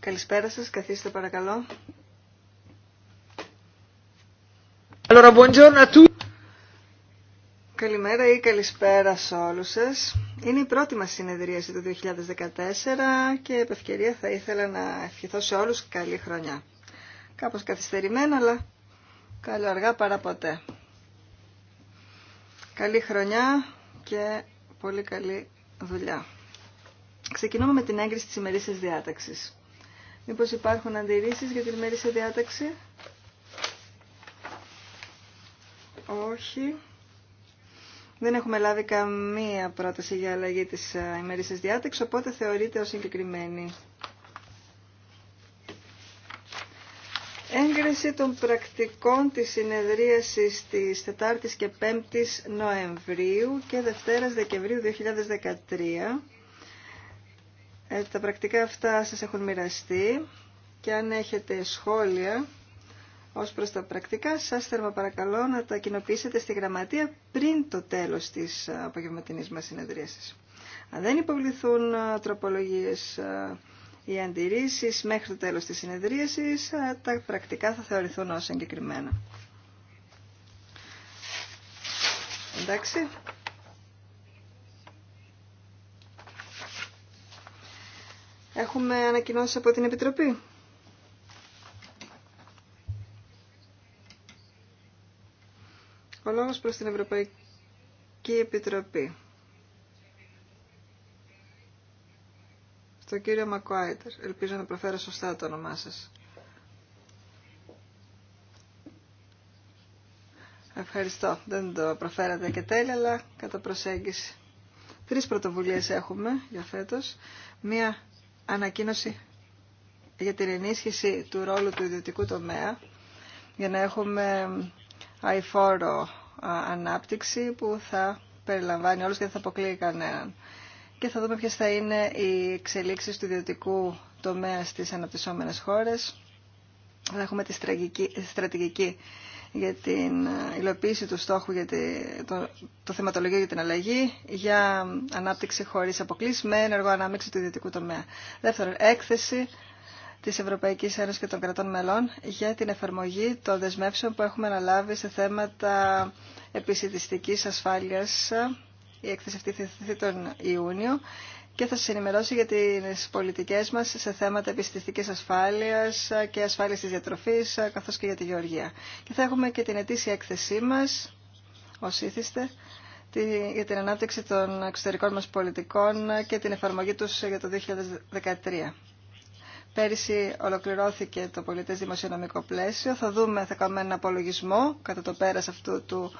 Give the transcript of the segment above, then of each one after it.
Καλησπέρα σας, καθίστε παρακαλώ. Καλημέρα ή καλησπέρα σε όλους σας. Είναι η πρώτη μας συνεδρίαση του 2014 και επ' ευκαιρία θα ήθελα να ευχηθώ σε όλους καλή χρονιά. Κάπως καθυστερημένα, αλλά καλό αργά παρά ποτέ. Καλή χρονιά και πολύ καλή δουλειά. Ξεκινούμε με την έγκριση της ημερήσιας διάταξης. Μήπως υπάρχουν αντιρρήσει για την ημερήσια διάταξη. Όχι. Δεν έχουμε λάβει καμία πρόταση για αλλαγή της ε, ημερήσιας διάταξης, οπότε θεωρείται ως συγκεκριμένη. Έγκριση των πρακτικών της συνεδρίασης της 4ης και 5ης Νοεμβρίου και Δευτέρας Δεκεμβρίου 2013. Ε, τα πρακτικά αυτά σας έχουν μοιραστεί και αν έχετε σχόλια ως προς τα πρακτικά σας θέλω παρακαλώ να τα κοινοποιήσετε στη γραμματεία πριν το τέλος της απογευματινής μας συνεδρίασης. Αν δεν υποβληθούν ε, τροπολογίες ε, οι αντιρρήσεις μέχρι το τέλος της συνεδρίασης, ε, τα πρακτικά θα θεωρηθούν ως εγκεκριμένα. Εντάξει. Έχουμε ανακοινώσει από την Επιτροπή. Ο λόγος προς την Ευρωπαϊκή Επιτροπή. Το κύριο Μακουάιτερ. Ελπίζω να προφέρω σωστά το όνομά σας. Ευχαριστώ. Δεν το προφέρατε και τέλεια, αλλά κατά προσέγγιση. Τρεις πρωτοβουλίες έχουμε για φέτος. Μία ανακοίνωση για την ενίσχυση του ρόλου του ιδιωτικού τομέα, για να έχουμε αηφόρο ανάπτυξη που θα περιλαμβάνει όλους και δεν θα αποκλείει κανέναν και θα δούμε ποιες θα είναι οι εξελίξεις του ιδιωτικού τομέα στις αναπτυσσόμενες χώρες. Θα έχουμε τη στρατηγική για την υλοποίηση του στόχου για το, το για την αλλαγή για ανάπτυξη χωρίς αποκλείς με ενεργό ανάμειξη του ιδιωτικού τομέα. Δεύτερον, έκθεση της Ευρωπαϊκής Ένωσης και των κρατών μελών για την εφαρμογή των δεσμεύσεων που έχουμε αναλάβει σε θέματα επισητιστικής ασφάλειας η έκθεση αυτή θα θεθεί τον Ιούνιο και θα σας ενημερώσει για τις πολιτικές μας σε θέματα επιστημική ασφάλειας και ασφάλειας της διατροφής, καθώς και για τη γεωργία. Και θα έχουμε και την ετήσια έκθεσή μας, ως ήθιστε, για την ανάπτυξη των εξωτερικών μας πολιτικών και την εφαρμογή του για το 2013. Πέρυσι ολοκληρώθηκε το πολιτές δημοσιονομικό πλαίσιο. Θα δούμε, θα κάνουμε ένα απολογισμό κατά το πέρας αυτού του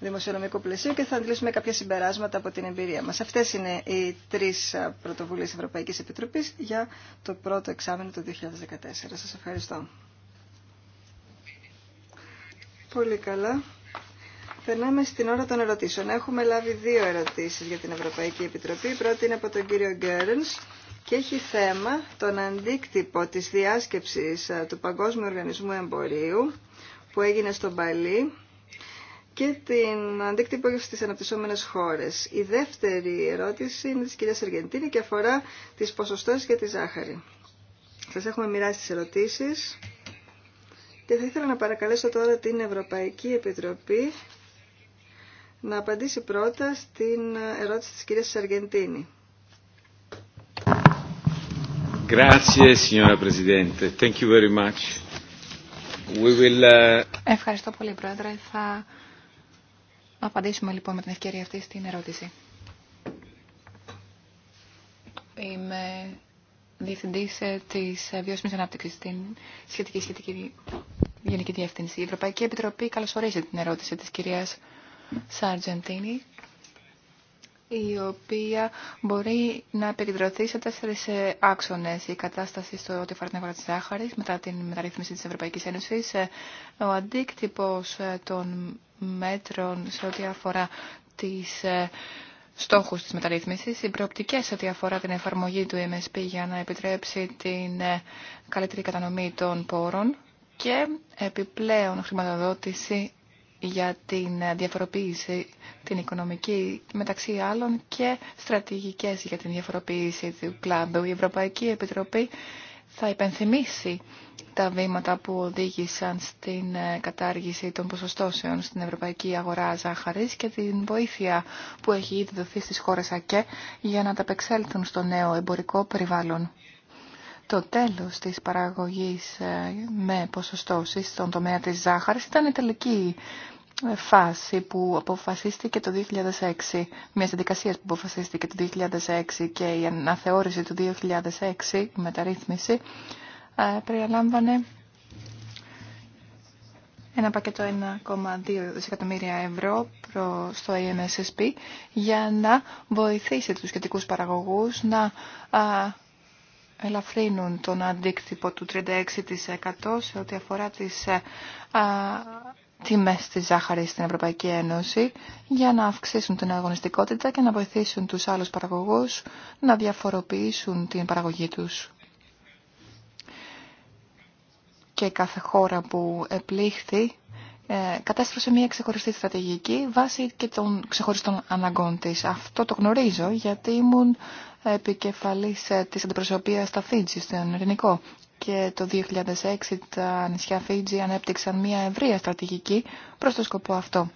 δημοσιονομικού πλαισίου και θα αντλήσουμε κάποια συμπεράσματα από την εμπειρία μας. Αυτές είναι οι τρεις πρωτοβουλίες Ευρωπαϊκής Επιτροπής για το πρώτο εξάμεινο του 2014. Σας ευχαριστώ. Πολύ καλά. Περνάμε στην ώρα των ερωτήσεων. Έχουμε λάβει δύο ερωτήσεις για την Ευρωπαϊκή Επιτροπή. Η πρώτη είναι από τον κύριο Γκέρνς και έχει θέμα τον αντίκτυπο της διάσκεψης του Παγκόσμιου Οργανισμού Εμπορίου που έγινε στο Μπαλί και την αντίκτυπο στις αναπτυσσόμενες χώρες. Η δεύτερη ερώτηση είναι της κυρίας Αργεντίνη και αφορά τις ποσοστώσεις για τη ζάχαρη. Σας έχουμε μοιράσει τις ερωτήσεις και θα ήθελα να παρακαλέσω τώρα την Ευρωπαϊκή Επιτροπή να απαντήσει πρώτα στην ερώτηση της κυρίας Αργεντίνη. Ευχαριστώ πολύ, Πρόεδρε. Θα απαντήσουμε λοιπόν με την ευκαιρία αυτή στην ερώτηση. Είμαι διευθυντή ε, τη βιώσιμη ανάπτυξη στην σχετική, σχετική Γενική Διεύθυνση. Η Ευρωπαϊκή Επιτροπή καλωσορίζει την ερώτηση τη κυρία Σαρτζεντίνη η οποία μπορεί να επικεντρωθεί σε τέσσερι ε, άξονες. Η κατάσταση στο ότι αφορά την αγορά τη ζάχαρης μετά την μεταρρύθμιση τη Ευρωπαϊκή Ένωση, ε, ο αντίκτυπος ε, των μέτρων σε ό,τι αφορά τι στόχους της μεταρρύθμισης, οι προοπτικές ό,τι αφορά την εφαρμογή του MSP για να επιτρέψει την καλύτερη κατανομή των πόρων και επιπλέον χρηματοδότηση για την ε, διαφοροποίηση την οικονομική, μεταξύ άλλων και στρατηγικές για την διαφοροποίηση του κλάδου. Η Ευρωπαϊκή Επιτροπή θα υπενθυμίσει τα βήματα που οδήγησαν στην ε, κατάργηση των ποσοστώσεων στην ευρωπαϊκή αγορά ζάχαρης και την βοήθεια που έχει ήδη δοθεί στις χώρες ΑΚΕ για να ταπεξέλθουν στο νέο εμπορικό περιβάλλον. Το τέλος της παραγωγής ε, με ποσοστώσεις στον τομέα της ζάχαρης ήταν η τελική φάση που αποφασίστηκε το 2006, μια διαδικασία που αποφασίστηκε το 2006 και η αναθεώρηση του 2006, η μεταρρύθμιση, ε, περιλάμβανε ένα πακέτο 1,2 δισεκατομμύρια ευρώ προς το AMSSP για να βοηθήσει τους σχετικούς παραγωγούς να ελαφρύνουν τον αντίκτυπο του 36% σε ό,τι αφορά τις ε, τιμές της ζάχαρης στην Ευρωπαϊκή Ένωση για να αυξήσουν την αγωνιστικότητα και να βοηθήσουν τους άλλους παραγωγούς να διαφοροποιήσουν την παραγωγή τους. Και κάθε χώρα που επλήχθη ε, κατέστρωσε μια ξεχωριστή στρατηγική βάσει και των ξεχωριστών αναγκών της. Αυτό το γνωρίζω γιατί ήμουν επικεφαλής ε, της αντιπροσωπείας στα Φίτζη, στον Ειρηνικό, και το 2006 τα νησιά Φίτζη ανέπτυξαν μια ευρεία στρατηγική προς το σκοπό αυτό.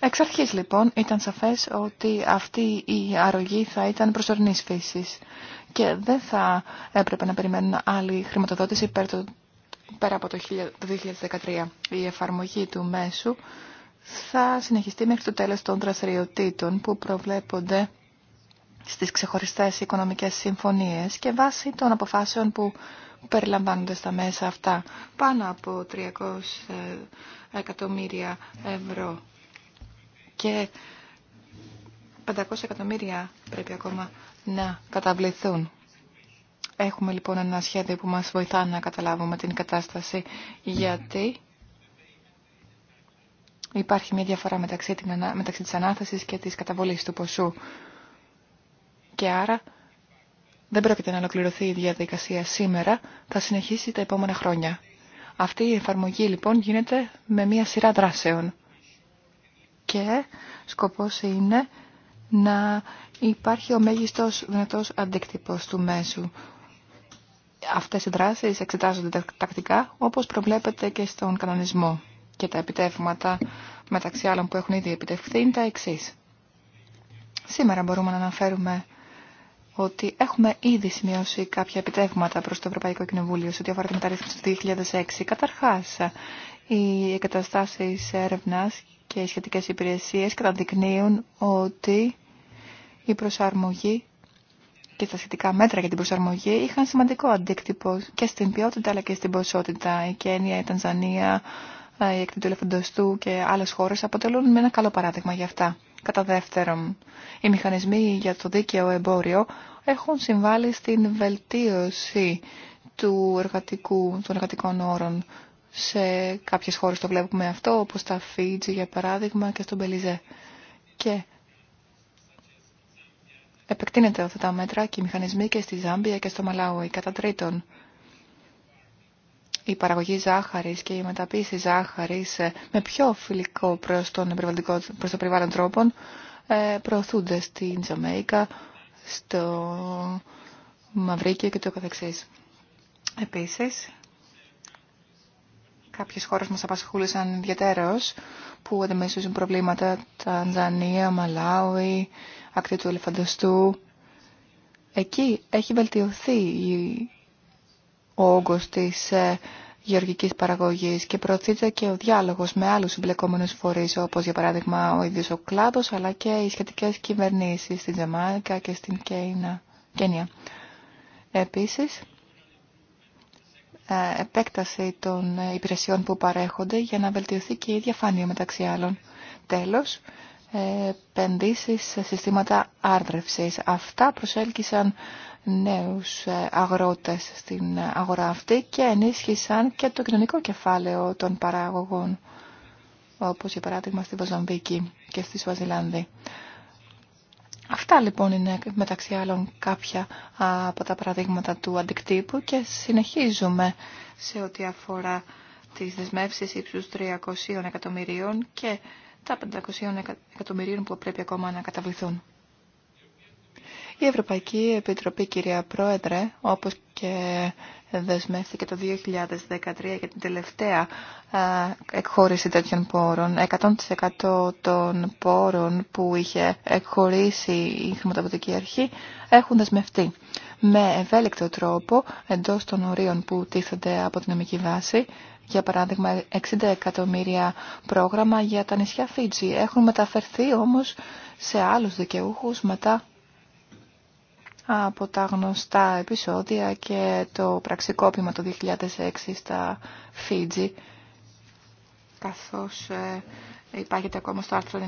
Εξ αρχής λοιπόν ήταν σαφές ότι αυτή η αρρωγή θα ήταν προσωρινής φύσης και δεν θα έπρεπε να περιμένουν άλλη χρηματοδότηση πέρα από το 2013. Η εφαρμογή του μέσου θα συνεχιστεί μέχρι το τέλος των δραστηριοτήτων που προβλέπονται στις ξεχωριστές οικονομικές συμφωνίες και βάσει των αποφάσεων που περιλαμβάνονται στα μέσα αυτά πάνω από 300 εκατομμύρια ευρώ και 500 εκατομμύρια πρέπει ακόμα να καταβληθούν. Έχουμε λοιπόν ένα σχέδιο που μας βοηθά να καταλάβουμε την κατάσταση γιατί υπάρχει μια διαφορά μεταξύ της ανάθεσης και της καταβολής του ποσού. Και άρα δεν πρόκειται να ολοκληρωθεί η διαδικασία σήμερα, θα συνεχίσει τα επόμενα χρόνια. Αυτή η εφαρμογή λοιπόν γίνεται με μία σειρά δράσεων. Και σκοπός είναι να υπάρχει ο μέγιστος δυνατός αντίκτυπος του μέσου. Αυτές οι δράσεις εξετάζονται τακτικά όπως προβλέπεται και στον κανονισμό. Και τα επιτεύγματα μεταξύ άλλων που έχουν ήδη επιτευχθεί είναι τα εξής. Σήμερα μπορούμε να αναφέρουμε ότι έχουμε ήδη σημειώσει κάποια επιτεύγματα προς το Ευρωπαϊκό Κοινοβούλιο σε ό,τι αφορά τη μεταρρύθμιση του 2006. Καταρχάς, οι εγκαταστάσεις έρευνας και οι σχετικές υπηρεσίες καταδεικνύουν ότι η προσαρμογή και τα σχετικά μέτρα για την προσαρμογή είχαν σημαντικό αντίκτυπο και στην ποιότητα αλλά και στην ποσότητα. Η Κένια, η Τανζανία, η Εκτή του και άλλες χώρες αποτελούν με ένα καλό παράδειγμα για αυτά. Κατά δεύτερον, οι μηχανισμοί για το δίκαιο εμπόριο έχουν συμβάλει στην βελτίωση του εργατικού, των εργατικών όρων. Σε κάποιες χώρες το βλέπουμε αυτό, όπως τα Φίτζη για παράδειγμα και στον Μπελιζέ. Και επεκτείνεται αυτά τα μέτρα και οι μηχανισμοί και στη Ζάμπια και στο Μαλάουι. Κατά τρίτον, η παραγωγή ζάχαρης και η μεταποίηση ζάχαρης ε, με πιο φιλικό προς, τον το περιβάλλον τρόπον ε, προωθούνται στην Τζαμέικα, στο Μαυρίκιο και το καθεξής. Επίσης, κάποιες χώρες μας απασχολούσαν ιδιαίτερως που αντιμετωπίζουν προβλήματα Τανζανία, Μαλάουι, ακτή του Ελεφαντοστού. Εκεί έχει βελτιωθεί η ο όγκος της ε, γεωργικής παραγωγής και προωθείται και ο διάλογος με άλλους συμπλεκόμενους φορείς όπως για παράδειγμα ο ίδιος ο κλάδος αλλά και οι σχετικές κυβερνήσεις στην Τζαμάικα και στην Κέινα. Κένια. Επίσης, ε, επέκταση των ε, υπηρεσιών που παρέχονται για να βελτιωθεί και η διαφάνεια μεταξύ άλλων. Τέλος, επενδύσεις σε συστήματα άρδρευσης. Αυτά προσέλκυσαν νέους ε, αγρότες στην αγορά αυτή και ενίσχυσαν και το κοινωνικό κεφάλαιο των παράγωγων, όπως για παράδειγμα στη Βοζαμβίκη και στη Σουαζιλάνδη. Αυτά λοιπόν είναι μεταξύ άλλων κάποια από τα παραδείγματα του αντικτύπου και συνεχίζουμε σε ό,τι αφορά τις δεσμεύσεις ύψους 300 εκατομμυρίων και τα 500 εκατομμυρίων που πρέπει ακόμα να καταβληθούν. Η Ευρωπαϊκή Επιτροπή, κυρία Πρόεδρε, όπως και δεσμεύτηκε το 2013 για την τελευταία εκχώρηση τέτοιων πόρων, 100% των πόρων που είχε εκχωρήσει η χρηματοδοτική αρχή έχουν δεσμευτεί με ευέλικτο τρόπο εντός των ορίων που τίθενται από την νομική βάση. Για παράδειγμα, 60 εκατομμύρια πρόγραμμα για τα νησιά Φίτζη έχουν μεταφερθεί όμως σε άλλους δικαιούχους μετά από τα γνωστά επεισόδια και το πραξικόπημα το 2006 στα Φίτζι, καθώς ε, Υπάρχεται ακόμα στο άρθρο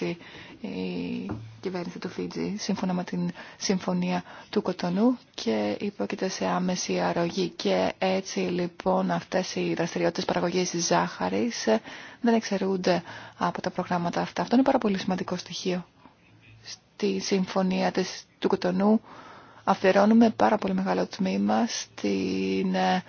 96 η κυβέρνηση του Φίτζη σύμφωνα με την συμφωνία του Κοτονού και υπόκειται σε άμεση αρρωγή. Και έτσι λοιπόν αυτές οι δραστηριότητες παραγωγής της ζάχαρης ε, δεν εξαιρούνται από τα προγράμματα αυτά. Αυτό είναι πάρα πολύ σημαντικό στοιχείο στη συμφωνία της, του Κοτονού αφιερώνουμε πάρα πολύ μεγάλο τμήμα στην ε,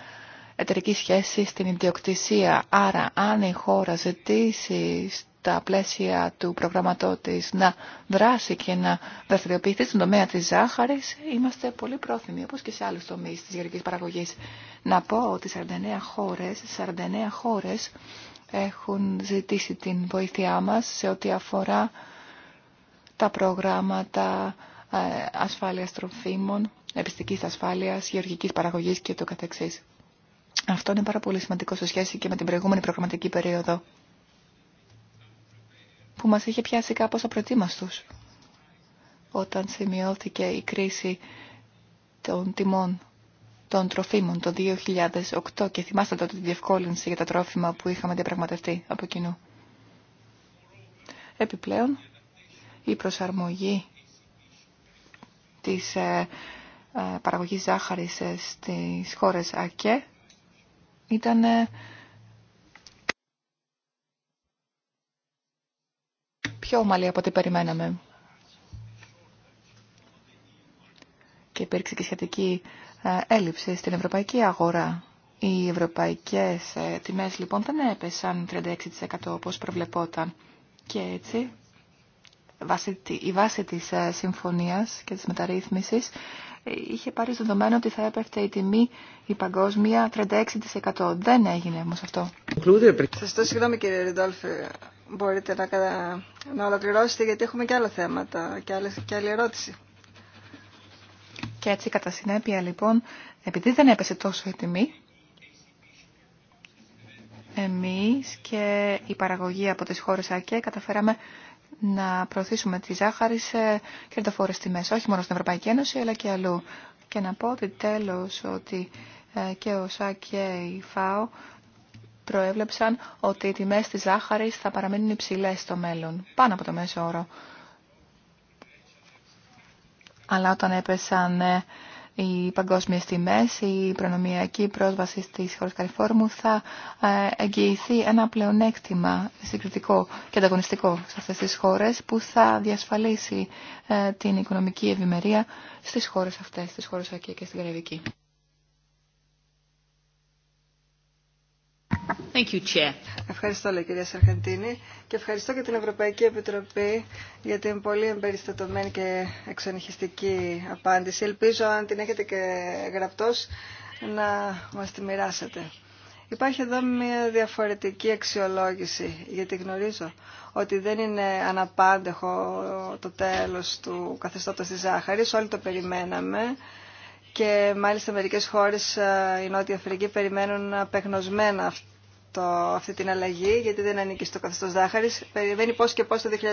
εταιρική σχέση, στην ιδιοκτησία. Άρα, αν η χώρα ζητήσει στα πλαίσια του προγραμματό να δράσει και να δραστηριοποιηθεί στον τομέα της ζάχαρης, είμαστε πολύ πρόθυμοι, όπως και σε άλλους τομείς της γεωργικής παραγωγής. Να πω ότι 49 χώρες, 49 χώρες έχουν ζητήσει την βοήθειά μας σε ό,τι αφορά τα προγράμματα ε, ασφάλειας τροφίμων, επιστικής ασφάλειας, γεωργικής παραγωγής και το καθεξής. Αυτό είναι πάρα πολύ σημαντικό σε σχέση και με την προηγούμενη προγραμματική περίοδο που μας είχε πιάσει κάπως απροετοίμαστος όταν σημειώθηκε η κρίση των τιμών των τροφίμων το 2008 και θυμάστε τότε τη διευκόλυνση για τα τρόφιμα που είχαμε διαπραγματευτεί από κοινού. Επιπλέον, η προσαρμογή της ε, ε, παραγωγής ζάχαρης ε, στις χώρες ΑΚΕ ήταν πιο ομαλή από ό,τι περιμέναμε. Και υπήρξε και σχετική έλλειψη στην ευρωπαϊκή αγορά. Οι ευρωπαϊκές τιμές λοιπόν δεν έπεσαν 36% όπως προβλεπόταν. Και έτσι η βάση της ε, συμφωνίας και της μεταρρύθμισης ε, είχε πάρει στο δεδομένο ότι θα έπεφτε η τιμή η παγκόσμια 36%. Δεν έγινε όμως αυτό. Σα το συγγνώμη κύριε Ριντόλφη. Ε, μπορείτε να, κατα... να ολοκληρώσετε γιατί έχουμε και άλλα θέματα και, άλλες... και άλλη ερώτηση. Και έτσι κατά συνέπεια λοιπόν, επειδή δεν έπεσε τόσο η τιμή, εμείς και η παραγωγή από τις χώρες ΑΚΕ καταφέραμε να προωθήσουμε τη ζάχαρη σε κερδοφόρες τιμές, όχι μόνο στην Ευρωπαϊκή Ένωση αλλά και αλλού. Και να πω ότι τέλος ότι ε, και ο ΣΑ και η ΦΑΟ προέβλεψαν ότι οι τιμέ της Ζάχαρη θα παραμείνουν υψηλέ στο μέλλον, πάνω από το μέσο όρο. Αλλά όταν έπεσαν ε, οι παγκόσμιες τιμές, η προνομιακή πρόσβαση στις χώρες Καριφόρμου θα ε, εγγυηθεί ένα πλεονέκτημα συγκριτικό και ανταγωνιστικό σε αυτές τις χώρες που θα διασφαλίσει ε, την οικονομική ευημερία στις χώρες αυτές, στις χώρες ΑΚΕ και στην Καραϊβική. Ευχαριστώ, λέει, κυρία Σαρχαντίνη, και ευχαριστώ και την Ευρωπαϊκή Επιτροπή για την πολύ εμπεριστατωμένη και εξονυχιστική απάντηση. Ελπίζω, αν την έχετε και γραπτός, να μας τη μοιράσετε. Υπάρχει εδώ μια διαφορετική αξιολόγηση, γιατί γνωρίζω ότι δεν είναι αναπάντεχο το τέλος του καθεστώτος της ζάχαρης, όλοι το περιμέναμε και μάλιστα μερικές χώρες, ε, η Νότια Αφρική, περιμένουν απεγνωσμένα αυτή την αλλαγή, γιατί δεν ανήκει στο καθεστώς ζάχαρη, Περιμένει πω και πώ το 2017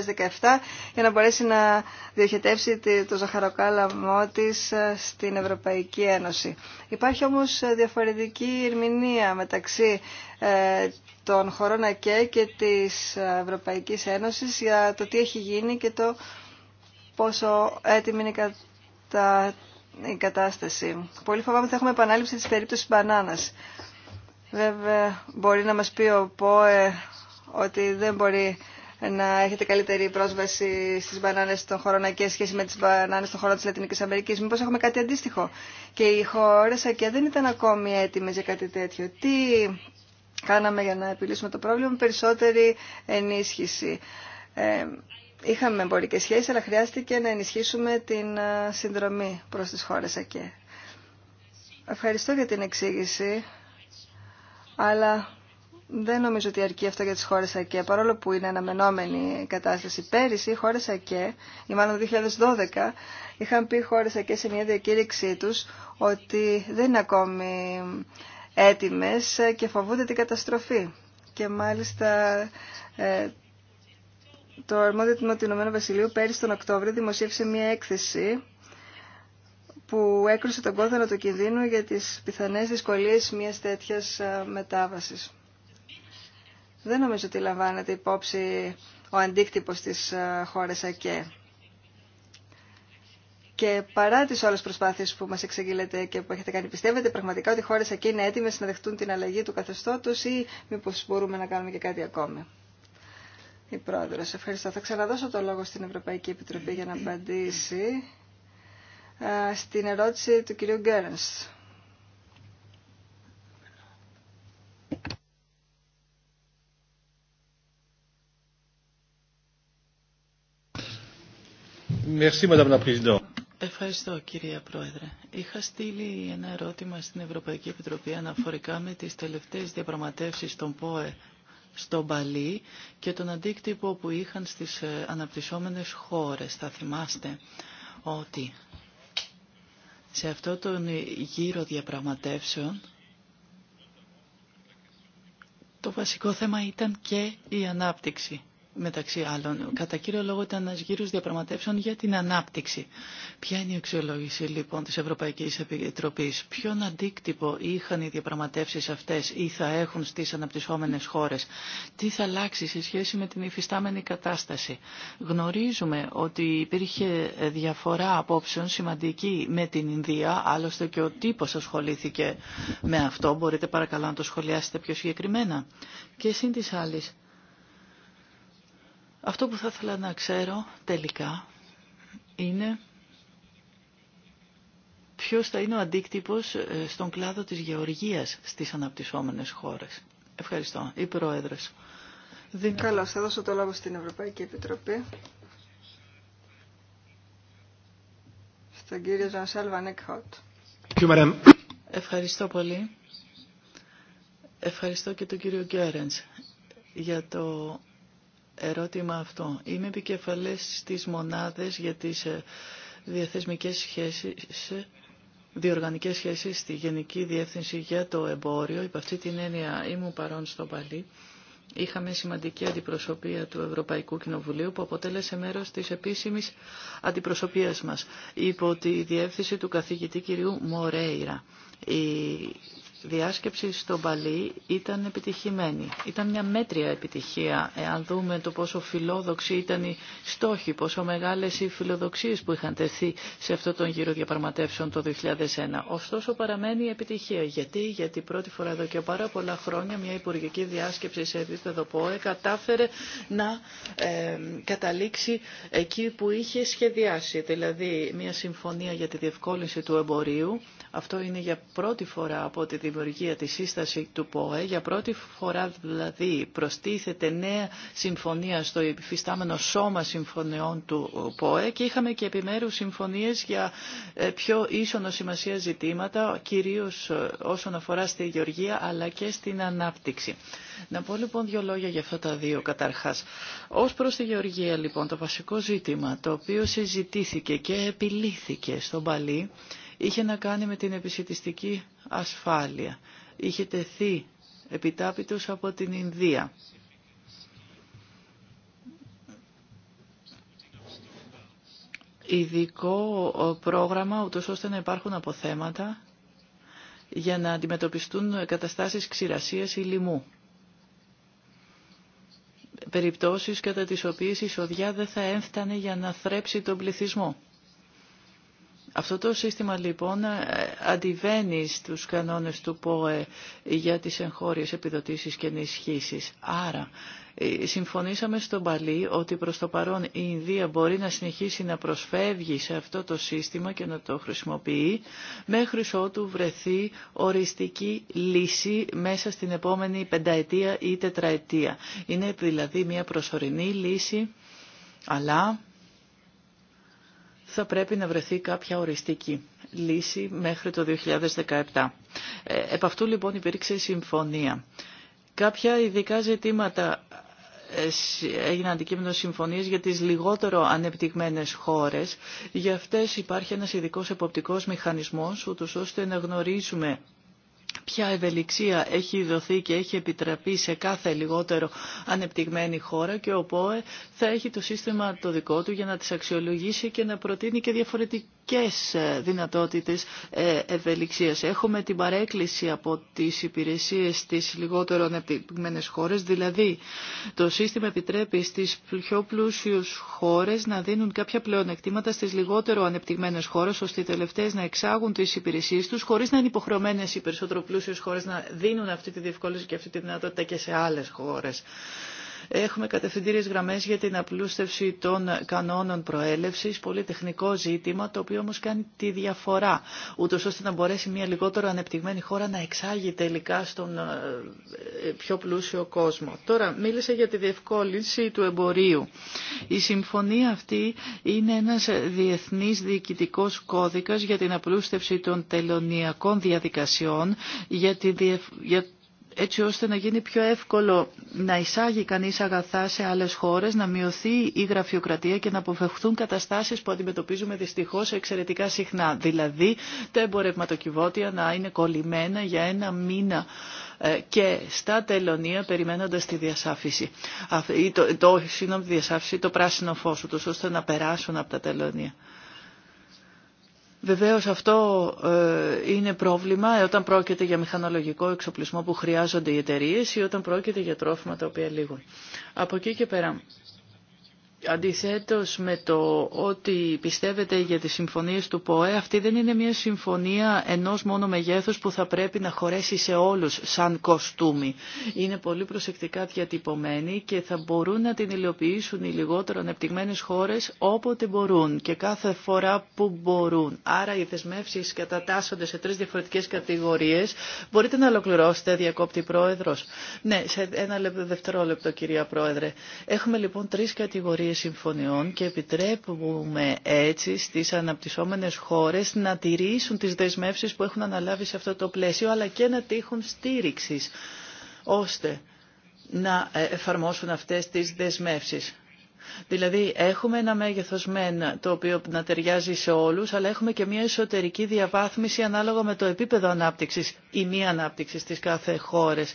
για να μπορέσει να διοχετεύσει το ζαχαροκάλαμό τη ε, στην Ευρωπαϊκή Ένωση. Υπάρχει όμως διαφορετική ερμηνεία μεταξύ ε, των χωρών ΑΚΕ και της Ευρωπαϊκής Ένωσης για το τι έχει γίνει και το πόσο έτοιμη είναι η, η κατάσταση. Πολύ φοβάμαι ότι θα έχουμε επανάληψη της περίπτωσης μπανάνας. Βέβαια, μπορεί να μας πει ο ΠΟΕ ότι δεν μπορεί να έχετε καλύτερη πρόσβαση στις μπανάνες των χωρών και σχέση με τις μπανάνες των χωρών της Λατινικής Αμερικής. Μήπως έχουμε κάτι αντίστοιχο. Και οι χώρες ΑΚΕ δεν ήταν ακόμη έτοιμες για κάτι τέτοιο. Τι κάναμε για να επιλύσουμε το πρόβλημα, περισσότερη ενίσχυση. Ε, είχαμε εμπορικές σχέσεις, αλλά χρειάστηκε να ενισχύσουμε την ε, συνδρομή προς τις χώρες ΑΚΕ. Ευχαριστώ για την εξήγηση αλλά δεν νομίζω ότι αρκεί αυτό για τις χώρες ΑΚΕ. Παρόλο που είναι αναμενόμενη η κατάσταση πέρυσι, οι χώρες ΑΚΕ, ή μάλλον 2012, είχαν πει οι χώρες ΑΚΕ σε μια διακήρυξή τους ότι δεν είναι ακόμη έτοιμες και φοβούνται την καταστροφή. Και μάλιστα ε, το αρμόδιο τμήμα του Ηνωμένου Βασιλείου πέρυσι τον Οκτώβριο δημοσίευσε μια έκθεση που έκρουσε τον κόδωνα του κινδύνου για τις πιθανές δυσκολίες μιας τέτοιας ε, μετάβασης. Δεν νομίζω ότι λαμβάνεται υπόψη ο αντίκτυπος της ε, χώρας ΑΚΕ. Και παρά τις όλες προσπάθειες που μας εξεγγείλετε και που έχετε κάνει, πιστεύετε πραγματικά ότι οι χώρες ΑΚΕ είναι έτοιμες να δεχτούν την αλλαγή του καθεστώτος ή μήπως μπορούμε να κάνουμε και κάτι ακόμη. Η Πρόεδρος, ευχαριστώ. Θα ξαναδώσω το λόγο στην Ευρωπαϊκή Επιτροπή για να απαντήσει στην ερώτηση του κυρίου Γκέρνς. Ευχαριστώ κυρία Πρόεδρε. Είχα στείλει ένα ερώτημα στην Ευρωπαϊκή Επιτροπή αναφορικά με τις τελευταίες διαπραγματεύσεις των ΠΟΕ στο Μπαλί και τον αντίκτυπο που είχαν στις ε, αναπτυσσόμενες χώρες. Θα θυμάστε ότι σε αυτό τον γύρο διαπραγματεύσεων, το βασικό θέμα ήταν και η ανάπτυξη μεταξύ άλλων. Κατά κύριο λόγο ήταν ένα γύρο διαπραγματεύσεων για την ανάπτυξη. Ποια είναι η αξιολόγηση λοιπόν τη Ευρωπαϊκή Επιτροπή, ποιον αντίκτυπο είχαν οι διαπραγματεύσει αυτέ ή θα έχουν στι αναπτυσσόμενε χώρε, τι θα αλλάξει σε σχέση με την υφιστάμενη κατάσταση. Γνωρίζουμε ότι υπήρχε διαφορά απόψεων σημαντική με την Ινδία, άλλωστε και ο τύπο ασχολήθηκε με αυτό. Μπορείτε παρακαλώ να το σχολιάσετε πιο συγκεκριμένα. Και συν τη άλλη, αυτό που θα ήθελα να ξέρω τελικά είναι ποιος θα είναι ο αντίκτυπος ε, στον κλάδο της γεωργίας στις αναπτυσσόμενες χώρες. Ευχαριστώ. Η Πρόεδρος. Καλώς, θα δώσω το λόγο στην Ευρωπαϊκή Επιτροπή. Στον κύριο Ζανσέλ Βανέκχοτ. Ευχαριστώ πολύ. Ευχαριστώ και τον κύριο Γκέρενς για το ερώτημα αυτό. Είμαι επικεφαλής στις μονάδες για τις ε, διαθεσμικές σχέσεις, ε, διοργανικές σχέσεις στη Γενική Διεύθυνση για το Εμπόριο. Υπ' αυτή την έννοια ήμουν παρόν στο Παλί. Είχαμε σημαντική αντιπροσωπεία του Ευρωπαϊκού Κοινοβουλίου που αποτέλεσε μέρος της επίσημης αντιπροσωπείας μας υπό τη διεύθυνση του καθηγητή κυρίου Μορέιρα διάσκεψη στο Παλί ήταν επιτυχημένη. Ήταν μια μέτρια επιτυχία, εάν δούμε το πόσο φιλόδοξη ήταν η στόχοι, πόσο μεγάλες οι φιλοδοξίες που είχαν τεθεί σε αυτό τον γύρο διαπραγματεύσεων το 2001. Ωστόσο παραμένει η επιτυχία. Γιατί, γιατί πρώτη φορά εδώ και πάρα πολλά χρόνια μια υπουργική διάσκεψη σε επίπεδο ΠΟΕ κατάφερε να καταλήξει εκεί που είχε σχεδιάσει, δηλαδή μια συμφωνία για τη διευκόλυνση του εμπορίου, αυτό είναι για πρώτη φορά από τη δημιουργία της σύσταση του ΠΟΕ. Για πρώτη φορά δηλαδή προστίθεται νέα συμφωνία στο υφιστάμενο σώμα συμφωνιών του ΠΟΕ και είχαμε και επιμέρους συμφωνίες για ε, πιο ίσονο σημασία ζητήματα, κυρίως ε, όσον αφορά στη γεωργία αλλά και στην ανάπτυξη. Να πω λοιπόν δύο λόγια για αυτά τα δύο καταρχάς. Ως προς τη γεωργία λοιπόν το βασικό ζήτημα το οποίο συζητήθηκε και επιλύθηκε στον Παλί είχε να κάνει με την επισητιστική ασφάλεια. Είχε τεθεί επιτάπητος από την Ινδία. Ειδικό πρόγραμμα, ούτως ώστε να υπάρχουν αποθέματα για να αντιμετωπιστούν καταστάσεις ξηρασίας ή λοιμού. Περιπτώσεις κατά τις οποίες η σοδιά δεν θα έφτανε για να θρέψει τον πληθυσμό. Αυτό το σύστημα λοιπόν ε, αντιβαίνει στους κανόνες του ΠΟΕ για τις εγχώριες επιδοτήσεις και ενισχύσει. Άρα ε, συμφωνήσαμε στον Παλί ότι προς το παρόν η Ινδία μπορεί να συνεχίσει να προσφεύγει σε αυτό το σύστημα και να το χρησιμοποιεί μέχρι ότου βρεθεί οριστική λύση μέσα στην επόμενη πενταετία ή τετραετία. Είναι δηλαδή μια προσωρινή λύση αλλά θα πρέπει να βρεθεί κάποια οριστική λύση μέχρι το 2017. Ε, επ' αυτού λοιπόν υπήρξε συμφωνία. Κάποια ειδικά ζητήματα ε, έγιναν αντικείμενο συμφωνίες για τις λιγότερο ανεπτυγμένες χώρες. Για αυτές υπάρχει ένας ειδικός εποπτικός μηχανισμός, ούτως ώστε να γνωρίζουμε ποια ευελιξία έχει δοθεί και έχει επιτραπεί σε κάθε λιγότερο ανεπτυγμένη χώρα και ο ΠΟΕ θα έχει το σύστημα το δικό του για να τις αξιολογήσει και να προτείνει και διαφορετικές ειδικές ε, δυνατότητες ε, ευελιξίας. Έχουμε την παρέκκληση από τις υπηρεσίες στις λιγότερο ανεπτυγμένες χώρες, δηλαδή το σύστημα επιτρέπει στις πιο πλούσιους χώρες να δίνουν κάποια πλεονεκτήματα στις λιγότερο ανεπτυγμένες χώρες, ώστε οι τελευταίες να εξάγουν τις υπηρεσίες τους, χωρίς να είναι υποχρεωμένες οι περισσότερο πλούσιες χώρες να δίνουν αυτή τη διευκόλυνση και αυτή τη δυνατότητα και σε άλλες χώρες. Έχουμε κατευθυντήριες γραμμές για την απλούστευση των κανόνων προέλευσης, πολύ τεχνικό ζήτημα, το οποίο όμως κάνει τη διαφορά, ούτως ώστε να μπορέσει μια λιγότερο ανεπτυγμένη χώρα να εξάγει τελικά στον ε, ε, πιο πλούσιο κόσμο. Τώρα, μίλησε για τη διευκόλυνση του εμπορίου. Η συμφωνία αυτή είναι ένας διεθνής διοικητικός κώδικας για την απλούστευση των τελωνιακών διαδικασιών, για τη έτσι ώστε να γίνει πιο εύκολο να εισάγει κανείς αγαθά σε άλλες χώρες, να μειωθεί η γραφειοκρατία και να αποφευχθούν καταστάσεις που αντιμετωπίζουμε δυστυχώς εξαιρετικά συχνά. Δηλαδή τα εμπορευματοκιβώτια να είναι κολλημένα για ένα μήνα ε, και στα τελωνία περιμένοντας τη διασάφηση, το, το, το πράσινο φως, ώστε να περάσουν από τα τελωνία. Βεβαίως αυτό ε, είναι πρόβλημα ε, όταν πρόκειται για μηχανολογικό εξοπλισμό που χρειάζονται οι εταιρείε ή όταν πρόκειται για τρόφιμα τα οποία λήγουν. Από εκεί και πέρα Αντιθέτως με το ότι πιστεύετε για τις συμφωνίες του ΠΟΕ, αυτή δεν είναι μια συμφωνία ενός μόνο μεγέθους που θα πρέπει να χωρέσει σε όλους σαν κοστούμι. Είναι πολύ προσεκτικά διατυπωμένη και θα μπορούν να την υλοποιήσουν οι λιγότερο ανεπτυγμένες χώρες όποτε μπορούν και κάθε φορά που μπορούν. Άρα οι δεσμεύσεις κατατάσσονται σε τρεις διαφορετικές κατηγορίες. Μπορείτε να ολοκληρώσετε, διακόπτη πρόεδρος. Ναι, σε ένα δευτερόλεπτο κυρία πρόεδρε. Έχουμε λοιπόν τρεις κατηγορίες συμφωνιών και επιτρέπουμε έτσι στις αναπτυσσόμενες χώρες να τηρήσουν τις δεσμεύσεις που έχουν αναλάβει σε αυτό το πλαίσιο αλλά και να τύχουν στήριξης ώστε να ε, εφαρμόσουν αυτές τις δεσμεύσεις. Δηλαδή έχουμε ένα μέγεθος μεν το οποίο να ταιριάζει σε όλους, αλλά έχουμε και μια εσωτερική διαβάθμιση ανάλογα με το επίπεδο ανάπτυξης ή μη ανάπτυξης της κάθε χώρες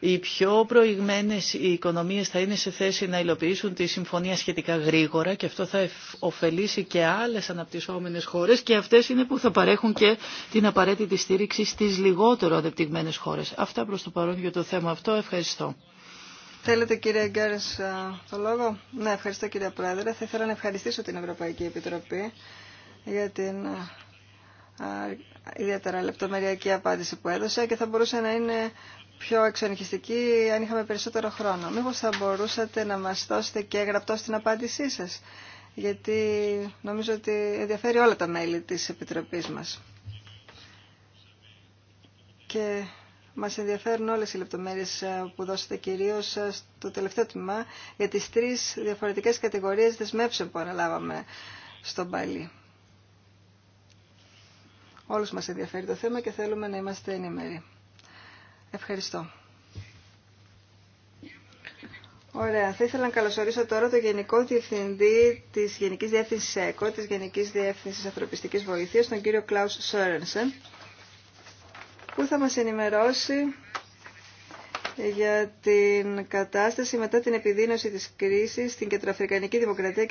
οι πιο προηγμένες οικονομίες θα είναι σε θέση να υλοποιήσουν τη συμφωνία σχετικά γρήγορα και αυτό θα ωφελήσει και άλλες αναπτυσσόμενες χώρες και αυτές είναι που θα παρέχουν και την απαραίτητη στήριξη στις λιγότερο ανεπτυγμένες χώρες. Αυτά προς το παρόν για το θέμα αυτό. Ευχαριστώ. Θέλετε κύριε Γκάρες το λόγο. Ναι, ευχαριστώ κύριε Πρόεδρε. Θα ήθελα να ευχαριστήσω την Ευρωπαϊκή Επιτροπή για την ιδιαίτερα λεπτομεριακή απάντηση που έδωσε και θα μπορούσε να είναι πιο εξονυχιστική αν είχαμε περισσότερο χρόνο. Μήπως θα μπορούσατε να μας δώσετε και γραπτό στην απάντησή σας, γιατί νομίζω ότι ενδιαφέρει όλα τα μέλη της Επιτροπής μας. Και μας ενδιαφέρουν όλες οι λεπτομέρειες ε, που δώσατε κυρίως ε, στο τελευταίο τμήμα για τις τρεις διαφορετικές κατηγορίες δεσμεύσεων που αναλάβαμε στον Παλί. Όλους μας ενδιαφέρει το θέμα και θέλουμε να είμαστε ενημεροί. Ευχαριστώ. Ωραία. Θα ήθελα να καλωσορίσω τώρα το Γενικό Διευθυντή τη Γενική Διεύθυνση ΕΚΟ, τη Γενική Διεύθυνση Ανθρωπιστική Βοήθεια, τον κύριο Κλάου Σόρενσεν, που θα μα ενημερώσει για την κατάσταση μετά την επιδείνωση της κρίσης στην Κεντροαφρικανική Δημοκρατία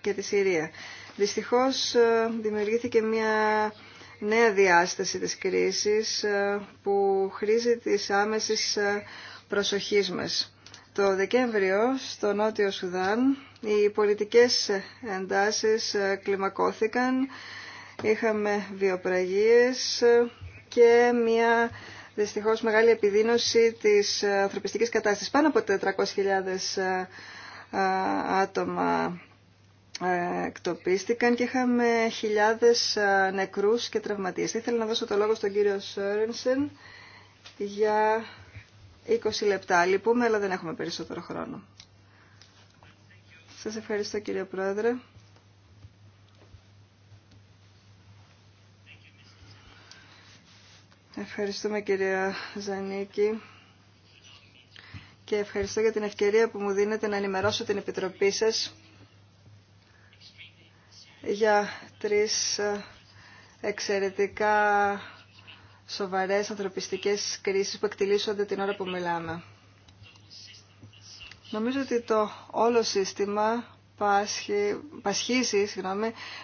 και τη Συρία. Δυστυχώς ε, δημιουργήθηκε μια νέα διάσταση της κρίσης ε, που χρήζει της άμεσης ε, προσοχής μας. Το Δεκέμβριο στο Νότιο Σουδάν οι πολιτικές εντάσεις ε, κλιμακώθηκαν, είχαμε βιοπραγίες και μια δυστυχώς μεγάλη επιδείνωση της ανθρωπιστικής κατάστασης. Πάνω από 400.000 άτομα εκτοπίστηκαν και είχαμε χιλιάδες ε, νεκρούς και τραυματίες. Ήθελα να δώσω το λόγο στον κύριο Σόρενσεν για 20 λεπτά. Λυπούμε, αλλά δεν έχουμε περισσότερο χρόνο. Σας ευχαριστώ κύριε Πρόεδρε. Ευχαριστούμε κυρία Ζανίκη και ευχαριστώ για την ευκαιρία που μου δίνετε να ενημερώσω την Επιτροπή σας για τρεις ε, εξαιρετικά σοβαρές ανθρωπιστικές κρίσεις που εκτιλήσονται την ώρα που μιλάμε. Νομίζω ότι το όλο σύστημα πασχί, πασχίσει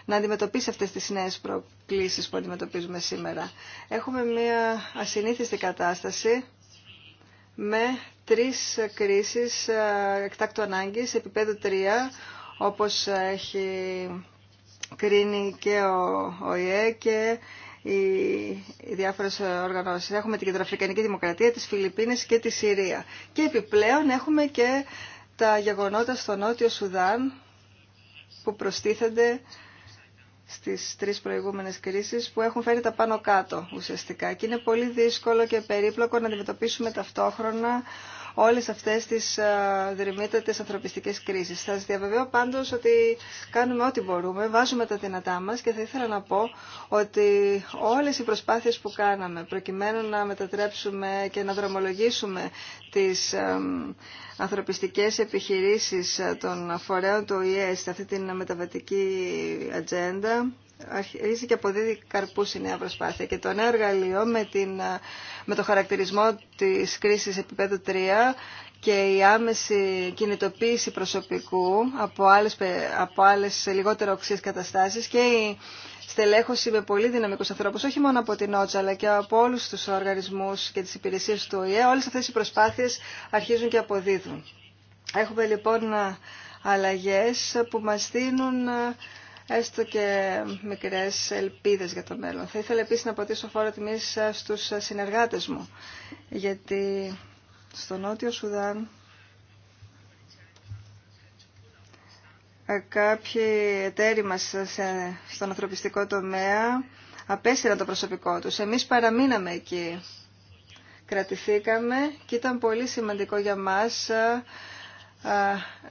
να αντιμετωπίσει αυτές τις νέες προκλήσεις που αντιμετωπίζουμε σήμερα. Έχουμε μια ασυνήθιστη κατάσταση με τρεις κρίσεις ε, εκτάκτου ανάγκης επίπεδου 3 όπως έχει κρίνει και ο ΙΕ και οι, οι διάφορες οργανώσεις. Έχουμε την Κεντροαφρικανική Δημοκρατία, τις Φιλιππίνες και τη Συρία. Και επιπλέον έχουμε και τα γεγονότα στο Νότιο Σουδάν που προστίθενται στις τρεις προηγούμενες κρίσεις που έχουν φέρει τα πάνω κάτω ουσιαστικά. Και είναι πολύ δύσκολο και περίπλοκο να αντιμετωπίσουμε ταυτόχρονα όλες αυτές τις ε, δρυμύτατες ανθρωπιστικές κρίσεις. Σας διαβεβαίω πάντως ότι κάνουμε ό,τι μπορούμε, βάζουμε τα δυνατά μας και θα ήθελα να πω ότι όλες οι προσπάθειες που κάναμε προκειμένου να μετατρέψουμε και να δρομολογήσουμε τις ε, ανθρωπιστικές επιχειρήσεις ε, των φορέων του ΟΗΕ σε αυτή την μεταβατική ατζέντα αρχίζει και αποδίδει καρπούς η νέα προσπάθεια. Και το νέο εργαλείο με, την, με το χαρακτηρισμό της κρίσης επίπεδου 3 και η άμεση κινητοποίηση προσωπικού από άλλες, από άλλες λιγότερο οξύες καταστάσεις και η στελέχωση με πολύ δυναμικούς ανθρώπους, όχι μόνο από την Ότσα, αλλά και από όλους τους οργανισμούς και τις υπηρεσίες του ΟΗΕ, όλες αυτές οι προσπάθειες αρχίζουν και αποδίδουν. Έχουμε λοιπόν αλλαγές που μας δίνουν έστω και μικρές ελπίδε για το μέλλον. Θα ήθελα επίσης να πατήσω φόρο τιμή στους συνεργάτες μου, γιατί στο Νότιο Σουδάν κάποιοι εταίροι μας στον ανθρωπιστικό τομέα απέστειλαν το προσωπικό τους. Εμείς παραμείναμε εκεί. Κρατηθήκαμε και ήταν πολύ σημαντικό για μας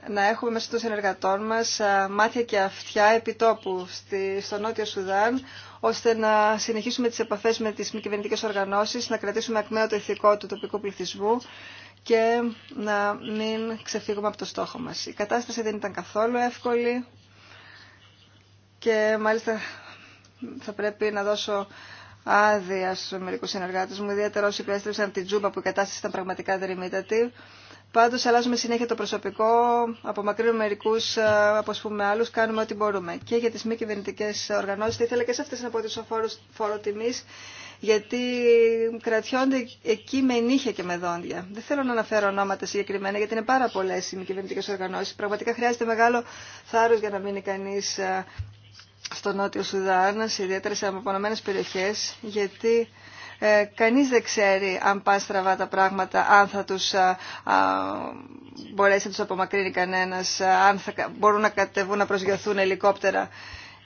να έχουμε μέσα των συνεργατών μας μάτια και αυτιά επιτόπου στη, στο Νότιο Σουδάν, ώστε να συνεχίσουμε τις επαφές με τις μη κυβερνητικές οργανώσεις, να κρατήσουμε ακμαίο το ηθικό του τοπικού πληθυσμού και να μην ξεφύγουμε από το στόχο μας. Η κατάσταση δεν ήταν καθόλου εύκολη και μάλιστα θα πρέπει να δώσω άδεια στους μερικούς συνεργάτες μου, ιδιαίτερα όσοι επέστρεψαν από την Τζούμπα που η κατάσταση ήταν πραγματικά δερημήτατη. Πάντως αλλάζουμε συνέχεια το προσωπικό, απομακρύνουμε μερικούς, ε, πούμε άλλους, κάνουμε ό,τι μπορούμε. Και για τις μη κυβερνητικέ οργανώσεις θα ήθελα και σε αυτές να πω ότι φόρο τιμή, γιατί κρατιώνται εκεί με νύχια και με δόντια. Δεν θέλω να αναφέρω ονόματα συγκεκριμένα, γιατί είναι πάρα πολλέ οι μη κυβερνητικέ οργανώσει. Πραγματικά χρειάζεται μεγάλο θάρρο για να μείνει κανεί ε, στο Νότιο Σουδάν, ιδιαίτερα σε απομονωμένε περιοχέ, γιατί ε, κανείς δεν ξέρει αν πάνε στραβά τα πράγματα, αν θα τους α, α, μπορέσει να τους απομακρύνει κανένας, αν θα μπορούν να κατεβούν, να προσγειωθούν ελικόπτερα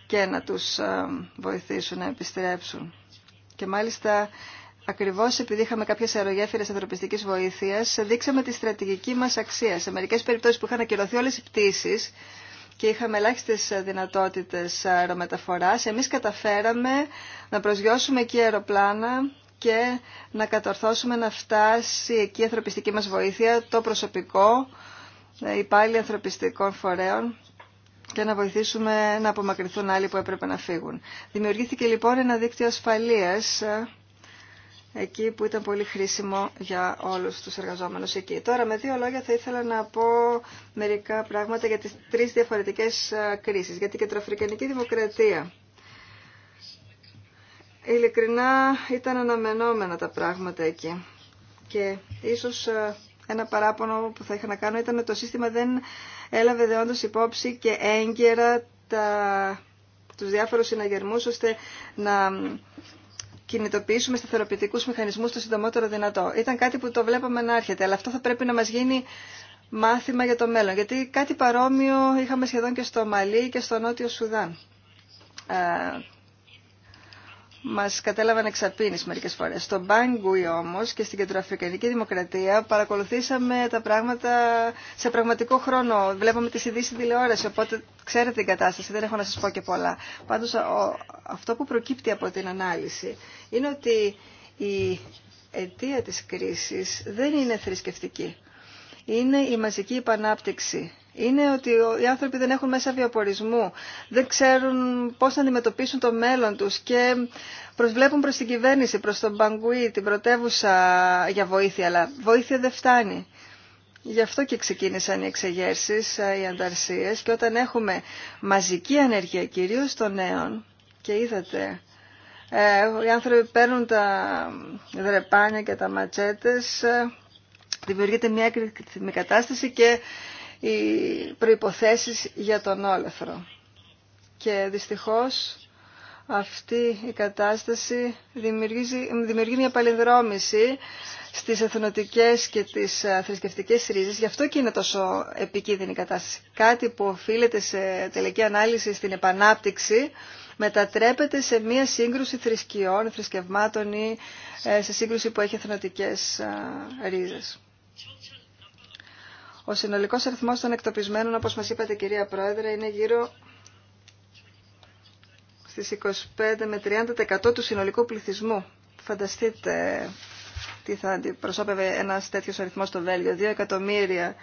και να τους βοηθήσουν να επιστρέψουν. Και μάλιστα Ακριβώ επειδή είχαμε κάποιε αερογέφυρε ανθρωπιστική βοήθεια, δείξαμε τη στρατηγική μα αξία. Σε μερικέ περιπτώσει που είχαν ακυρωθεί όλε οι πτήσει και είχαμε ελάχιστε δυνατότητε αερομεταφορά, εμεί καταφέραμε να προσγειώσουμε εκεί αεροπλάνα και να κατορθώσουμε να φτάσει εκεί η ανθρωπιστική μας βοήθεια, το προσωπικό, ε, υπάλληλοι ανθρωπιστικών φορέων και να βοηθήσουμε να απομακρυνθούν άλλοι που έπρεπε να φύγουν. Δημιουργήθηκε λοιπόν ένα δίκτυο ασφαλείας ε, εκεί που ήταν πολύ χρήσιμο για όλους τους εργαζόμενους εκεί. Τώρα με δύο λόγια θα ήθελα να πω μερικά πράγματα για τις τρεις διαφορετικές ε, κρίσεις. Για την Κεντροαφρικανική Δημοκρατία ειλικρινά ήταν αναμενόμενα τα πράγματα εκεί. Και ίσως ε, ένα παράπονο που θα είχα να κάνω ήταν ότι το σύστημα δεν έλαβε δεόντως υπόψη και έγκαιρα τα, τους διάφορους συναγερμούς ώστε να κινητοποιήσουμε σταθεροποιητικούς μηχανισμούς το συντομότερο δυνατό. Ήταν κάτι που το βλέπαμε να έρχεται, αλλά αυτό θα πρέπει να μας γίνει μάθημα για το μέλλον, γιατί κάτι παρόμοιο είχαμε σχεδόν και στο Μαλί και στο Νότιο Σουδάν ε, μας κατέλαβαν εξαπίνης μερικές φορές. Στον Μπάνγκουι όμως και στην Κεντροαφρικανική Δημοκρατία παρακολουθήσαμε τα πράγματα σε πραγματικό χρόνο. Βλέπαμε τις ειδήσεις τηλεόραση, οπότε ξέρετε την κατάσταση, δεν έχω να σας πω και πολλά. Πάντως αυτό που προκύπτει από την ανάλυση είναι ότι η αιτία της κρίσης δεν είναι θρησκευτική. Είναι η μαζική επανάπτυξη είναι ότι οι άνθρωποι δεν έχουν μέσα βιοπορισμού, δεν ξέρουν πώς να αντιμετωπίσουν το μέλλον τους και προσβλέπουν προς την κυβέρνηση, προς τον Μπαγκουή, την πρωτεύουσα για βοήθεια, αλλά βοήθεια δεν φτάνει. Γι' αυτό και ξεκίνησαν οι εξεγέρσεις, ε, οι ανταρσίες και όταν έχουμε μαζική ανεργία κυρίως των νέων και είδατε ε, οι άνθρωποι παίρνουν τα δρεπάνια και τα ματσέτες, ε, δημιουργείται μια κατάσταση και οι προϋποθέσεις για τον όλεθρο. Και δυστυχώς αυτή η κατάσταση δημιουργεί μια παλινδρόμηση στις εθνοτικές και τις ε, θρησκευτικές ρίζες. Γι' αυτό και είναι τόσο επικίνδυνη η κατάσταση. Κάτι που οφείλεται σε τελική ανάλυση στην επανάπτυξη μετατρέπεται σε μια σύγκρουση θρησκειών, θρησκευμάτων ή ε, σε σύγκρουση που έχει εθνοτικές ε, ρίζες. Ο συνολικός αριθμός των εκτοπισμένων, όπως μας είπατε κυρία Πρόεδρε, είναι γύρω στις 25 με 30% του συνολικού πληθυσμού. Φανταστείτε τι θα αντιπροσώπευε ένας τέτοιος αριθμός στο Βέλγιο. Δύο εκατομμύρια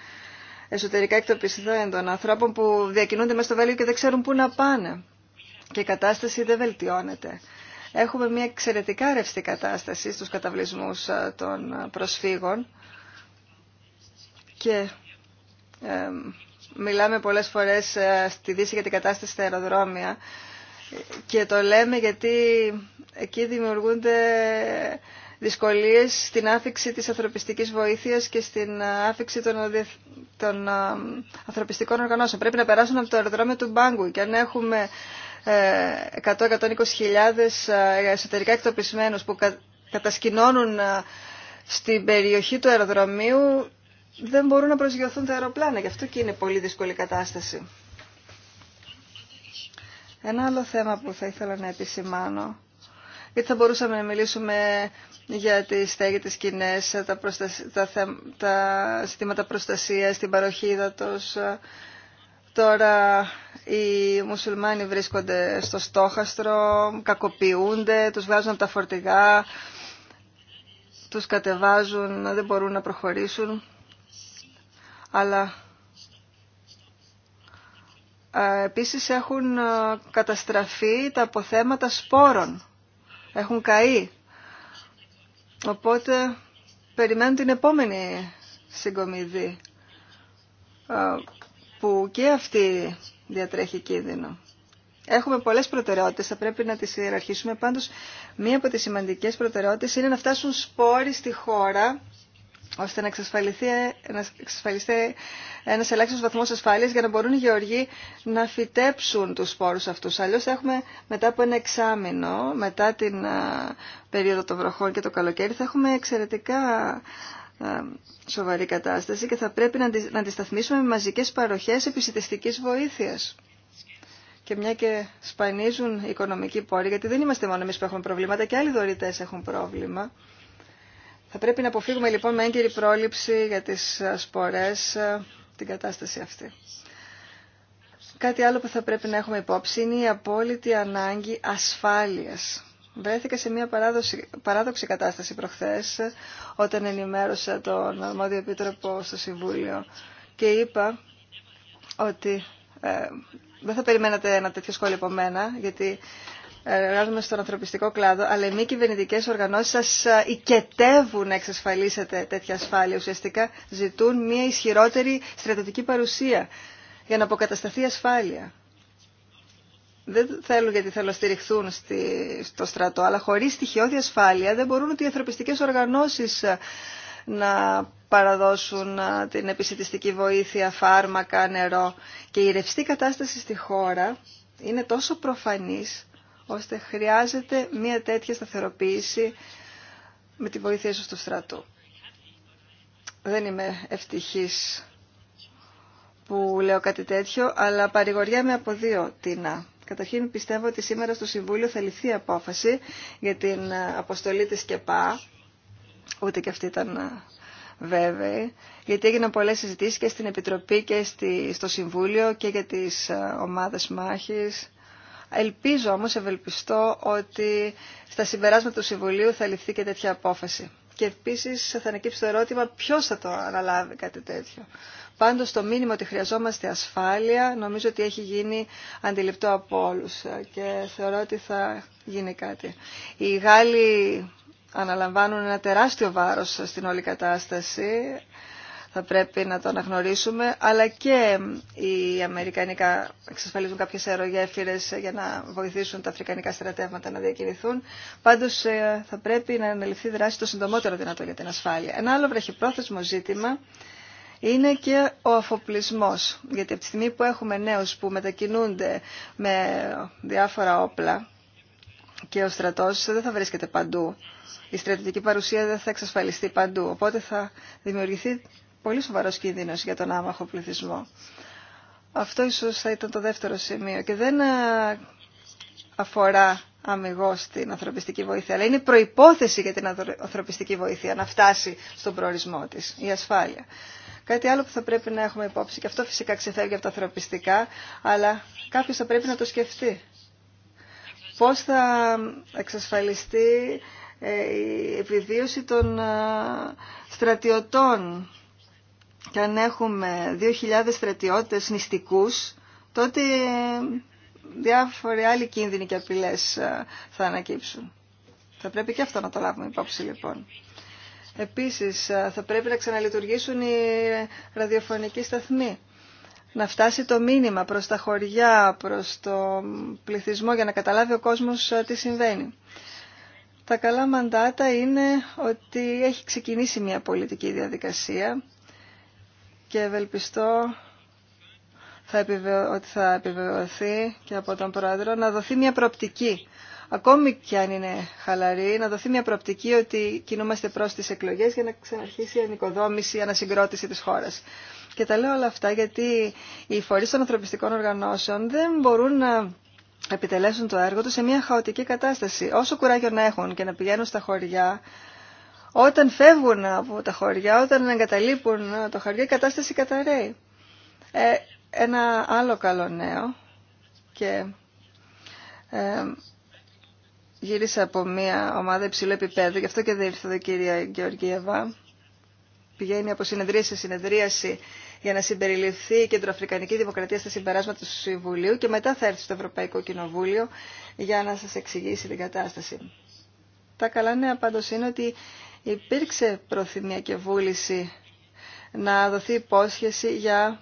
εσωτερικά εκτοπισθέντων ανθρώπων που διακινούνται μέσα στο Βέλγιο και δεν ξέρουν πού να πάνε. Και η κατάσταση δεν βελτιώνεται. Έχουμε μια εξαιρετικά ρευστή κατάσταση στους καταβλισμούς ε, των προσφύγων και μιλάμε πολλές φορές ε, στη Δύση για την κατάσταση στα αεροδρόμια και το λέμε γιατί εκεί δημιουργούνται δυσκολίες στην άφηξη της ανθρωπιστικής βοήθειας και στην άφηξη των, ε, ανθρωπιστικών οργανώσεων. Πρέπει να περάσουν από το αεροδρόμιο του Μπάγκου και αν έχουμε 100-120 ε, εσωτερικά εκτοπισμένους που κατασκηνώνουν στην περιοχή του αεροδρομίου δεν μπορούν να προσγειωθούν τα αεροπλάνα. Γι' αυτό και είναι πολύ δύσκολη κατάσταση. Ένα άλλο θέμα που θα ήθελα να επισημάνω, γιατί θα μπορούσαμε να μιλήσουμε για τη στέγη της Κινές, τα, τα, τα ζητήματα προστασίας, την παροχή υδατος. Τώρα οι μουσουλμάνοι βρίσκονται στο στόχαστρο, κακοποιούνται, τους βγάζουν από τα φορτηγά, τους κατεβάζουν, δεν μπορούν να προχωρήσουν αλλά ε, επίσης έχουν ε, καταστραφεί τα αποθέματα σπόρων. Έχουν καεί. Οπότε περιμένουν την επόμενη συγκομιδή ε, που και αυτή διατρέχει κίνδυνο. Έχουμε πολλές προτεραιότητες, θα πρέπει να τις ιεραρχήσουμε. Πάντως, μία από τις σημαντικές προτεραιότητες είναι να φτάσουν σπόροι στη χώρα ώστε να εξασφαλιστεί, να εξασφαλιστεί ένας ελάχιστος βαθμός ασφάλειας για να μπορούν οι γεωργοί να φυτέψουν τους σπόρους αυτούς. Αλλιώς θα έχουμε μετά από ένα εξάμεινο, μετά την περίοδο των βροχών και το καλοκαίρι, θα έχουμε εξαιρετικά σοβαρή κατάσταση και θα πρέπει να αντισταθμίσουμε με μαζικές παροχές επισητιστικής βοήθειας. Και μια και σπανίζουν οικονομικοί πόροι, γιατί δεν είμαστε μόνο εμείς που έχουμε προβλήματα και άλλοι δωρητές έχουν πρόβλημα. Θα πρέπει να αποφύγουμε λοιπόν με έγκαιρη πρόληψη για τις σπορές ε, την κατάσταση αυτή. Κάτι άλλο που θα πρέπει να έχουμε υπόψη είναι η απόλυτη ανάγκη ασφάλειας. Βρέθηκα σε μια παράδοξη κατάσταση προχθές ε, όταν ενημέρωσα τον αρμόδιο επίτροπο στο Συμβούλιο και είπα ότι ε, δεν θα περιμένατε ένα τέτοιο σχόλιο από μένα γιατί εργάζομαι στον ανθρωπιστικό κλάδο, αλλά οι μη κυβερνητικέ οργανώσει σα οικετεύουν να εξασφαλίσετε τέτοια ασφάλεια. Ουσιαστικά ζητούν μια ισχυρότερη στρατιωτική παρουσία για να αποκατασταθεί ασφάλεια. Δεν θέλουν γιατί θέλουν να στηριχθούν στο στρατό, αλλά χωρί στοιχειώδη ασφάλεια δεν μπορούν ότι οι ανθρωπιστικέ οργανώσει να παραδώσουν την επισητιστική βοήθεια, φάρμακα, νερό. Και η ρευστή κατάσταση στη χώρα είναι τόσο προφανής ώστε χρειάζεται μια τέτοια σταθεροποίηση με τη βοήθεια ίσως του στρατού. Δεν είμαι ευτυχής που λέω κάτι τέτοιο, αλλά παρηγοριάμαι από δύο τινά. Καταρχήν πιστεύω ότι σήμερα στο Συμβούλιο θα η απόφαση για την αποστολή της ΚΕΠΑ, ούτε και αυτή ήταν ε, βέβαιη, γιατί έγιναν πολλές συζητήσεις και στην Επιτροπή και στο Συμβούλιο και για τις ε, ομάδες μάχης Ελπίζω όμως, ευελπιστώ, ότι στα συμπεράσματα του Συμβουλίου θα ληφθεί και τέτοια απόφαση. Και επίση θα ανακύψει το ερώτημα ποιο θα το αναλάβει κάτι τέτοιο. Πάντως το μήνυμα ότι χρειαζόμαστε ασφάλεια νομίζω ότι έχει γίνει αντιληπτό από όλους και θεωρώ ότι θα γίνει κάτι. Οι Γάλλοι αναλαμβάνουν ένα τεράστιο βάρο στην όλη κατάσταση θα πρέπει να το αναγνωρίσουμε, αλλά και οι Αμερικανικά εξασφαλίζουν κάποιες αερογέφυρες για να βοηθήσουν τα αφρικανικά στρατεύματα να διακινηθούν. Πάντως ε, θα πρέπει να αναλυθεί δράση το συντομότερο δυνατό για την ασφάλεια. Ένα άλλο βραχυπρόθεσμο ζήτημα είναι και ο αφοπλισμός, γιατί από τη στιγμή που έχουμε νέους που μετακινούνται με διάφορα όπλα και ο στρατός δεν θα βρίσκεται παντού η στρατιωτική παρουσία δεν θα εξασφαλιστεί παντού. Οπότε θα δημιουργηθεί πολύ σοβαρός κίνδυνο για τον άμαχο πληθυσμό. Αυτό ίσως θα ήταν το δεύτερο σημείο και δεν ε, αφορά αμυγό την ανθρωπιστική βοήθεια, αλλά είναι προϋπόθεση για την ανθρωπιστική βοήθεια να φτάσει στον προορισμό της, η ασφάλεια. Κάτι άλλο που θα πρέπει να έχουμε υπόψη, και αυτό φυσικά ξεφεύγει από τα ανθρωπιστικά, αλλά κάποιο θα πρέπει να το σκεφτεί. Πώ θα εξασφαλιστεί ε, η επιβίωση των ε, στρατιωτών και αν έχουμε 2.000 στρατιώτες νηστικούς, τότε διάφοροι άλλοι κίνδυνοι και απειλές ε, θα ανακύψουν. Θα πρέπει και αυτό να το λάβουμε υπόψη λοιπόν. Επίσης, ε, θα πρέπει να ξαναλειτουργήσουν οι ραδιοφωνικοί σταθμοί. Να φτάσει το μήνυμα προς τα χωριά, προς το πληθυσμό για να καταλάβει ο κόσμος ε, τι συμβαίνει. Τα καλά μαντάτα είναι ότι έχει ξεκινήσει μια πολιτική διαδικασία και ευελπιστώ θα ότι θα επιβεβαιωθεί και από τον Πρόεδρο να δοθεί μια προοπτική. Ακόμη και αν είναι χαλαρή, να δοθεί μια προοπτική ότι κινούμαστε προς τις εκλογές για να ξαναρχίσει η ανοικοδόμηση, η ανασυγκρότηση της χώρας. Και τα λέω όλα αυτά γιατί οι φορείς των ανθρωπιστικών οργανώσεων δεν μπορούν να επιτελέσουν το έργο τους σε μια χαοτική κατάσταση. Όσο κουράγιο να έχουν και να πηγαίνουν στα χωριά, όταν φεύγουν από τα χωριά, όταν εγκαταλείπουν το χωριό, η κατάσταση καταραίει. Ε, ένα άλλο καλό νέο και ε, γύρισα από μια ομάδα υψηλού επίπεδου, γι' αυτό και δεν ήρθε εδώ κυρία Γεωργίευα. Πηγαίνει από συνεδρία σε συνεδρίαση για να συμπεριληφθεί η Κεντροαφρικανική Δημοκρατία στα συμπεράσματα του Συμβουλίου και μετά θα έρθει στο Ευρωπαϊκό Κοινοβούλιο για να σας εξηγήσει την κατάσταση. Τα καλά νέα πάντως είναι ότι υπήρξε προθυμία και βούληση να δοθεί υπόσχεση για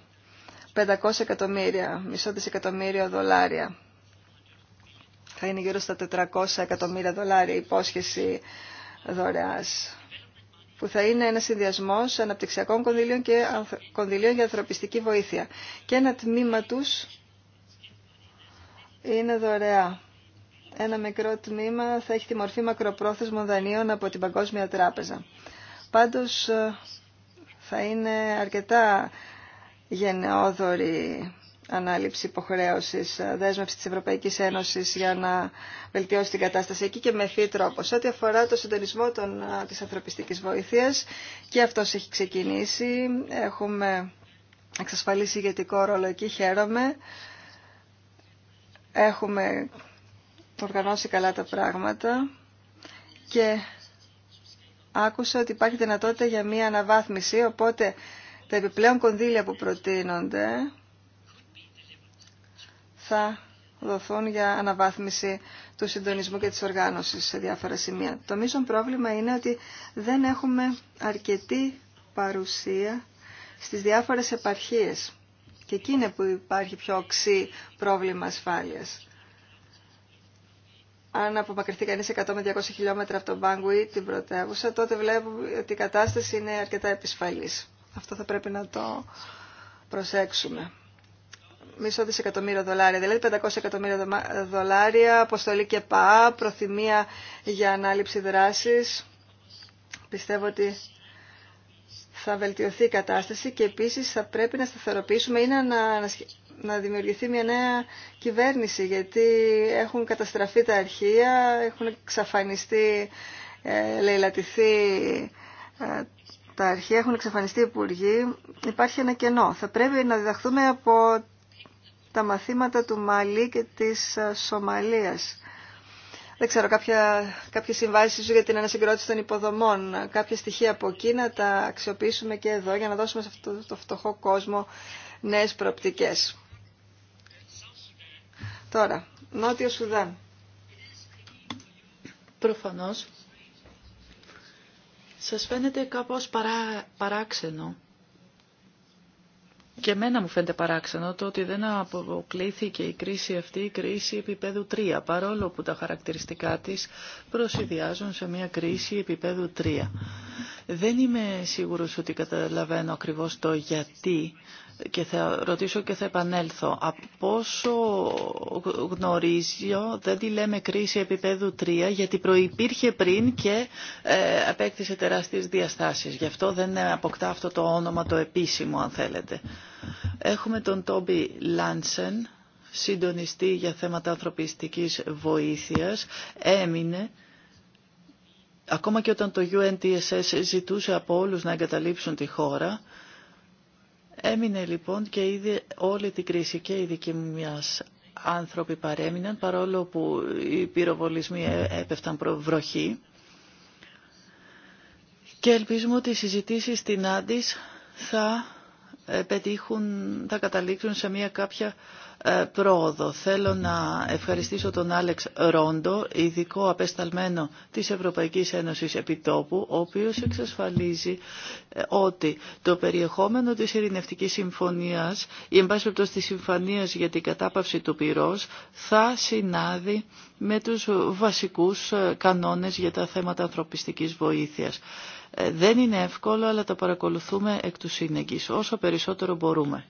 500 εκατομμύρια, μισό δισεκατομμύριο δολάρια. Θα είναι γύρω στα 400 εκατομμύρια δολάρια υπόσχεση δωρεάς που θα είναι ένα συνδυασμό αναπτυξιακών κονδυλίων και κονδυλίων για ανθρωπιστική βοήθεια. Και ένα τμήμα τους είναι δωρεά ένα μικρό τμήμα θα έχει τη μορφή μακροπρόθεσμων δανείων από την Παγκόσμια Τράπεζα. Πάντως ε, θα είναι αρκετά γενναιόδορη ανάληψη υποχρέωση ε, δέσμευση τη Ευρωπαϊκή Ένωση για να βελτιώσει την κατάσταση εκεί και με ευφύ τρόπο. ό,τι αφορά το συντονισμό ε, τη ανθρωπιστική βοήθεια, και αυτό έχει ξεκινήσει. Έχουμε εξασφαλίσει ηγετικό ρόλο εκεί, χαίρομαι. Έχουμε οργανώσει καλά τα πράγματα και άκουσα ότι υπάρχει δυνατότητα για μία αναβάθμιση, οπότε τα επιπλέον κονδύλια που προτείνονται θα δοθούν για αναβάθμιση του συντονισμού και της οργάνωσης σε διάφορα σημεία. Το μείζον πρόβλημα είναι ότι δεν έχουμε αρκετή παρουσία στις διάφορες επαρχίες και εκεί είναι που υπάρχει πιο οξύ πρόβλημα ασφάλειας αν απομακρυνθεί κανείς 100 με 200 χιλιόμετρα από τον Μπάγκου ή την πρωτεύουσα, τότε βλέπουμε ότι η κατάσταση είναι αρκετά επισφαλής. Αυτό θα πρέπει να το προσέξουμε. Μισό δισεκατομμύριο δολάρια, δηλαδή 500 εκατομμύρια δολάρια, αποστολή και ΠΑ, προθυμία για ανάληψη δράσης. Πιστεύω ότι θα βελτιωθεί η κατάσταση και επίσης θα πρέπει να σταθεροποιήσουμε ή να να δημιουργηθεί μια νέα κυβέρνηση γιατί έχουν καταστραφεί τα αρχεία, έχουν εξαφανιστεί, ε, λαιλατηθεί ε, τα αρχεία, έχουν εξαφανιστεί υπουργοί. Υπάρχει ένα κενό. Θα πρέπει να διδαχθούμε από τα μαθήματα του Μαλί και της ε, Σομαλίας. Δεν ξέρω, κάποια, κάποιες συμβάσεις για την ανασυγκρότηση των υποδομών, κάποια στοιχεία από εκεί να τα αξιοποιήσουμε και εδώ για να δώσουμε σε αυτό το φτωχό κόσμο νέες προοπτικές. Τώρα, Νότιο Σουδάν. Προφανώς, σας φαίνεται κάπως παράξενο και εμένα μου φαίνεται παράξενο το ότι δεν αποκλήθηκε η κρίση αυτή, η κρίση επίπεδου 3, παρόλο που τα χαρακτηριστικά της προσυδειάζουν σε μια κρίση επίπεδου 3. Δεν είμαι σίγουρος ότι καταλαβαίνω ακριβώς το γιατί και θα ρωτήσω και θα επανέλθω. Από όσο γνωρίζω, δεν τη λέμε κρίση επίπεδου 3, γιατί προϋπήρχε πριν και ε, απέκτησε τεράστιες διαστάσεις. Γι' αυτό δεν αποκτά αυτό το όνομα το επίσημο, αν θέλετε. Έχουμε τον Τόμπι Λάνσεν, συντονιστή για θέματα ανθρωπιστικής βοήθειας. Έμεινε ακόμα και όταν το UNTSS ζητούσε από όλους να εγκαταλείψουν τη χώρα, Έμεινε λοιπόν και ήδη όλη την κρίση και η δική μου μιας άνθρωποι παρέμειναν παρόλο που οι πυροβολισμοί ε, έπεφταν προ βροχή. Και ελπίζουμε ότι οι συζητήσεις στην Άντις θα ε, πετύχουν, θα καταλήξουν σε μια κάποια ε, πρόοδο. Θέλω να ευχαριστήσω τον Άλεξ Ρόντο, ειδικό απεσταλμένο της Ευρωπαϊκής Ένωσης Επιτόπου, ο οποίος εξασφαλίζει ε, ότι το περιεχόμενο της Ειρηνευτικής Συμφωνίας ή εν πάση της Συμφωνίας για την κατάπαυση του πυρός θα συνάδει με τους βασικούς κανόνες για τα θέματα ανθρωπιστικής βοήθειας. Ε, δεν είναι εύκολο, αλλά τα παρακολουθούμε εκ του σύνεγγυς, όσο περισσότερο μπορούμε.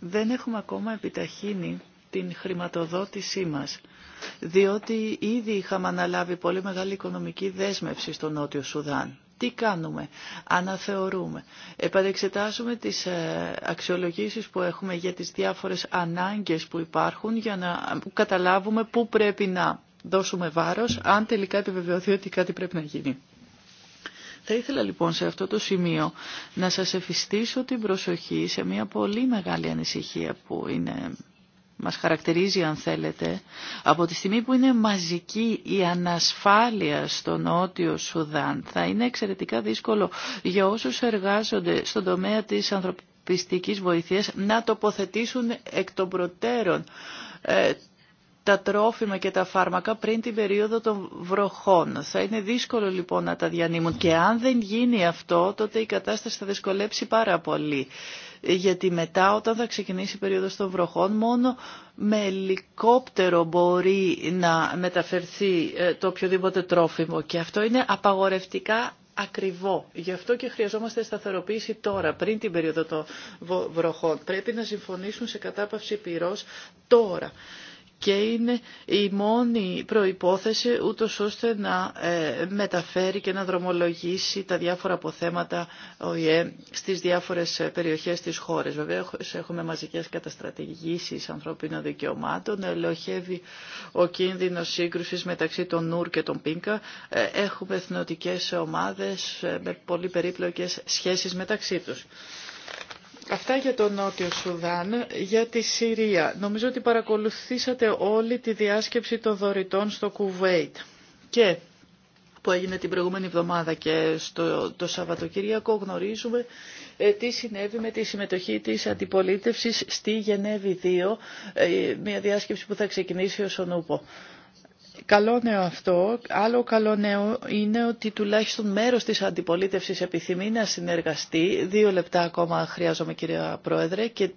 Δεν έχουμε ακόμα επιταχύνει την χρηματοδότησή μας, διότι ήδη είχαμε αναλάβει πολύ μεγάλη οικονομική δέσμευση στο Νότιο Σουδάν. Τι κάνουμε, αναθεωρούμε, επανεξετάζουμε τις ε, αξιολογήσεις που έχουμε για τις διάφορες ανάγκες που υπάρχουν για να καταλάβουμε πού πρέπει να δώσουμε βάρος αν τελικά επιβεβαιωθεί ότι κάτι πρέπει να γίνει. Θα ήθελα λοιπόν σε αυτό το σημείο να σας εφιστήσω την προσοχή σε μια πολύ μεγάλη ανησυχία που είναι μας χαρακτηρίζει αν θέλετε, από τη στιγμή που είναι μαζική η ανασφάλεια στο νότιο Σουδάν, θα είναι εξαιρετικά δύσκολο για όσους εργάζονται στον τομέα της ανθρωπιστικής βοηθείας να τοποθετήσουν εκ των προτέρων ε, τα τρόφιμα και τα φάρμακα πριν την περίοδο των βροχών. Θα είναι δύσκολο λοιπόν να τα διανύμουν και αν δεν γίνει αυτό τότε η κατάσταση θα δυσκολέψει πάρα πολύ. Γιατί μετά όταν θα ξεκινήσει η περίοδος των βροχών μόνο με ελικόπτερο μπορεί να μεταφερθεί ε, το οποιοδήποτε τρόφιμο και αυτό είναι απαγορευτικά ακριβό. Γι' αυτό και χρειαζόμαστε σταθεροποίηση τώρα, πριν την περίοδο των βροχών. Πρέπει να συμφωνήσουν σε κατάπαυση πυρός τώρα και είναι η μόνη προϋπόθεση ούτω ώστε να ε, μεταφέρει και να δρομολογήσει τα διάφορα αποθέματα ΟΗΕ στις διάφορες ε, περιοχές της χώρας. Βέβαια έχουμε μαζικές καταστρατηγήσεις ανθρώπινων δικαιωμάτων, ελοχεύει ο κίνδυνος σύγκρουσης μεταξύ των ΝΟΥΡ και των ΠΙΝΚΑ, ε, έχουμε εθνοτικές ομάδες με πολύ περίπλοκες σχέσεις μεταξύ τους. Αυτά για το Νότιο Σουδάν, για τη Συρία. Νομίζω ότι παρακολουθήσατε όλη τη διάσκεψη των δωρητών στο Κουβέιτ και που έγινε την προηγούμενη εβδομάδα και στο, το Σαββατοκύριακο γνωρίζουμε ε, τι συνέβη με τη συμμετοχή της αντιπολίτευσης στη Γενέβη 2, ε, μια διάσκεψη που θα ξεκινήσει ο Σονούπο. Καλό νέο αυτό. Άλλο καλό νέο είναι ότι τουλάχιστον μέρος της αντιπολίτευσης επιθυμεί να συνεργαστεί. Δύο λεπτά ακόμα χρειάζομαι κυρία Πρόεδρε. Και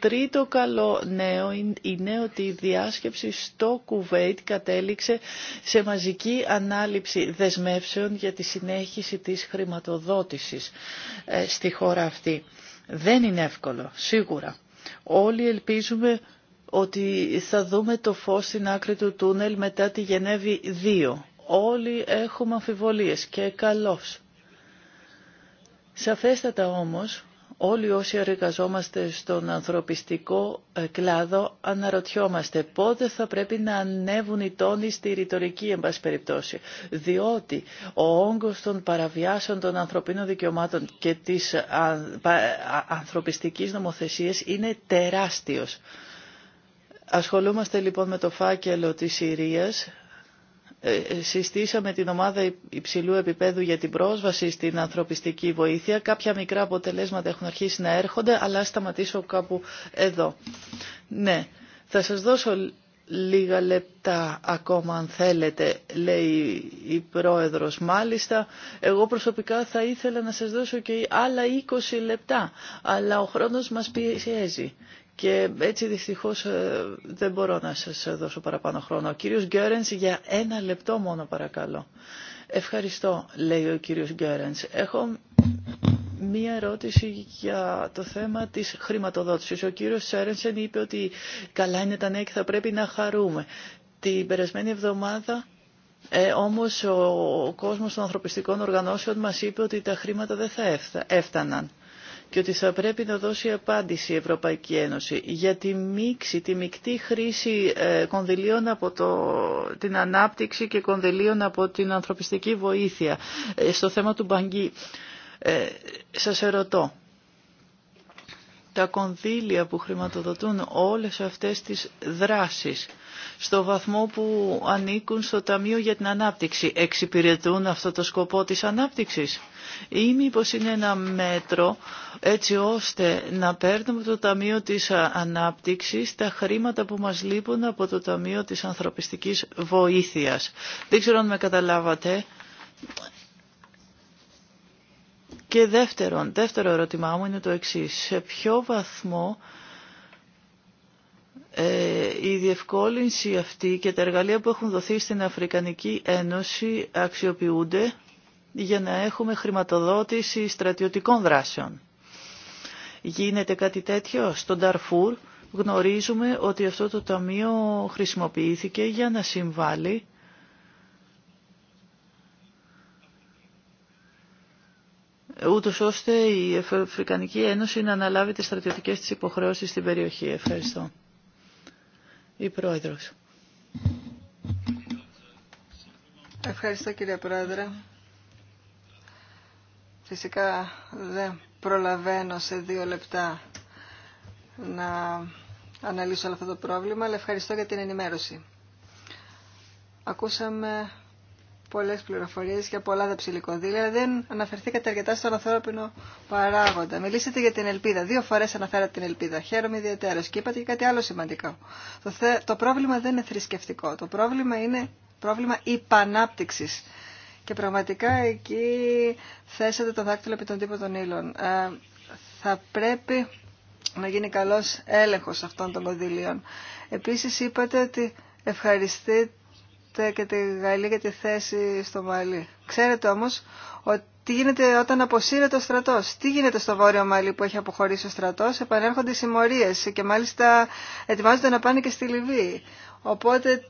τρίτο καλό νέο είναι ότι η διάσκεψη στο Κουβέιτ κατέληξε σε μαζική ανάληψη δεσμεύσεων για τη συνέχιση της χρηματοδότησης ε, στη χώρα αυτή. Δεν είναι εύκολο, σίγουρα. Όλοι ελπίζουμε ότι θα δούμε το φως στην άκρη του τούνελ μετά τη Γενέβη 2. Όλοι έχουμε αμφιβολίες και καλώς. Σαφέστατα όμως, όλοι όσοι εργαζόμαστε στον ανθρωπιστικό ε, κλάδο αναρωτιόμαστε πότε θα πρέπει να ανέβουν οι τόνοι στη ρητορική εν πάση περιπτώσει. Διότι ο όγκος των παραβιάσεων των ανθρωπίνων δικαιωμάτων και της ανθρωπιστικής νομοθεσίας είναι τεράστιος. Ασχολούμαστε λοιπόν με το φάκελο της Συρίας. Ε, ε, συστήσαμε την ομάδα υψηλού επίπεδου για την πρόσβαση στην ανθρωπιστική βοήθεια. Κάποια μικρά αποτελέσματα έχουν αρχίσει να έρχονται, αλλά σταματήσω κάπου εδώ. Ναι, θα σας δώσω λίγα λεπτά ακόμα αν θέλετε, λέει η πρόεδρος μάλιστα. Εγώ προσωπικά θα ήθελα να σας δώσω και άλλα 20 λεπτά, αλλά ο χρόνος μας πιέζει και έτσι δυστυχώς ε, δεν μπορώ να σας δώσω παραπάνω χρόνο. Ο κύριος Γκέρενς για ένα λεπτό μόνο παρακαλώ. Ευχαριστώ, λέει ο κύριος Γκέρενς. Έχω μία ερώτηση για το θέμα της χρηματοδότησης. Ο κύριος Σέρενσεν είπε ότι καλά είναι τα νέα και θα πρέπει να χαρούμε. Την περασμένη εβδομάδα ε, όμως ο κόσμος των ανθρωπιστικών οργανώσεων μας είπε ότι τα χρήματα δεν θα έφταναν και ότι θα πρέπει να δώσει απάντηση η Ευρωπαϊκή Ένωση για τη μίξη, τη μεικτή χρήση ε, κονδυλίων από το, την ανάπτυξη και κονδυλίων από την ανθρωπιστική βοήθεια ε, στο θέμα του Μπαγκή. Ε, σας ερωτώ, τα κονδύλια που χρηματοδοτούν όλες αυτές τις δράσεις στο βαθμό που ανήκουν στο Ταμείο για την Ανάπτυξη εξυπηρετούν αυτό το σκοπό της ανάπτυξης ή μήπω είναι ένα μέτρο έτσι ώστε να παίρνουμε το Ταμείο της Ανάπτυξης τα χρήματα που μας λείπουν από το Ταμείο της Ανθρωπιστικής Βοήθειας. Δεν ξέρω αν με καταλάβατε και δεύτερον, δεύτερο ερώτημά μου είναι το εξής. Σε ποιο βαθμό ε, η διευκόλυνση αυτή και τα εργαλεία που έχουν δοθεί στην Αφρικανική Ένωση αξιοποιούνται για να έχουμε χρηματοδότηση στρατιωτικών δράσεων. Γίνεται κάτι τέτοιο στον Ταρφούρ. Γνωρίζουμε ότι αυτό το ταμείο χρησιμοποιήθηκε για να συμβάλλει ούτως ώστε η Αφρικανική Ένωση να αναλάβει τις στρατιωτικές της υποχρεώσεις στην περιοχή. Ευχαριστώ. Η Πρόεδρος. Ευχαριστώ κύριε Πρόεδρε. Φυσικά δεν προλαβαίνω σε δύο λεπτά να αναλύσω όλο αυτό το πρόβλημα, αλλά ευχαριστώ για την ενημέρωση. Ακούσαμε Πολλέ πληροφορίε για πολλά τα δεν αναφερθήκατε αρκετά στον ανθρώπινο παράγοντα. Μιλήσατε για την ελπίδα. Δύο φορέ αναφέρατε την ελπίδα. Χαίρομαι ιδιαίτερα. Και είπατε και κάτι άλλο σημαντικό. Το, το πρόβλημα δεν είναι θρησκευτικό. Το πρόβλημα είναι πρόβλημα υπανάπτυξη. Και πραγματικά εκεί θέσατε το δάκτυλο επί των τύπων των ήλων. Ε, θα πρέπει να γίνει καλός έλεγχος αυτών των κονδυλίων. Επίσης είπατε ότι ευχαριστείτε και τη Γαλλία και τη θέση στο Μαλί. Ξέρετε όμως ότι τι γίνεται όταν αποσύρεται ο στρατό. Τι γίνεται στο βόρειο Μάλι που έχει αποχωρήσει ο στρατό. Επανέρχονται οι συμμορίε και μάλιστα ετοιμάζονται να πάνε και στη Λιβύη. Οπότε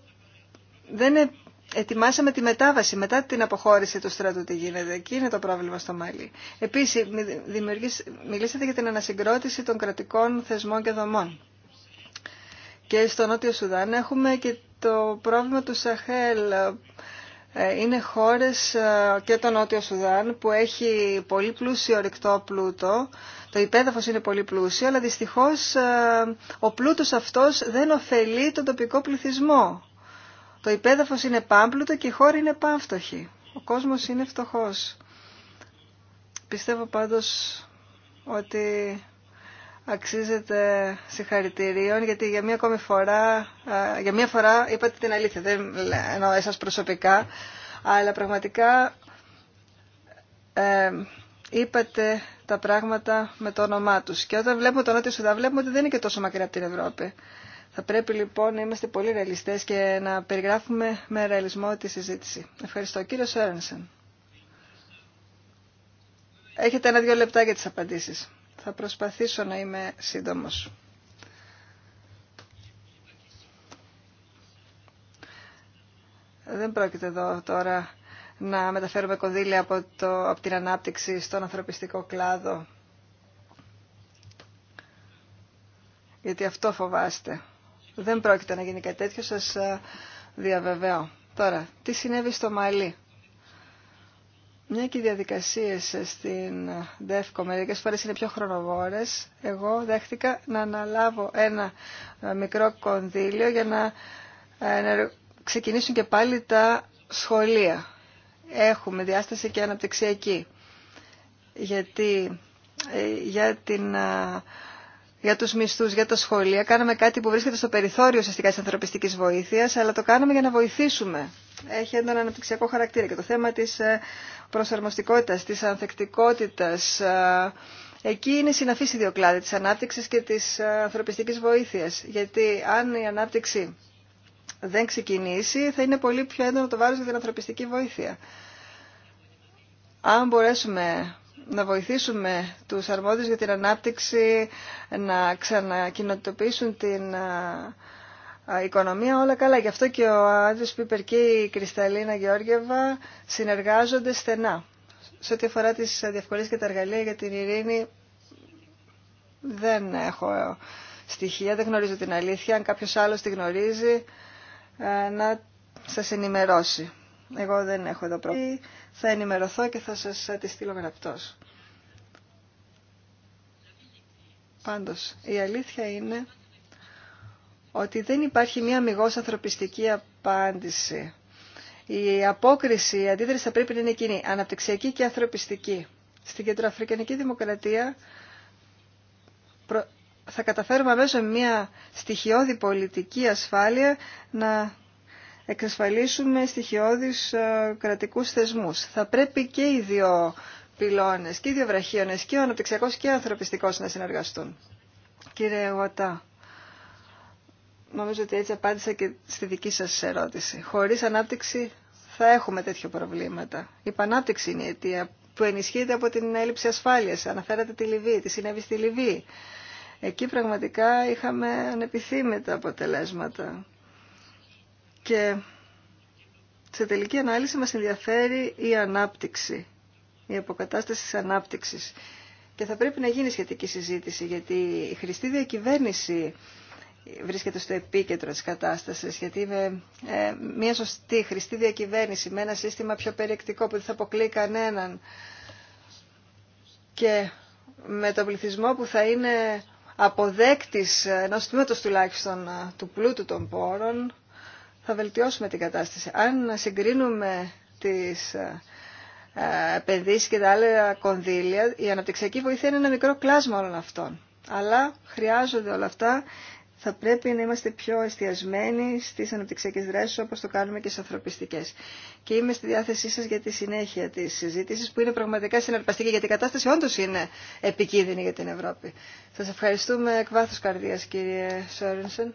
δεν ε, ετοιμάσαμε τη μετάβαση μετά την αποχώρηση του στρατού. Τι γίνεται. Εκεί είναι το πρόβλημα στο Μάλι. Επίση, μιλήσατε για την ανασυγκρότηση των κρατικών θεσμών και δομών. Και στο Νότιο Σουδάν έχουμε και το πρόβλημα του Σαχέλ. Ε, είναι χώρες ε, και το Νότιο Σουδάν που έχει πολύ πλούσιο ρηκτό πλούτο. Το υπέδαφος είναι πολύ πλούσιο, αλλά δυστυχώς ε, ο πλούτος αυτός δεν ωφελεί τον τοπικό πληθυσμό. Το υπέδαφος είναι πάμπλουτο και η χώρα είναι πάμφτωχη. Ο κόσμος είναι φτωχός. Πιστεύω πάντως ότι αξίζεται συγχαρητηρίων γιατί για μία ακόμη φορά, για μία φορά είπατε την αλήθεια, δεν εννοώ εσάς προσωπικά, αλλά πραγματικά ε, είπατε τα πράγματα με το όνομά τους. Και όταν βλέπουμε τον Νότιο Σουδά βλέπουμε ότι δεν είναι και τόσο μακριά από την Ευρώπη. Θα πρέπει λοιπόν να είμαστε πολύ ρεαλιστές και να περιγράφουμε με ρεαλισμό τη συζήτηση. Ευχαριστώ. Κύριο Σόρενσεν. Έχετε ένα-δύο λεπτά για τις απαντήσεις. Θα προσπαθήσω να είμαι σύντομος. Δεν πρόκειται εδώ τώρα να μεταφέρουμε κονδύλια από, το, από την ανάπτυξη στον ανθρωπιστικό κλάδο. Γιατί αυτό φοβάστε. Δεν πρόκειται να γίνει κάτι τέτοιο, σας ε, διαβεβαιώ. Τώρα, τι συνέβη στο Μαλί. Μια και οι διαδικασίε στην ΔΕΦΚΟ μερικέ φορέ είναι πιο χρονοβόρε. εγώ δέχτηκα να αναλάβω ένα ε, μικρό κονδύλιο για να ε, ξεκινήσουν και πάλι τα σχολεία. Έχουμε διάσταση και αναπτυξιακή. Γιατί ε, για, την, για τους μισθούς, για τα σχολεία, κάναμε κάτι που βρίσκεται στο περιθώριο ουσιαστικά της ανθρωπιστικής βοήθειας, αλλά το κάναμε για να βοηθήσουμε έχει έντονο αναπτυξιακό χαρακτήρα και το θέμα της ε, προσαρμοστικότητας, της ανθεκτικότητας, ε, Εκεί είναι συναφής οι δύο κλάδοι της ανάπτυξης και της ε, ανθρωπιστικής βοήθειας. Γιατί αν η ανάπτυξη δεν ξεκινήσει, θα είναι πολύ πιο έντονο το βάρος για την ανθρωπιστική βοήθεια. Αν μπορέσουμε να βοηθήσουμε τους αρμόδιους για την ανάπτυξη να ξανακοινοτοποιήσουν την οικονομία, όλα καλά. Γι' αυτό και ο Άντριος Πίπερ και η Κρυσταλίνα Γεώργιεβα συνεργάζονται στενά. Σε ό,τι αφορά τις διευκολίες και τα εργαλεία για την ειρήνη, δεν έχω στοιχεία, δεν γνωρίζω την αλήθεια. Αν κάποιος άλλος τη γνωρίζει, ε, να σας ενημερώσει. Εγώ δεν έχω εδώ πρόβλημα. Θα ενημερωθώ και θα σας τη στείλω γραπτός. Πάντως, η αλήθεια είναι ότι δεν υπάρχει μία αμυγός ανθρωπιστική απάντηση. Η απόκριση, η αντίδραση θα πρέπει να είναι εκείνη, αναπτυξιακή και ανθρωπιστική. Στην κεντροαφρικανική δημοκρατία θα καταφέρουμε μέσω μία στοιχειώδη πολιτική ασφάλεια να εξασφαλίσουμε στοιχειώδεις ε, κρατικούς θεσμούς. Θα πρέπει και οι δύο πυλώνες, και οι δύο βραχίονες, και ο αναπτυξιακός και ο ανθρωπιστικός να συνεργαστούν. Κύριε Γουατά, Νομίζω ότι έτσι απάντησα και στη δική σας ερώτηση. Χωρίς ανάπτυξη θα έχουμε τέτοια προβλήματα. Η πανάπτυξη είναι η αιτία που ενισχύεται από την έλλειψη ασφάλειας. Αναφέρατε τη Λιβύη, τη συνέβη στη Λιβύη. Εκεί πραγματικά είχαμε ανεπιθύμητα αποτελέσματα. Και σε τελική ανάλυση μας ενδιαφέρει η ανάπτυξη, η αποκατάσταση της ανάπτυξης. Και θα πρέπει να γίνει σχετική συζήτηση, γιατί η χρηστή διακυβέρνηση βρίσκεται στο επίκεντρο της κατάστασης, γιατί με ε, μια σωστή χρηστή διακυβέρνηση, με ένα σύστημα πιο περιεκτικό που δεν θα αποκλεί κανέναν και με τον πληθυσμό που θα είναι αποδέκτης ενός τμήματος τουλάχιστον ε, του πλούτου των πόρων, θα βελτιώσουμε την κατάσταση. Αν συγκρίνουμε τις ε, επενδύσεις και τα άλλα κονδύλια, η αναπτυξιακή βοήθεια είναι ένα μικρό κλάσμα όλων αυτών. Αλλά χρειάζονται όλα αυτά θα πρέπει να είμαστε πιο εστιασμένοι στις αναπτυξιακές δράσεις όπως το κάνουμε και στις ανθρωπιστικές. Και είμαι στη διάθεσή σας για τη συνέχεια της συζήτησης που είναι πραγματικά συναρπαστική γιατί η κατάσταση όντως είναι επικίνδυνη για την Ευρώπη. Σας ευχαριστούμε εκ βάθους καρδίας κύριε Σόρενσεν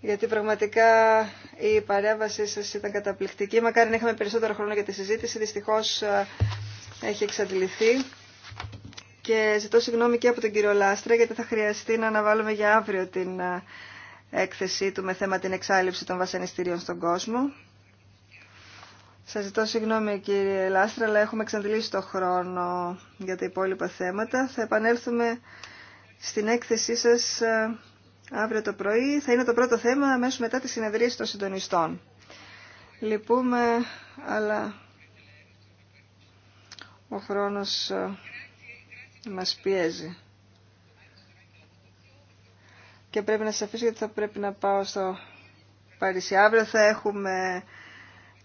γιατί πραγματικά η παρέμβασή σας ήταν καταπληκτική. Μακάρι να είχαμε περισσότερο χρόνο για τη συζήτηση, δυστυχώς ε, έχει εξαντληθεί και ζητώ συγγνώμη και από τον κύριο Λάστρα γιατί θα χρειαστεί να αναβάλουμε για αύριο την ε, έκθεσή του με θέμα την εξάλληψη των βασανιστήριων στον κόσμο. Σας ζητώ συγγνώμη κύριε Λάστρα, αλλά έχουμε εξαντλήσει το χρόνο για τα υπόλοιπα θέματα. Θα επανέλθουμε στην έκθεσή σας ε, αύριο το πρωί. Θα είναι το πρώτο θέμα αμέσως μετά τη συνεδρίαση των συντονιστών. Λυπούμε, αλλά ο χρόνος ε, μας πιέζει. Και πρέπει να σε αφήσω γιατί θα πρέπει να πάω στο Παρίσι. Αύριο θα έχουμε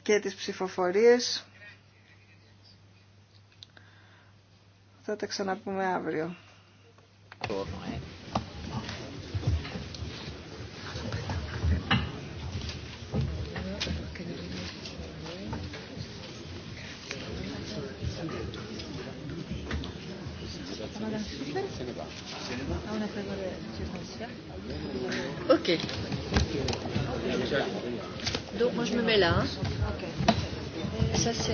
και τις ψηφοφορίες. Θα τα ξαναπούμε αύριο. Ok. Donc moi je me mets là. Ça c'est.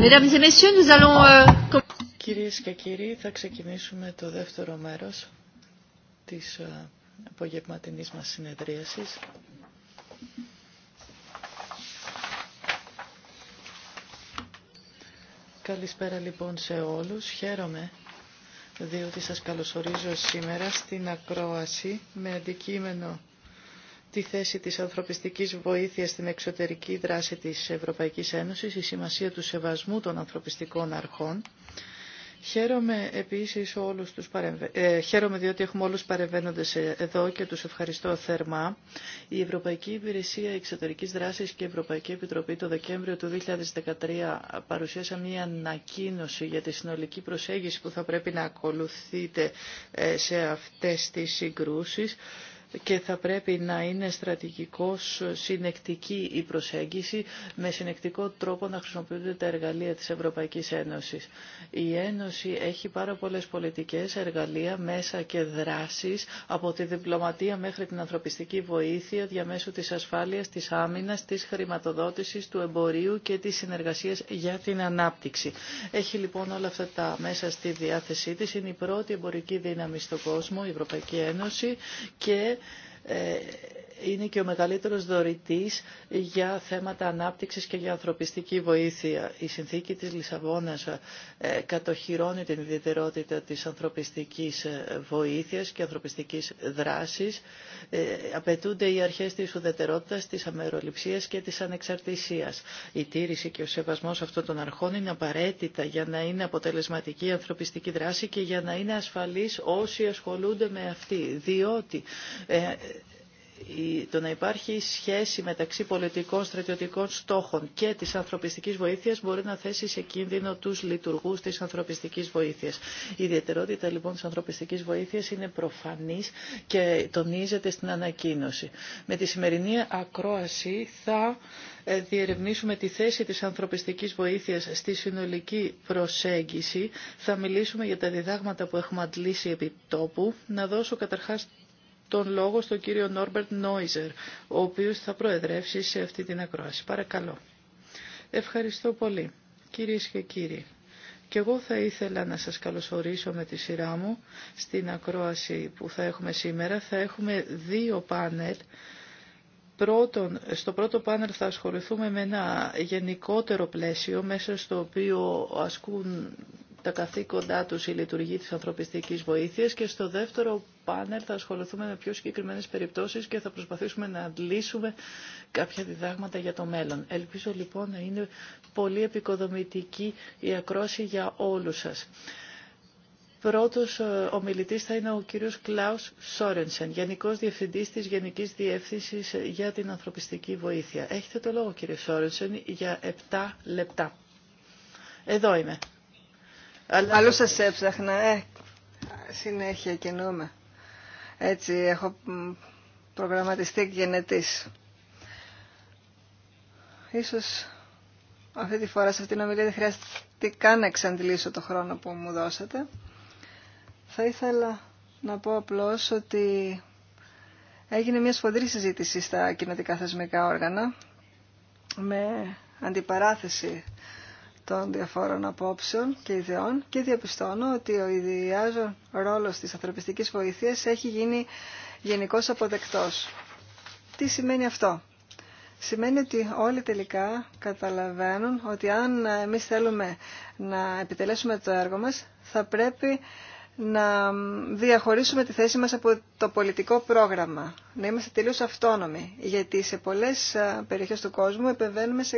Euh, Κυρίες και κύριοι, θα ξεκινήσουμε το δεύτερο μέρος της ε, απογευματινής μας συνεδρίασης. Καλησπέρα λοιπόν σε όλους. Χαίρομαι διότι σας καλωσορίζω σήμερα στην ακρόαση με αντικείμενο τη θέση της ανθρωπιστικής βοήθειας στην εξωτερική δράση της Ευρωπαϊκής Ένωσης, η σημασία του σεβασμού των ανθρωπιστικών αρχών. Χαίρομαι επίσης όλους τους παρεμβε... ε, διότι έχουμε όλους παρεμβαίνοντες ε, εδώ και τους ευχαριστώ θερμά. Η Ευρωπαϊκή Υπηρεσία Εξωτερικής Δράσης και η Ευρωπαϊκή Επιτροπή το Δεκέμβριο του 2013 παρουσίασαν μια ανακοίνωση για τη συνολική προσέγγιση που θα πρέπει να ακολουθείτε ε, σε αυτές τις συγκρούσεις και θα πρέπει να είναι στρατηγικός συνεκτική η προσέγγιση με συνεκτικό τρόπο να χρησιμοποιούνται τα εργαλεία της Ευρωπαϊκής Ένωσης. Η Ένωση έχει πάρα πολλές πολιτικές, εργαλεία, μέσα και δράσεις από τη διπλωματία μέχρι την ανθρωπιστική βοήθεια διαμέσου της ασφάλειας, της άμυνας, της χρηματοδότησης, του εμπορίου και της συνεργασίας για την ανάπτυξη. Έχει λοιπόν όλα αυτά τα μέσα στη διάθεσή της. Είναι η πρώτη εμπορική δύναμη στον κόσμο, η Ευρωπαϊκή Ένωση και ε είναι και ο μεγαλύτερος δωρητής για θέματα ανάπτυξης και για ανθρωπιστική βοήθεια. Η συνθήκη της Λισαβόνας ε, κατοχυρώνει την ιδιαιτερότητα της ανθρωπιστικής ε, βοήθειας και ανθρωπιστικής δράσης. Ε, απαιτούνται οι αρχές της ουδετερότητας, της αμεροληψίας και της ανεξαρτησίας. Η τήρηση και ο σεβασμός αυτών των αρχών είναι απαραίτητα για να είναι αποτελεσματική η ανθρωπιστική δράση και για να είναι ασφαλής όσοι ασχολούνται με αυτή. Διότι το να υπάρχει σχέση μεταξύ πολιτικών στρατιωτικών στόχων και της ανθρωπιστικής βοήθειας μπορεί να θέσει σε κίνδυνο τους λειτουργούς της ανθρωπιστικής βοήθειας. Η ιδιαιτερότητα λοιπόν της ανθρωπιστικής βοήθειας είναι προφανής και τονίζεται στην ανακοίνωση. Με τη σημερινή ακρόαση θα ε, διερευνήσουμε τη θέση της ανθρωπιστικής βοήθειας στη συνολική προσέγγιση. Θα μιλήσουμε για τα διδάγματα που έχουμε αντλήσει επί τόπου. Να δώσω καταρχάς τον λόγο στον κύριο Νόρμπερτ Νόιζερ, ο οποίος θα προεδρεύσει σε αυτή την ακρόαση. Παρακαλώ. Ευχαριστώ πολύ, κύριε και κύριοι. Και εγώ θα ήθελα να σας καλωσορίσω με τη σειρά μου στην ακρόαση που θα έχουμε σήμερα. Θα έχουμε δύο πάνελ. στο πρώτο πάνελ θα ασχοληθούμε με ένα γενικότερο πλαίσιο μέσα στο οποίο ασκούν τα καθήκοντά τους η λειτουργή της ανθρωπιστικής βοήθειας και στο δεύτερο πάνελ θα ασχοληθούμε με πιο συγκεκριμένες περιπτώσεις και θα προσπαθήσουμε να αντλήσουμε κάποια διδάγματα για το μέλλον. Ελπίζω λοιπόν να είναι πολύ επικοδομητική η ακρόση για όλους σας. Πρώτος ε, ομιλητής θα είναι ο κύριος Κλάους Σόρενσεν, Γενικός Διευθυντής της Γενικής Διεύθυνσης για την Ανθρωπιστική Βοήθεια. Έχετε το λόγο κύριε Σόρενσεν για 7 λεπτά. Εδώ είμαι. Αλλά... Αλλού σας έψαχνα. Ε, συνέχεια κινούμε. Έτσι έχω προγραμματιστεί και γενετής. Ίσως αυτή τη φορά σε αυτήν την ομιλία δεν χρειάζεται καν να εξαντλήσω το χρόνο που μου δώσατε. Θα ήθελα να πω απλώς ότι έγινε μια σφοδρή συζήτηση στα κοινοτικά θεσμικά όργανα με αντιπαράθεση των διαφόρων απόψεων και ιδεών και διαπιστώνω ότι ο ιδιάζων ρόλος της ανθρωπιστικής βοήθειας έχει γίνει γενικώ αποδεκτός. Τι σημαίνει αυτό. Σημαίνει ότι όλοι τελικά καταλαβαίνουν ότι αν εμείς θέλουμε να επιτελέσουμε το έργο μας θα πρέπει να διαχωρίσουμε τη θέση μας από το πολιτικό πρόγραμμα, να είμαστε τελείως αυτόνομοι, γιατί σε πολλές περιοχές του κόσμου επεμβαίνουμε σε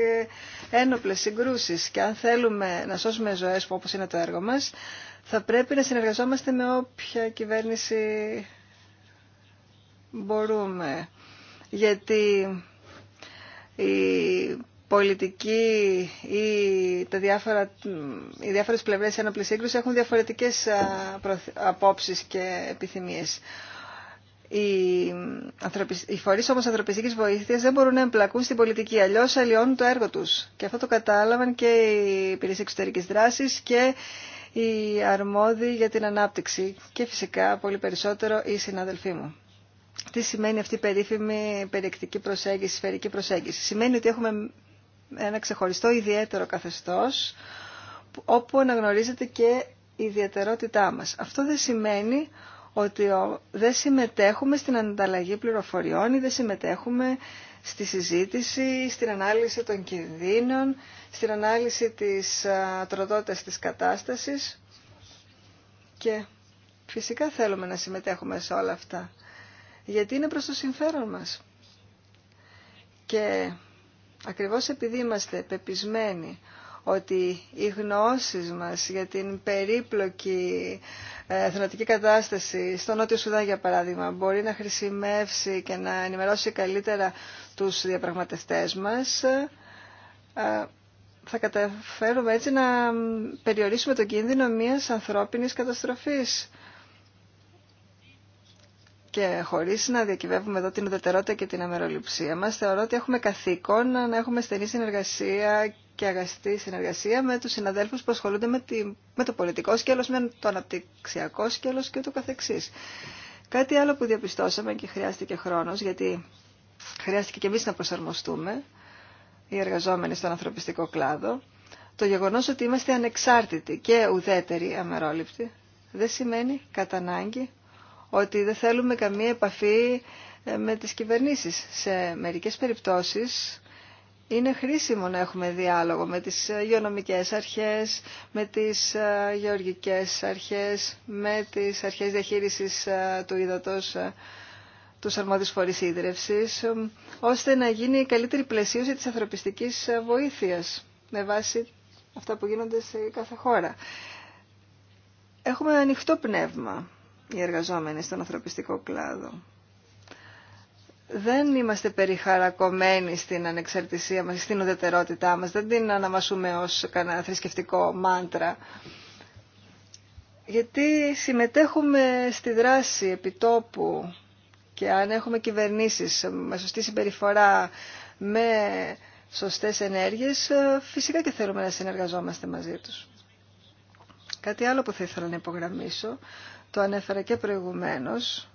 ένοπλες συγκρούσεις και αν θέλουμε να σώσουμε ζωές όπως είναι το έργο μας, θα πρέπει να συνεργαζόμαστε με όποια κυβέρνηση μπορούμε, γιατί η πολιτική ή τα διάφορα, οι διάφορες πλευρές ένοπλης σύγκρουσης έχουν διαφορετικές απόψεις και επιθυμίες. Οι, οι φορείς όμως ανθρωπιστικής βοήθειας δεν μπορούν να εμπλακούν στην πολιτική, αλλιώς αλλοιώνουν το έργο τους. Και αυτό το κατάλαβαν και οι υπηρεσίες εξωτερικής δράσης και οι αρμόδιοι για την ανάπτυξη και φυσικά πολύ περισσότερο οι συναδελφοί μου. Τι σημαίνει αυτή η περίφημη περιεκτική προσέγγιση, σφαιρική προσέγγιση. Σημαίνει ότι έχουμε ένα ξεχωριστό ιδιαίτερο καθεστώς όπου αναγνωρίζεται και η ιδιαιτερότητά μας. Αυτό δεν σημαίνει ότι δεν συμμετέχουμε στην ανταλλαγή πληροφοριών ή δεν συμμετέχουμε στη συζήτηση, στην ανάλυση των κινδύνων, στην ανάλυση της τροδότητας της κατάστασης και φυσικά θέλουμε να συμμετέχουμε σε όλα αυτά γιατί είναι προς το συμφέρον μας. Και Ακριβώς επειδή είμαστε πεπισμένοι ότι οι γνώσεις μας για την περίπλοκη εθνοτική κατάσταση στο Νότιο Σουδάν για παράδειγμα μπορεί να χρησιμεύσει και να ενημερώσει καλύτερα τους διαπραγματευτές μας ε, θα καταφέρουμε έτσι να περιορίσουμε τον κίνδυνο μιας ανθρώπινης καταστροφής και χωρί να διακυβεύουμε εδώ την ουδετερότητα και την αμεροληψία μα, θεωρώ ότι έχουμε καθήκον να έχουμε στενή συνεργασία και αγαστή συνεργασία με του συναδέλφου που ασχολούνται με, το πολιτικό σκέλο, με το αναπτυξιακό σκέλο και ούτω καθεξή. Κάτι άλλο που διαπιστώσαμε και χρειάστηκε χρόνο, γιατί χρειάστηκε και εμεί να προσαρμοστούμε, οι εργαζόμενοι στον ανθρωπιστικό κλάδο, το γεγονό ότι είμαστε ανεξάρτητοι και ουδέτεροι αμερόληπτοι δεν σημαίνει κατά ανάγκη ότι δεν θέλουμε καμία επαφή ε, με τις κυβερνήσεις. Σε μερικές περιπτώσεις είναι χρήσιμο να έχουμε διάλογο με τις ε, υγειονομικές αρχές, με τις ε, γεωργικές αρχές, με τις αρχές διαχείρισης του υδατός τους αρμόδιους φορείς ίδρευσης, ώστε να γίνει η καλύτερη πλαισίωση της ανθρωπιστικής βοήθειας με βάση αυτά που γίνονται σε κάθε χώρα. Έχουμε ανοιχτό πνεύμα οι εργαζόμενοι στον ανθρωπιστικό κλάδο. Δεν είμαστε περιχαρακωμένοι στην ανεξαρτησία μας, στην ουδετερότητά μας. Δεν την αναμασούμε ως κανένα θρησκευτικό μάντρα. Γιατί συμμετέχουμε στη δράση επιτόπου και αν έχουμε κυβερνήσεις με σωστή συμπεριφορά, με σωστές ενέργειες, φυσικά και θέλουμε να συνεργαζόμαστε μαζί τους. Κάτι άλλο που θα ήθελα να υπογραμμίσω, το ανέφερα και προηγουμένως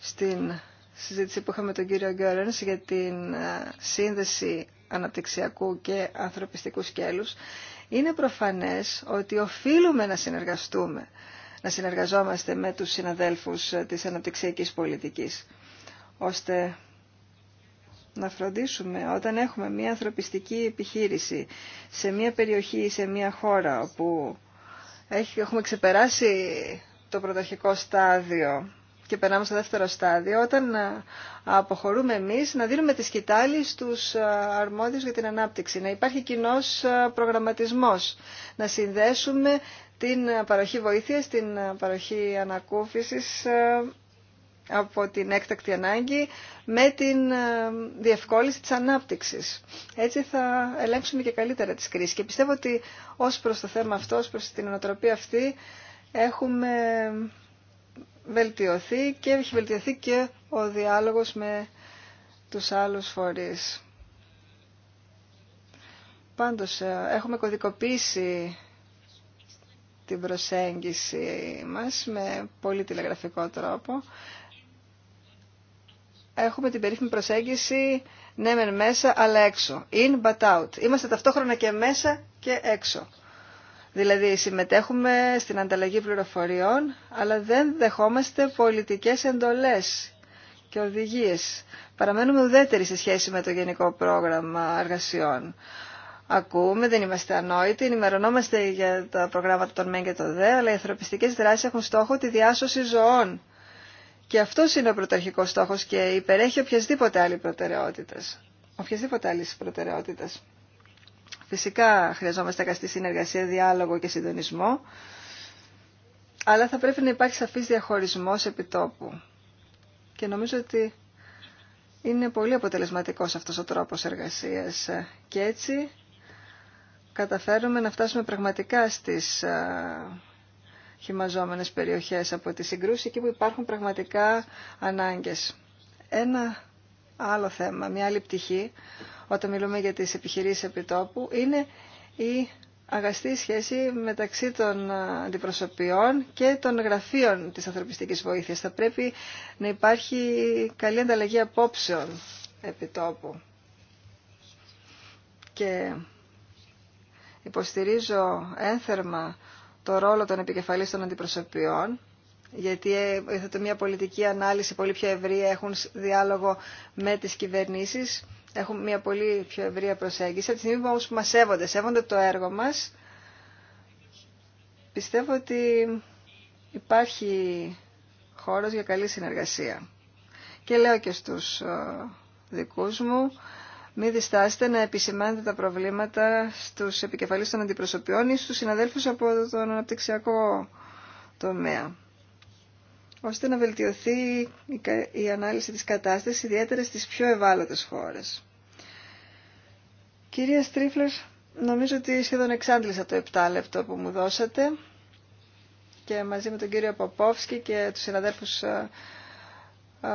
στην συζήτηση που είχαμε τον κύριο Γκέρενς για την ε, σύνδεση αναπτυξιακού και ανθρωπιστικού σκέλους. Είναι προφανές ότι οφείλουμε να συνεργαστούμε, να συνεργαζόμαστε με τους συναδέλφους ε, της αναπτυξιακής πολιτικής, ώστε να φροντίσουμε όταν έχουμε μια ανθρωπιστική επιχείρηση σε μια περιοχή ή σε μια χώρα όπου έχουμε ξεπεράσει το πρωταρχικό στάδιο και περνάμε στο δεύτερο στάδιο, όταν ε, αποχωρούμε εμείς να δίνουμε τη σκητάλη στους ε, αρμόδιους για την ανάπτυξη, να υπάρχει κοινό ε, προγραμματισμός, να συνδέσουμε την παροχή βοήθειας, την παροχή ανακούφισης από την έκτακτη ανάγκη με την ε, διευκόλυνση της ανάπτυξης. Έτσι θα ελέγξουμε και καλύτερα τις κρίσεις. Και πιστεύω ότι ως προς το θέμα αυτό, ως προς την ανατροπή αυτή, έχουμε βελτιωθεί και έχει βελτιωθεί και ο διάλογος με τους άλλους φορείς. Πάντως, ε, έχουμε κωδικοποίησει την προσέγγιση μας με πολύ τηλεγραφικό τρόπο έχουμε την περίφημη προσέγγιση ναι μεν μέσα αλλά έξω. In but out. Είμαστε ταυτόχρονα και μέσα και έξω. Δηλαδή συμμετέχουμε στην ανταλλαγή πληροφοριών αλλά δεν δεχόμαστε πολιτικές εντολές και οδηγίες. Παραμένουμε ουδέτεροι σε σχέση με το γενικό πρόγραμμα εργασιών. Ακούμε, δεν είμαστε ανόητοι, ενημερωνόμαστε για τα προγράμματα των ΜΕΝ και των ΔΕ, αλλά οι ανθρωπιστικές δράσεις έχουν στόχο τη διάσωση ζωών και αυτό είναι ο πρωταρχικό στόχο και υπερέχει οποιασδήποτε άλλη προτεραιότητα. Οποιασδήποτε άλλη προτεραιότητα. Φυσικά χρειαζόμαστε καστή συνεργασία, διάλογο και συντονισμό, αλλά θα πρέπει να υπάρχει σαφής διαχωρισμός επιτόπου. Και νομίζω ότι είναι πολύ αποτελεσματικός αυτός ο τρόπος εργασίας και έτσι καταφέρουμε να φτάσουμε πραγματικά στις ε, χυμαζόμενες περιοχές από τη συγκρούση, εκεί που υπάρχουν πραγματικά ανάγκες. Ένα άλλο θέμα, μια άλλη πτυχή, όταν μιλούμε για τις επιχειρήσεις επιτόπου, είναι η αγαστή σχέση μεταξύ των αντιπροσωπιών και των γραφείων της ανθρωπιστικής βοήθειας. Θα πρέπει να υπάρχει καλή ανταλλαγή απόψεων επιτόπου. Και υποστηρίζω ένθερμα το ρόλο των επικεφαλής των αντιπροσωπιών, γιατί ήρθατε μια πολιτική ανάλυση πολύ πιο ευρία, έχουν διάλογο με τις κυβερνήσεις, έχουν μια πολύ πιο ευρία προσέγγιση. Από τη στιγμή όμως που μας σέβονται, σέβονται το έργο μας, πιστεύω ότι υπάρχει χώρος για καλή συνεργασία. Και λέω και στους ε, δικούς μου, μην διστάσετε να επισημάνετε τα προβλήματα στους επικεφαλείς των αντιπροσωπιών ή στους συναδέλφους από τον αναπτυξιακό τομέα ώστε να βελτιωθεί η ανάλυση της κατάστασης, ιδιαίτερα στις πιο ευάλωτες χώρες. Κυρία Στρίφλερ, νομίζω ότι σχεδόν εξάντλησα το 7 λεπτό που μου δώσατε και μαζί με τον κύριο Παπόφσκι και τους συναδέλφους ε, ε,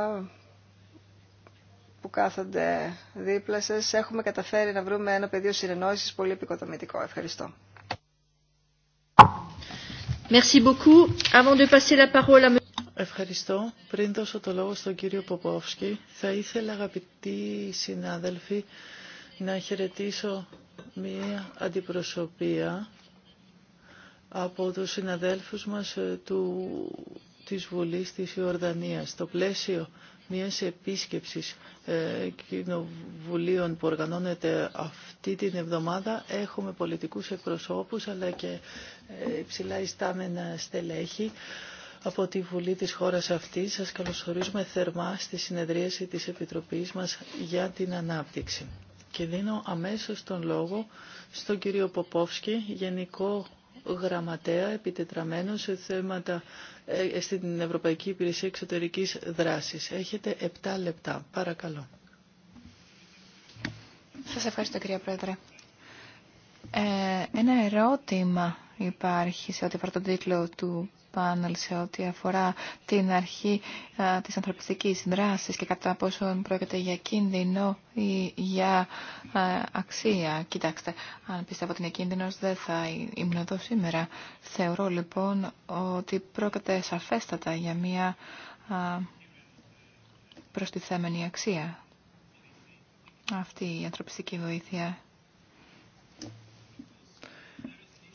που κάθονται δίπλα σα, Έχουμε καταφέρει να βρούμε ένα πεδίο συνεννόηση πολύ επικοδομητικό. Ευχαριστώ. Ευχαριστώ. Πριν δώσω το λόγο στον κύριο Ποπόφσκι, θα ήθελα αγαπητοί συνάδελφοι να χαιρετήσω μία αντιπροσωπεία από τους συναδέλφους μας ε, του, της Βουλής της Ιορδανίας. Το πλαίσιο μιας επίσκεψης ε, κοινοβουλίων που οργανώνεται αυτή την εβδομάδα έχουμε πολιτικούς εκπροσώπους αλλά και ε, υψηλά ιστάμενα στελέχη από τη Βουλή της χώρας αυτής. Σας καλωσορίζουμε θερμά στη συνεδρίαση της Επιτροπής μας για την Ανάπτυξη. Και δίνω αμέσως τον λόγο στον κύριο Ποπόφσκι, Γενικό γραμματέα επιτετραμένο σε θέματα ε, ε, στην Ευρωπαϊκή Υπηρεσία Εξωτερικής Δράσης. Έχετε 7 λεπτά. Παρακαλώ. Σας ευχαριστώ κυρία Πρόεδρε. Ε, ένα ερώτημα υπάρχει σε ό,τι αφορά τον τίτλο του πάνελ σε ό,τι αφορά την αρχή της ανθρωπιστικής δράσης και κατά πόσον πρόκειται για κίνδυνο ή για αξία. Κοιτάξτε, αν πιστεύω ότι είναι κίνδυνος δεν θα ήμουν εδώ σήμερα. Θεωρώ λοιπόν ότι πρόκειται σαφέστατα για μια α, προστιθέμενη αξία αυτή η ανθρωπιστική βοήθεια.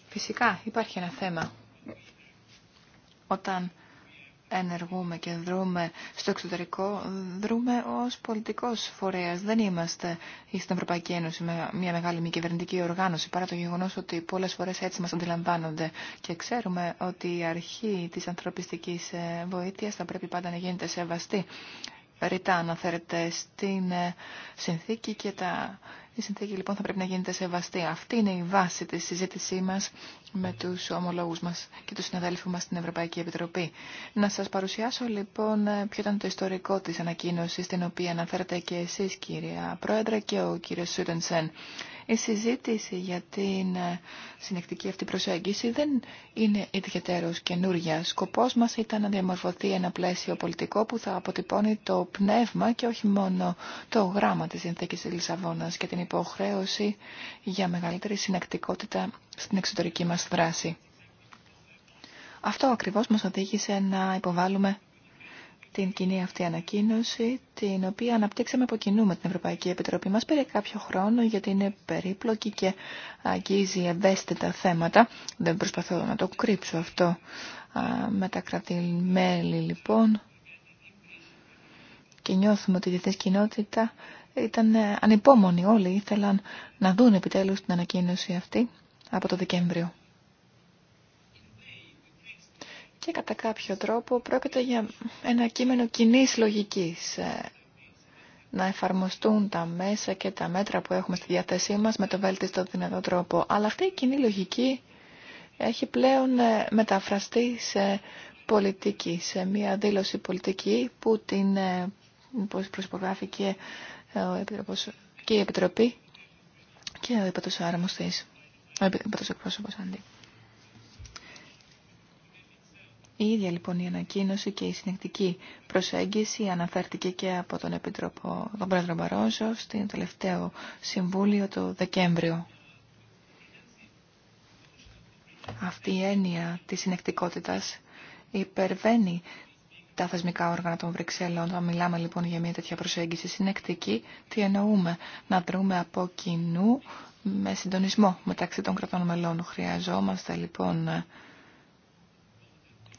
Φυσικά υπάρχει ένα θέμα όταν ενεργούμε και δρούμε στο εξωτερικό, δρούμε ως πολιτικός φορέας. Δεν είμαστε στην Ευρωπαϊκή Ένωση με μια μεγάλη μη κυβερνητική οργάνωση, παρά το γεγονός ότι πολλές φορές έτσι μας αντιλαμβάνονται. Και ξέρουμε ότι η αρχή της ανθρωπιστικής ε, βοήθειας θα πρέπει πάντα να γίνεται σεβαστή ρητά αναφέρεται στην ε, συνθήκη και τα... η συνθήκη λοιπόν θα πρέπει να γίνεται σεβαστή. Αυτή είναι η βάση της συζήτησή μας με τους ομολόγους μας και τους συναδέλφους μας στην Ευρωπαϊκή Επιτροπή. Να σας παρουσιάσω λοιπόν ε, ποιο ήταν το ιστορικό της ανακοίνωσης την οποία αναφέρεται και εσείς κυρία Πρόεδρε και ο κύριος Σούτενσεν. Η συζήτηση για την ε, συνεκτική αυτή προσέγγιση δεν είναι ιδιαίτερος καινούρια. Σκοπός μας ήταν να διαμορφωθεί ένα πλαίσιο πολιτικό που θα αποτυπώνει το πνεύμα και όχι μόνο το γράμμα της συνθήκης της Λισαβόνας και την υποχρέωση για μεγαλύτερη συνεκτικότητα στην εξωτερική μας δράση. Αυτό ακριβώς μας οδήγησε να υποβάλουμε την κοινή αυτή ανακοίνωση, την οποία αναπτύξαμε από κοινού με την Ευρωπαϊκή Επιτροπή. Μας πήρε κάποιο χρόνο γιατί είναι περίπλοκη και αγγίζει ευαίσθητα θέματα. Δεν προσπαθώ να το κρύψω αυτό με τα κρατημέλη λοιπόν. Και νιώθουμε ότι η διεθνής κοινότητα ήταν ανυπόμονη όλοι, ήθελαν να δουν επιτέλους την ανακοίνωση αυτή από το Δεκέμβριο. και κατά κάποιο τρόπο πρόκειται για ένα κείμενο κοινή λογική. Ε, να εφαρμοστούν τα μέσα και τα μέτρα που έχουμε στη διάθεσή μας με το βέλτιστο δυνατό τρόπο. Αλλά αυτή η κοινή λογική έχει πλέον ε, μεταφραστεί σε πολιτική, σε μια δήλωση πολιτική που την ε, προσπογράφει και, ο και η Επιτροπή και ο Υπότος Άρμοστης, ο το Εκπρόσωπος Αντί. Η ίδια λοιπόν η ανακοίνωση και η συνεκτική προσέγγιση αναφέρθηκε και από τον Επίτροπο, τον Πρόεδρο Μπαρόζο, στην τελευταίο Συμβούλιο το Δεκέμβριο. Αυτή η έννοια της συνεκτικότητας υπερβαίνει τα θεσμικά όργανα των Βρυξελών. Αν μιλάμε λοιπόν για μια τέτοια προσέγγιση συνεκτική, τι εννοούμε. Να δρούμε από κοινού με συντονισμό μεταξύ των κρατών μελών. Χρειαζόμαστε λοιπόν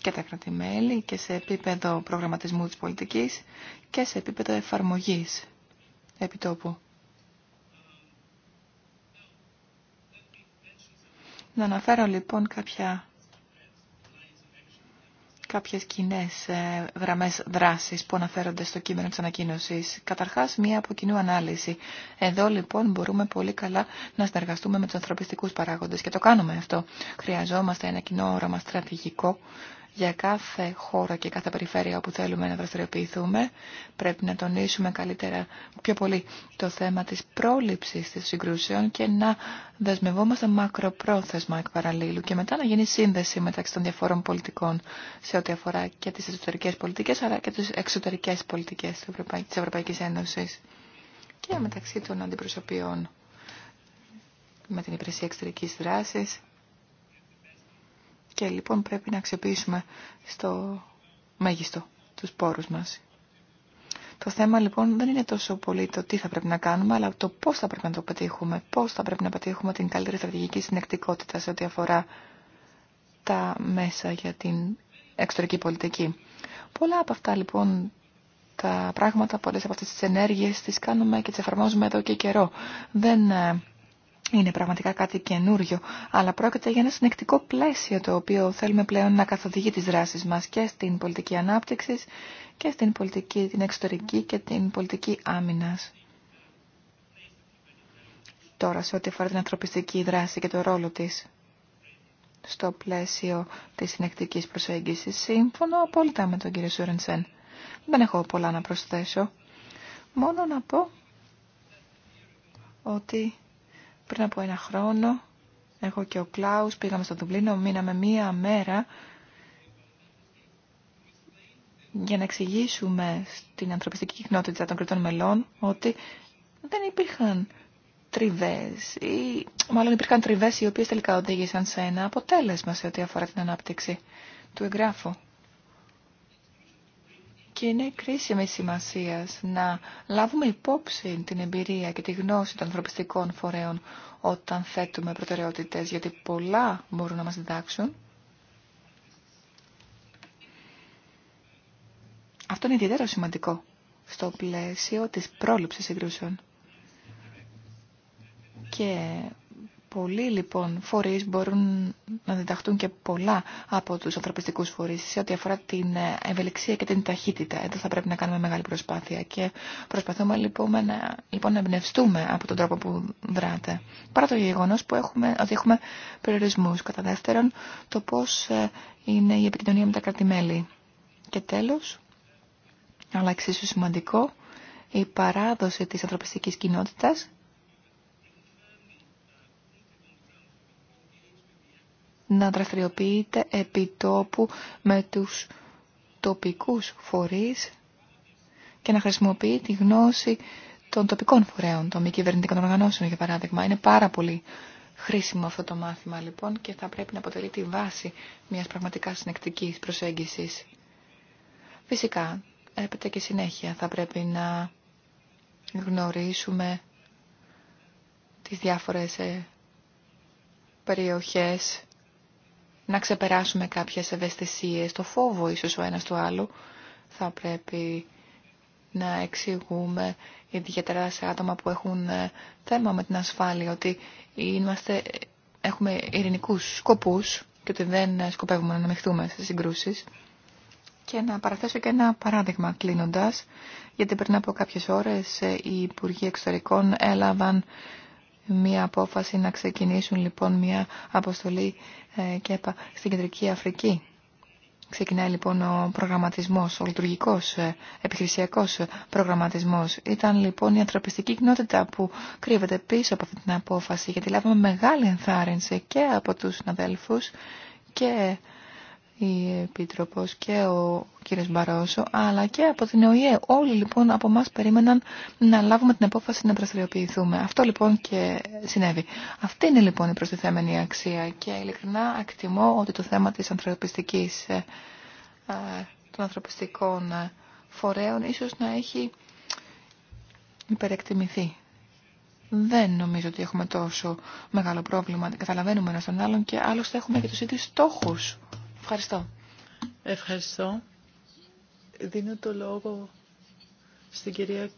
και τα κρατημέλη και σε επίπεδο προγραμματισμού της πολιτικής και σε επίπεδο εφαρμογής επιτόπου. Να αναφέρω λοιπόν κάποια, κάποιες κοινέ ε, γραμμές δράσης που αναφέρονται στο κείμενο της ανακοίνωσης. Καταρχάς, μία από κοινού ανάλυση. Εδώ λοιπόν μπορούμε πολύ καλά να συνεργαστούμε με τους ανθρωπιστικούς παράγοντες και το κάνουμε αυτό. Χρειαζόμαστε ένα κοινό όραμα στρατηγικό για κάθε χώρα και κάθε περιφέρεια όπου θέλουμε να δραστηριοποιηθούμε. Πρέπει να τονίσουμε καλύτερα πιο πολύ το θέμα της πρόληψης της συγκρούσεων και να δεσμευόμαστε μακροπρόθεσμα εκ παραλλήλου και μετά να γίνει σύνδεση μεταξύ των διαφόρων πολιτικών σε ό,τι αφορά και τις εσωτερικές πολιτικές αλλά και τις εξωτερικές πολιτικές της Ευρωπαϊκής Ένωσης και μεταξύ των αντιπροσωπείων με την υπηρεσία εξωτερικής δράσης και λοιπόν πρέπει να αξιοποιήσουμε στο μέγιστο τους πόρους μας. Το θέμα λοιπόν δεν είναι τόσο πολύ το τι θα πρέπει να κάνουμε, αλλά το πώς θα πρέπει να το πετύχουμε, πώς θα πρέπει να πετύχουμε την καλύτερη στρατηγική συνεκτικότητα σε ό,τι αφορά τα μέσα για την εξωτερική πολιτική. Πολλά από αυτά λοιπόν τα πράγματα, πολλές από αυτές τις ενέργειες τις κάνουμε και τις εφαρμόζουμε εδώ και καιρό. Δεν ε, είναι πραγματικά κάτι καινούριο, αλλά πρόκειται για ένα συνεκτικό πλαίσιο το οποίο θέλουμε πλέον να καθοδηγεί τις δράσεις μας και στην πολιτική ανάπτυξη και στην πολιτική την εξωτερική και την πολιτική άμυνας. Τώρα σε ό,τι αφορά την ανθρωπιστική δράση και το ρόλο της στο πλαίσιο της συνεκτικής προσέγγισης, σύμφωνο απόλυτα με τον κύριο Σούρενσεν. Δεν έχω πολλά να προσθέσω. Μόνο να πω ότι πριν από ένα χρόνο, εγώ και ο Κλάους πήγαμε στο Δουβλίνο, μείναμε μία μέρα για να εξηγήσουμε στην ανθρωπιστική κοινότητα των κριτών μελών ότι δεν υπήρχαν τριβές ή μάλλον υπήρχαν τριβές οι οποίες τελικά οδήγησαν σε ένα αποτέλεσμα σε ό,τι αφορά την ανάπτυξη του εγγράφου. Και είναι κρίσιμη σημασία να λάβουμε υπόψη την εμπειρία και τη γνώση των ανθρωπιστικών φορέων όταν θέτουμε προτεραιότητες, γιατί πολλά μπορούν να μας διδάξουν. Αυτό είναι ιδιαίτερα σημαντικό στο πλαίσιο της πρόληψης συγκρούσεων. Και Πολλοί λοιπόν φορεί μπορούν να διδαχτούν και πολλά από τους ανθρωπιστικούς φορεί σε ό,τι αφορά την ε, ευελιξία και την ταχύτητα. Εδώ θα πρέπει να κάνουμε μεγάλη προσπάθεια και προσπαθούμε λοιπόν να, λοιπόν, να εμπνευστούμε από τον τρόπο που δράτε. Παρά το γεγονό που έχουμε, ότι έχουμε περιορισμούς. Κατά δεύτερον, το πώ ε, είναι η επικοινωνία με τα κράτη-μέλη. Και τέλο, αλλά εξίσου σημαντικό, η παράδοση της ανθρωπιστικής κοινότητας να δραστηριοποιείται επί τόπου με τους τοπικούς φορείς και να χρησιμοποιεί τη γνώση των τοπικών φορέων, των μη κυβερνητικών οργανώσεων για παράδειγμα. Είναι πάρα πολύ χρήσιμο αυτό το μάθημα λοιπόν και θα πρέπει να αποτελεί τη βάση μιας πραγματικά συνεκτικής προσέγγισης. Φυσικά, έπειτα και συνέχεια θα πρέπει να γνωρίσουμε τις διάφορες ε, περιοχές να ξεπεράσουμε κάποιες ευαισθησίες, το φόβο ίσως ο ένας του άλλου. Θα πρέπει να εξηγούμε, ιδιαίτερα σε άτομα που έχουν ε, θέμα με την ασφάλεια, ότι έχουμε ειρηνικούς σκοπούς και ότι δεν σκοπεύουμε να αναμειχθούμε σε συγκρούσεις. Και να παραθέσω και ένα παράδειγμα κλείνοντας, γιατί πριν από κάποιες ώρες ε, οι Υπουργοί Εξωτερικών έλαβαν μία απόφαση να ξεκινήσουν λοιπόν μία αποστολή ε, ΚΕΠΑ στην Κεντρική Αφρική. Ξεκινάει λοιπόν ο προγραμματισμός, ο λειτουργικός, ε, επιχειρησιακός ε, προγραμματισμός. Ήταν λοιπόν η ανθρωπιστική κοινότητα που κρύβεται πίσω από αυτή την απόφαση, γιατί λάβαμε μεγάλη ενθάρρυνση και από τους συναδέλφους και η Επίτροπος και ο κύριος Μπαρόσο, αλλά και από την ΟΗΕ. Όλοι λοιπόν από εμά περίμεναν να λάβουμε την απόφαση να δραστηριοποιηθούμε. Αυτό λοιπόν και συνέβη. Αυτή είναι λοιπόν η προστιθέμενη αξία και ειλικρινά ακτιμώ ότι το θέμα της ανθρωπιστικής, ε, των ανθρωπιστικών ε, φορέων ίσως να έχει υπερεκτιμηθεί. Δεν νομίζω ότι έχουμε τόσο μεγάλο πρόβλημα. Καταλαβαίνουμε ένα τον άλλον και άλλωστε έχουμε και τους ίδιους στόχους Ευχαριστώ. Ευχαριστώ. Δίνω το λόγο στην κυρία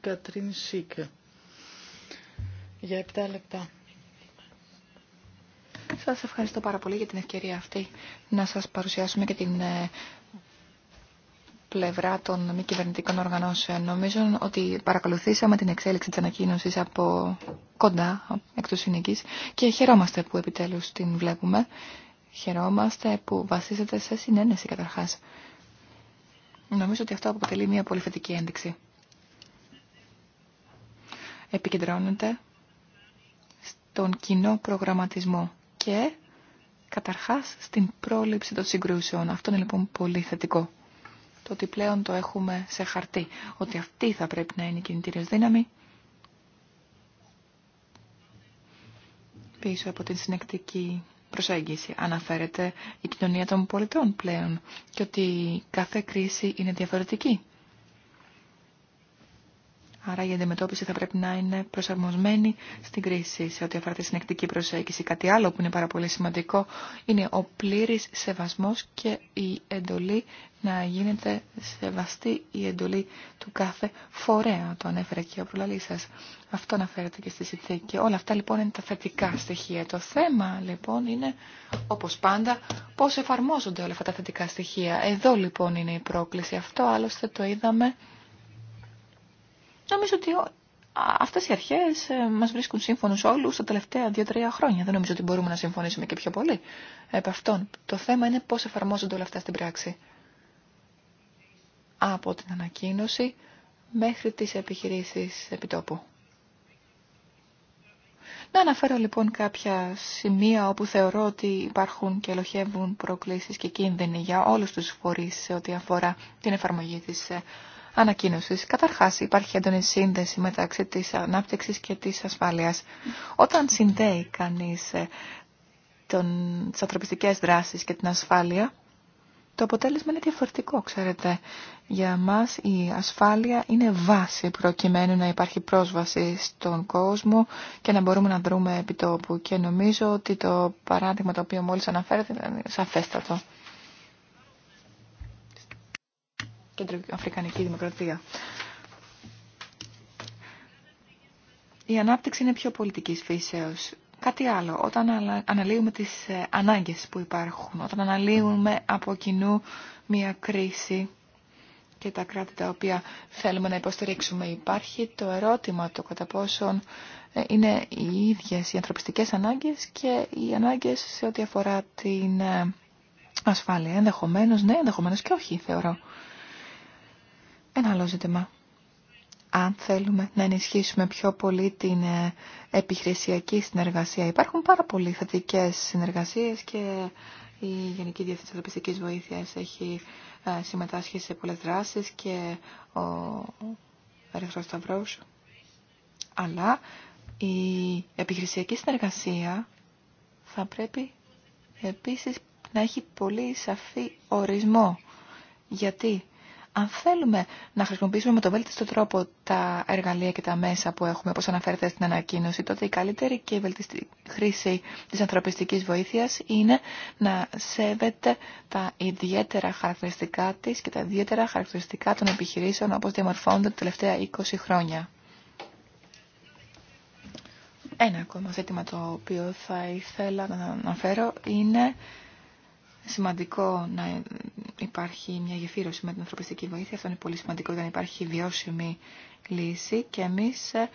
Κατρίν Σίκε για 7 λεπτά. Σας ευχαριστώ πάρα πολύ για την ευκαιρία αυτή να σας παρουσιάσουμε και την ε, πλευρά των μη κυβερνητικών οργανώσεων. Νομίζω ότι παρακολουθήσαμε την εξέλιξη της ανακοίνωση από κοντά, εκτός του και χαιρόμαστε που επιτέλους την βλέπουμε Χαιρόμαστε που βασίζεται σε συνένεση καταρχάς. Νομίζω ότι αυτό αποτελεί μια πολύ θετική ένδειξη. Επικεντρώνεται στον κοινό προγραμματισμό και καταρχάς στην πρόληψη των συγκρούσεων. Αυτό είναι λοιπόν πολύ θετικό. Το ότι πλέον το έχουμε σε χαρτί, ότι αυτή θα πρέπει να είναι η κινητήριος δύναμη πίσω από την συνεκτική προσέγγιση. Αναφέρεται η κοινωνία των πολιτών πλέον και ότι κάθε κρίση είναι διαφορετική. Άρα η αντιμετώπιση θα πρέπει να είναι προσαρμοσμένη στην κρίση σε ό,τι αφορά τη συνεκτική προσέγγιση. Κάτι άλλο που είναι πάρα πολύ σημαντικό είναι ο πλήρης σεβασμός και η εντολή να γίνεται σεβαστή η εντολή του κάθε φορέα. Το ανέφερε και ο προλαλή σα. Αυτό αναφέρεται και στη συνθήκη. Όλα αυτά λοιπόν είναι τα θετικά στοιχεία. Το θέμα λοιπόν είναι, όπως πάντα, πώς εφαρμόζονται όλα αυτά τα θετικά στοιχεία. Εδώ λοιπόν είναι η πρόκληση. Αυτό άλλωστε το είδαμε Νομίζω ότι αυτές οι αρχές ε, μας βρίσκουν σύμφωνους όλους τα τελευταία δύο-τρία χρόνια. Δεν νομίζω ότι μπορούμε να συμφωνήσουμε και πιο πολύ επ' αυτών. Το θέμα είναι πώς εφαρμόζονται όλα αυτά στην πράξη. Από την ανακοίνωση μέχρι τις επιχειρήσεις επιτόπου. Να αναφέρω λοιπόν κάποια σημεία όπου θεωρώ ότι υπάρχουν και ελοχεύουν προκλήσεις και κίνδυνοι για όλους τους φορείς σε ό,τι αφορά την εφαρμογή της ε, ανακοίνωσης. Καταρχάς υπάρχει έντονη σύνδεση μεταξύ της ανάπτυξης και της ασφάλειας. Όταν συνδέει κανείς ε, τι τις ανθρωπιστικές δράσεις και την ασφάλεια, το αποτέλεσμα είναι διαφορετικό, ξέρετε. Για μας η ασφάλεια είναι βάση προκειμένου να υπάρχει πρόσβαση στον κόσμο και να μπορούμε να δρούμε επί Και νομίζω ότι το παράδειγμα το οποίο μόλις αναφέρετε ήταν σαφέστατο. Κεντροαφρικανική Δημοκρατία. Η ανάπτυξη είναι πιο πολιτική φύσεω. Κάτι άλλο, όταν αναλύουμε τις ε, ανάγκες που υπάρχουν, όταν αναλύουμε από κοινού μια κρίση και τα κράτη τα οποία θέλουμε να υποστηρίξουμε, υπάρχει το ερώτημα το κατά πόσον ε, είναι οι ίδιες οι ανθρωπιστικές ανάγκες και οι ανάγκες σε ό,τι αφορά την ε, ασφάλεια. Ενδεχομένως ναι, ενδεχομένως και όχι, θεωρώ. Ένα άλλο ζήτημα. Αν θέλουμε να ενισχύσουμε πιο πολύ την ε, επιχειρησιακή συνεργασία, υπάρχουν πάρα πολλοί θετικέ συνεργασίες και η Γενική Διεύθυνση Ανθρωπιστική Βοήθειας έχει ε, συμμετάσχει σε πολλές δράσεις και ο Ερυθρό Σταυρό. Αλλά η επιχειρησιακή συνεργασία θα πρέπει επίσης να έχει πολύ σαφή ορισμό. Γιατί αν θέλουμε να χρησιμοποιήσουμε με το βέλτιστο τρόπο τα εργαλεία και τα μέσα που έχουμε, όπως αναφέρεται στην ανακοίνωση, τότε η καλύτερη και η βελτιστή χρήση της ανθρωπιστικής βοήθειας είναι να σέβεται τα ιδιαίτερα χαρακτηριστικά της και τα ιδιαίτερα χαρακτηριστικά των επιχειρήσεων όπως διαμορφώνονται τα τελευταία 20 χρόνια. Ένα ακόμα ζήτημα το οποίο θα ήθελα να αναφέρω είναι σημαντικό να υπάρχει μια γεφύρωση με την ανθρωπιστική βοήθεια. Αυτό είναι πολύ σημαντικό για να υπάρχει βιώσιμη λύση. Και εμείς ε,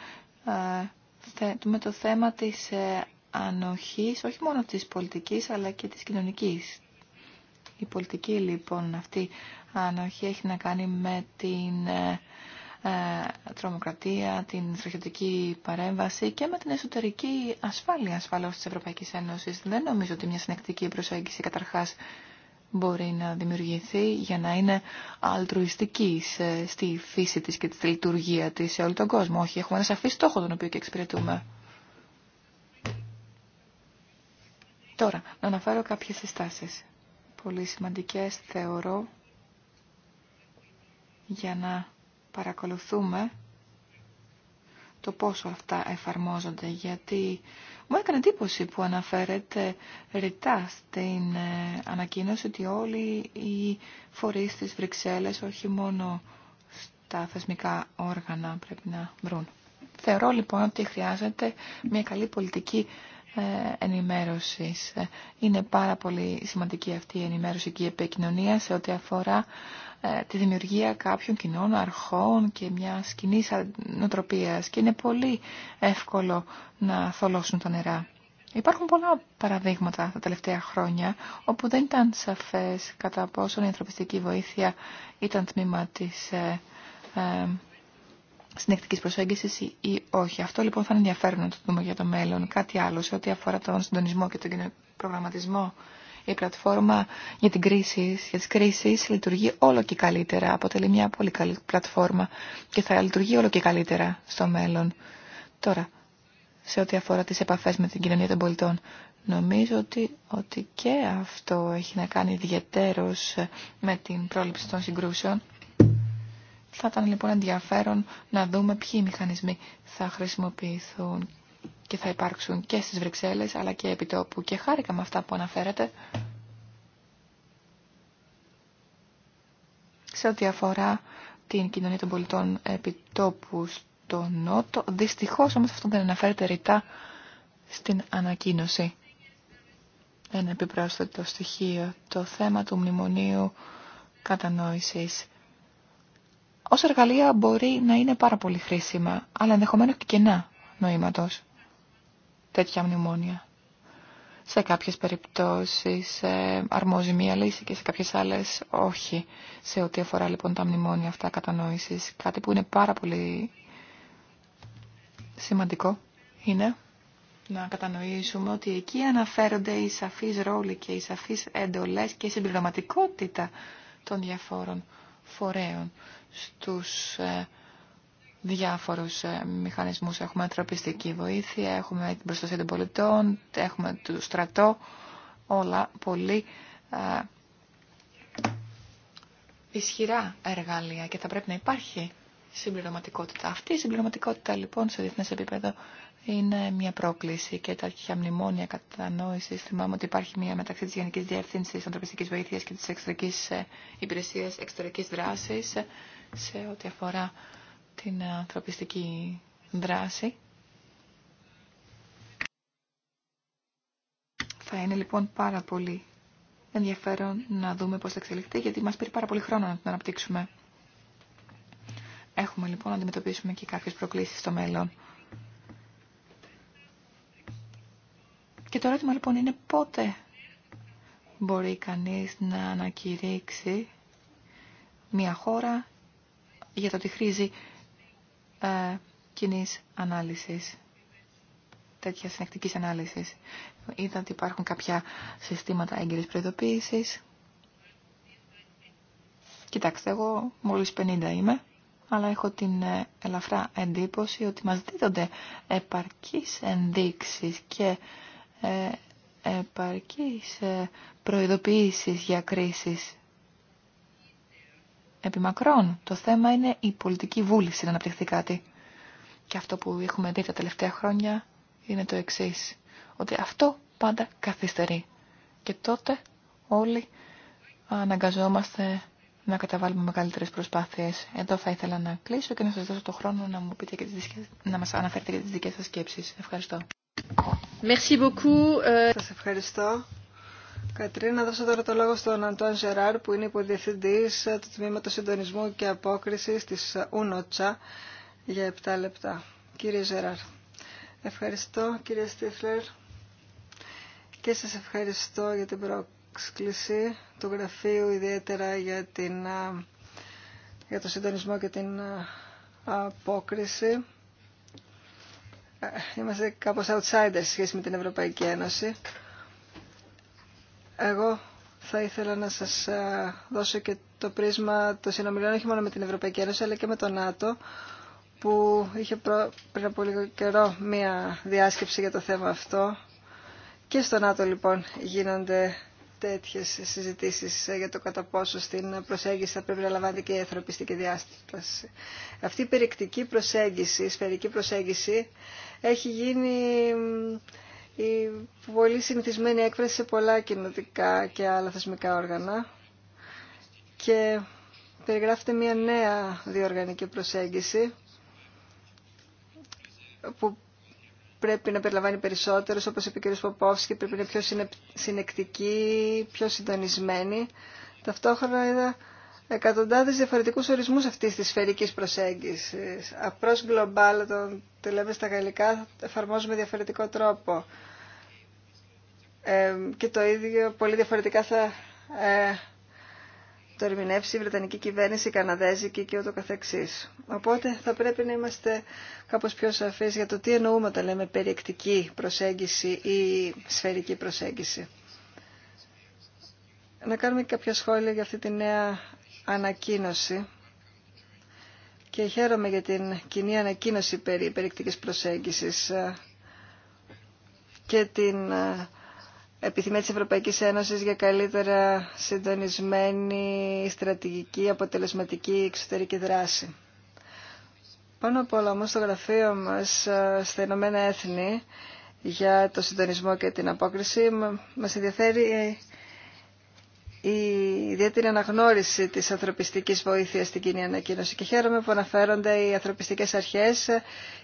με το θέμα της ε, ανοχής, όχι μόνο της πολιτικής, αλλά και της κοινωνικής. Η πολιτική λοιπόν αυτή ανοχή έχει να κάνει με την ε, ε, τρομοκρατία, την στρατιωτική παρέμβαση και με την εσωτερική ασφάλεια ασφαλώς της Ευρωπαϊκής Ένωσης. Δεν νομίζω ότι μια συνεκτική προσέγγιση καταρχάς μπορεί να δημιουργηθεί για να είναι αλτρουιστική στη φύση της και τη λειτουργία της σε όλο τον κόσμο. Όχι, έχουμε ένα σαφή στόχο τον οποίο και εξυπηρετούμε. Τώρα, να αναφέρω κάποιες συστάσεις. Πολύ σημαντικές θεωρώ για να παρακολουθούμε το πόσο αυτά εφαρμόζονται, γιατί μου έκανε εντύπωση που αναφέρεται ρητά στην ε, ανακοίνωση ότι όλοι οι φορείς της Βρυξέλλες, όχι μόνο στα θεσμικά όργανα πρέπει να βρουν. Θεωρώ λοιπόν ότι χρειάζεται μια καλή πολιτική ε, ενημέρωσης. Ε, είναι πάρα πολύ σημαντική αυτή η ενημέρωση και η επικοινωνία σε ό,τι αφορά ε, τη δημιουργία κάποιων κοινών αρχών και μια κοινή νοτροπίας και είναι πολύ εύκολο να θολώσουν τα νερά. Υπάρχουν πολλά παραδείγματα τα τελευταία χρόνια όπου δεν ήταν σαφές κατά πόσο η ανθρωπιστική βοήθεια ήταν τμήμα της συνεκτική προσέγγιση ή όχι. Αυτό λοιπόν θα είναι ενδιαφέρον να το δούμε για το μέλλον. Κάτι άλλο σε ό,τι αφορά τον συντονισμό και τον προγραμματισμό. Η πλατφόρμα για, την κρίση, για τις κρίσεις λειτουργεί όλο και καλύτερα. Αποτελεί μια πολύ καλή πλατφόρμα και θα λειτουργεί όλο και καλύτερα στο μέλλον. Τώρα, σε ό,τι αφορά τις επαφές με την κοινωνία των πολιτών, νομίζω ότι, ότι και αυτό έχει να κάνει ιδιαίτερως με την πρόληψη των συγκρούσεων. Θα ήταν λοιπόν ενδιαφέρον να δούμε ποιοι μηχανισμοί θα χρησιμοποιηθούν και θα υπάρξουν και στις Βρυξέλλες αλλά και επιτόπου Και χάρηκα με αυτά που αναφέρατε σε ό,τι αφορά την κοινωνία των πολιτών επίτόπου τόπου στο Νότο. Δυστυχώς όμως αυτό δεν αναφέρεται ρητά στην ανακοίνωση. Ένα επιπρόσθετο στοιχείο, το θέμα του μνημονίου κατανόησης Ω εργαλεία μπορεί να είναι πάρα πολύ χρήσιμα, αλλά ενδεχομένως και κενά νοήματος τέτοια μνημόνια. Σε κάποιες περιπτώσεις ε, αρμόζει μία λύση και σε κάποιες άλλες όχι. Σε ό,τι αφορά λοιπόν τα μνημόνια αυτά κατανόησης, κάτι που είναι πάρα πολύ σημαντικό είναι να κατανοήσουμε ότι εκεί αναφέρονται οι σαφείς ρόλοι και οι σαφείς εντολές και η συμπληρωματικότητα των διαφόρων φορέων στους ε, διάφορους ε, μηχανισμούς. Έχουμε ανθρωπιστική βοήθεια, έχουμε την προστασία των πολιτών, έχουμε το στρατό, όλα πολύ ε, ισχυρά εργαλεία και θα πρέπει να υπάρχει συμπληρωματικότητα. Αυτή η συμπληρωματικότητα λοιπόν σε διεθνέ επίπεδο είναι μια πρόκληση και τα αρχικά μνημόνια κατανόηση. Θυμάμαι ότι υπάρχει μια μεταξύ τη Γενική Διεύθυνση Ανθρωπιστική Βοήθεια και τη Εξωτερική ε, Υπηρεσία Εξωτερική Δράση σε ό,τι αφορά την ανθρωπιστική δράση. Θα είναι λοιπόν πάρα πολύ ενδιαφέρον να δούμε πώς θα εξελιχθεί, γιατί μας πήρε πάρα πολύ χρόνο να την αναπτύξουμε. Έχουμε λοιπόν να αντιμετωπίσουμε και κάποιες προκλήσεις στο μέλλον. Και το ερώτημα λοιπόν είναι πότε μπορεί κανείς να ανακηρύξει μια χώρα για το ότι χρήζει ε, κοινή ανάλυση, τέτοια συνεκτική ανάλυση. Είδα ότι υπάρχουν κάποια συστήματα έγκυρη προειδοποίηση. Κοιτάξτε, εγώ μόλις 50 είμαι, αλλά έχω την ε, ελαφρά εντύπωση ότι μας δίδονται επαρκείς ενδείξεις και ε, επαρκείς ε, προειδοποιήσεις για κρίσεις Επί μακρόν, Το θέμα είναι η πολιτική βούληση να αναπτυχθεί κάτι. Και αυτό που έχουμε δει τα τελευταία χρόνια είναι το εξή. Ότι αυτό πάντα καθυστερεί. Και τότε όλοι αναγκαζόμαστε να καταβάλουμε μεγαλύτερε προσπάθειε. Εδώ θα ήθελα να κλείσω και να σα δώσω το χρόνο να μου πείτε και τις δικές, να μα αναφέρετε και τι δικέ σα σκέψει. Ευχαριστώ. Ε, ευχαριστώ. Κατρίνα, δώσω τώρα το λόγο στον Αντών Ζεράρ, που είναι υποδιευθυντή του Τμήματο Συντονισμού και Απόκριση τη ΟΝΟΤΣΑ για 7 λεπτά. Κύριε Ζεράρ. Ευχαριστώ, κύριε Στίφλερ. Και σας ευχαριστώ για την πρόσκληση του γραφείου, ιδιαίτερα για, την, για το συντονισμό και την απόκριση. Ε, είμαστε κάπως outsiders σχέση με την Ευρωπαϊκή Ένωση. Εγώ θα ήθελα να σας ε, δώσω και το πρίσμα των συνομιλιών όχι μόνο με την Ευρωπαϊκή Ένωση αλλά και με το ΝΑΤΟ που είχε πριν από λίγο καιρό μία διάσκεψη για το θέμα αυτό. Και στο ΝΑΤΟ λοιπόν γίνονται τέτοιες συζητήσεις για το κατά πόσο στην προσέγγιση θα πρέπει να λαμβάνεται και η ανθρωπιστική διάσταση. Αυτή η περιεκτική προσέγγιση, η σφαιρική προσέγγιση έχει γίνει η πολύ συνηθισμένη έκφραση σε πολλά κοινωτικά και άλλα θεσμικά όργανα και περιγράφεται μια νέα διοργανική προσέγγιση που πρέπει να περιλαμβάνει περισσότερους, όπως είπε ο κ. Ποπόφσκι, πρέπει να είναι πιο συνεκτική, πιο συντονισμένη. Ταυτόχρονα είδα εκατοντάδες διαφορετικούς ορισμούς αυτής της σφαιρικής προσέγγισης. Απρός global, το λέμε στα γαλλικά, εφαρμόζουμε διαφορετικό τρόπο. Ε, και το ίδιο πολύ διαφορετικά θα ε, το ερμηνεύσει η Βρετανική κυβέρνηση, η Καναδέζικη και ούτω καθεξής. Οπότε θα πρέπει να είμαστε κάπως πιο σαφείς για το τι εννοούμε όταν λέμε περιεκτική προσέγγιση ή σφαιρική προσέγγιση. Να κάνουμε και κάποια σχόλια για αυτή τη νέα ανακοίνωση και χαίρομαι για την κοινή ανακοίνωση περί περιεκτικής προσέγγισης ε, και την επιθυμία της Ευρωπαϊκής Ένωσης για καλύτερα συντονισμένη στρατηγική αποτελεσματική εξωτερική δράση. Πάνω απ' όλα όμως στο γραφείο μας ε, στα Ηνωμένα Έθνη για το συντονισμό και την απόκριση μας ενδιαφέρει ε, η ιδιαίτερη αναγνώριση της ανθρωπιστικής βοήθειας στην κοινή ανακοίνωση και χαίρομαι που αναφέρονται οι ανθρωπιστικές αρχές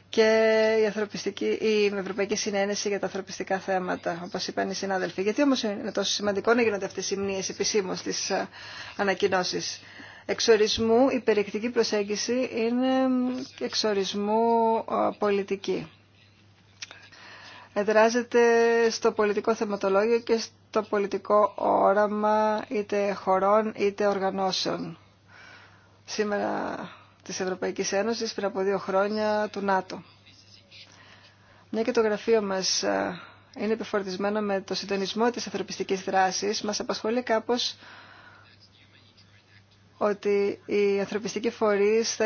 και η, η Ευρωπαϊκή Συνένεση για τα ανθρωπιστικά θέματα, όπω είπαν οι συνάδελφοι. Γιατί όμω είναι τόσο σημαντικό να γίνονται αυτέ οι μνήε επισήμω στι ε, ανακοινώσει. Εξορισμού, η περιεκτική προσέγγιση είναι εξορισμού ε, πολιτική. Εδράζεται στο πολιτικό θεματολόγιο και στο πολιτικό όραμα είτε χωρών είτε οργανώσεων. Σήμερα της Ευρωπαϊκής Ένωσης πριν από δύο χρόνια του ΝΑΤΟ. Μια και το γραφείο μας ε, είναι επιφορτισμένο με το συντονισμό της ανθρωπιστικής δράσης, μας απασχολεί κάπως ότι οι ανθρωπιστικοί φορείς θα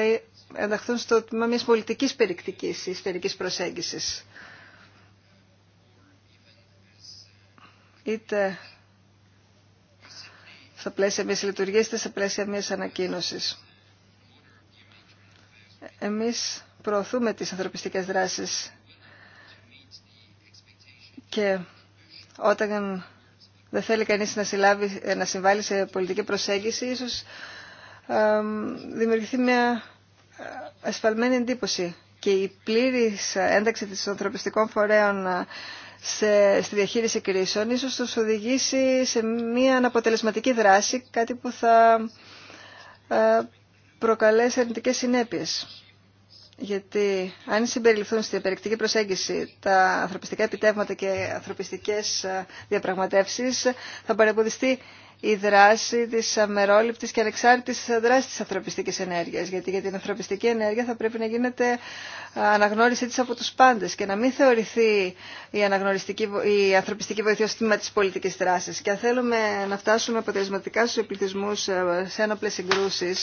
ενταχθούν στο τμήμα μιας πολιτικής περιεκτικής ή προσέγγιση. προσέγγισης. Είτε στα πλαίσια μιας λειτουργίας, είτε στα πλαίσια μιας ανακοίνωσης. Εμείς προωθούμε τις ανθρωπιστικές δράσεις και όταν δεν θέλει κανείς να, συλλάβει, να συμβάλλει σε πολιτική προσέγγιση, ίσως δημιουργηθεί μια ασφαλμένη ε, εντύπωση. Και η πλήρης ένταξη της ανθρωπιστικών φορέων ε, σε, στη διαχείριση κρίσεων ίσως τους οδηγήσει σε μια αναποτελεσματική δράση, κάτι που θα ε, προκαλέσει αρνητικέ συνέπειες. Γιατί αν συμπεριληφθούν στην περιεκτική προσέγγιση τα ανθρωπιστικά επιτεύγματα και ανθρωπιστικές ε, διαπραγματεύσεις, θα παρεμποδιστεί η δράση τη αμερόληπτη και ανεξάρτητης δράση τη ανθρωπιστική ενέργεια. Γιατί για την ανθρωπιστική ενέργεια θα πρέπει να γίνεται αναγνώριση τη από του πάντε και να μην θεωρηθεί η, αναγνωριστική, η ανθρωπιστική βοήθεια ω τμήμα τη πολιτική δράση. Και αν θέλουμε να φτάσουμε αποτελεσματικά στους πληθυσμούς ε, σε ένοπλε συγκρούσει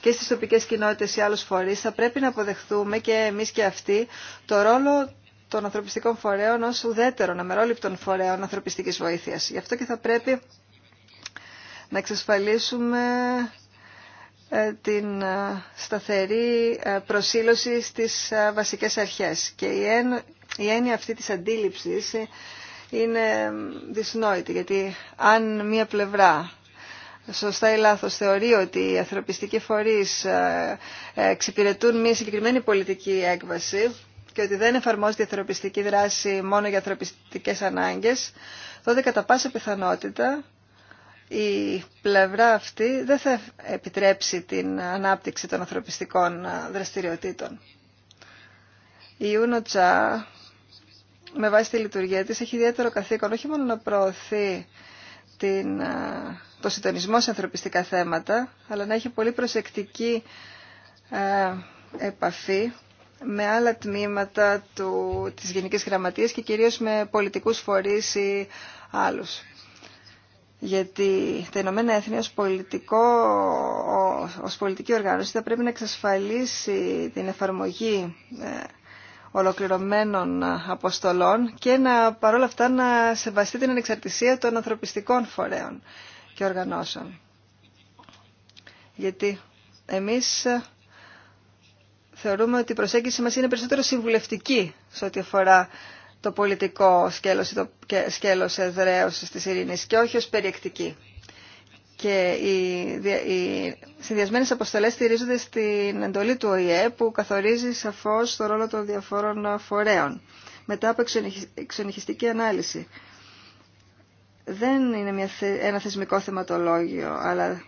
και στι τοπικέ κοινότητε ή άλλου φορεί, θα πρέπει να αποδεχθούμε και εμεί και αυτοί το ρόλο των ανθρωπιστικών φορέων ως ουδέτερων, αμερόληπτων φορέων ανθρωπιστικής βοήθειας. Γι' αυτό και θα πρέπει να εξασφαλίσουμε ε, την ε, σταθερή ε, προσήλωση στις βασικές αρχές. Και η έννοια αυτή της αντίληψης είναι δυσνόητη, γιατί αν μία πλευρά σωστά ή λάθος θεωρεί ότι οι ανθρωπιστικοί φορείς εξυπηρετούν μία συγκεκριμένη πολιτική έκβαση και ότι δεν εφαρμόζεται η ανθρωπιστική δράση μόνο για ανθρωπιστικές ανάγκες, τότε κατά πάσα πιθανότητα η πλευρά αυτή δεν θα επιτρέψει την ανάπτυξη των ανθρωπιστικών δραστηριοτήτων. Η UNOCHA με βάση τη λειτουργία της έχει ιδιαίτερο καθήκον όχι μόνο να προωθεί την, το συντονισμό σε ανθρωπιστικά θέματα αλλά να έχει πολύ προσεκτική επαφή με άλλα τμήματα του, της Γενικής Γραμματείας και κυρίως με πολιτικούς φορείς ή άλλους γιατί τα Ηνωμένα Έθνη ως, πολιτικό, ως πολιτική οργάνωση θα πρέπει να εξασφαλίσει την εφαρμογή ε, ολοκληρωμένων ε, αποστολών και να παρόλα αυτά να σεβαστεί την ανεξαρτησία των ανθρωπιστικών φορέων και οργανώσεων. Γιατί εμείς ε, θεωρούμε ότι η προσέγγιση μας είναι περισσότερο συμβουλευτική σε ό,τι αφορά το πολιτικό σκέλος, το σκέλος εδραίωσης της ειρήνης και όχι ως περιεκτική. Και οι, οι συνδυασμένες αποστολές στηρίζονται στην εντολή του ΟΗΕ που καθορίζει σαφώς το ρόλο των διαφόρων φορέων μετά από εξονυχιστική ανάλυση. Δεν είναι ένα θεσμικό θεματολόγιο, αλλά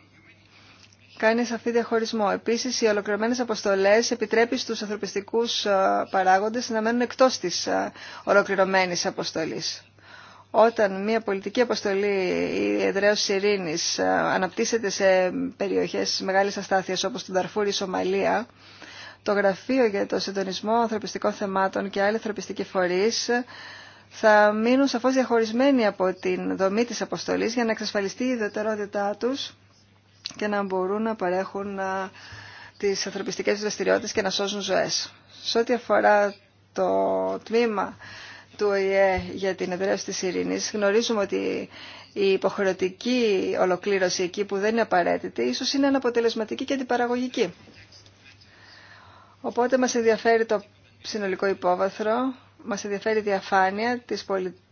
κάνει σαφή διαχωρισμό. Επίση, οι ολοκληρωμένε αποστολέ επιτρέπει στους ανθρωπιστικού ε, παράγοντε να μένουν εκτό τη ε, ολοκληρωμένη αποστολή. Όταν μια πολιτική αποστολή ή εδραίωση ειρήνης ε, αναπτύσσεται σε περιοχές μεγάλης αστάθειας όπως τον Ταρφούρη, η εδραιωση ειρηνης αναπτυσσεται σε περιοχες μεγάλη ασταθειας όπω τον Νταρφούρι, η σομαλια το Γραφείο για το Συντονισμό Ανθρωπιστικών Θεμάτων και άλλοι ανθρωπιστικοί φορεί θα μείνουν σαφώς διαχωρισμένοι από την δομή της αποστολής για να εξασφαλιστεί η ιδιωτερότητά τους και να μπορούν να παρέχουν τις ανθρωπιστικές δραστηριότητες και να σώζουν ζωές. Σε ό,τι αφορά το τμήμα του ΟΗΕ για την εδραίωση της ειρήνης, γνωρίζουμε ότι η υποχρεωτική ολοκλήρωση εκεί που δεν είναι απαραίτητη, ίσως είναι αναποτελεσματική και αντιπαραγωγική. Οπότε μας ενδιαφέρει το συνολικό υπόβαθρο μας ενδιαφέρει η διαφάνεια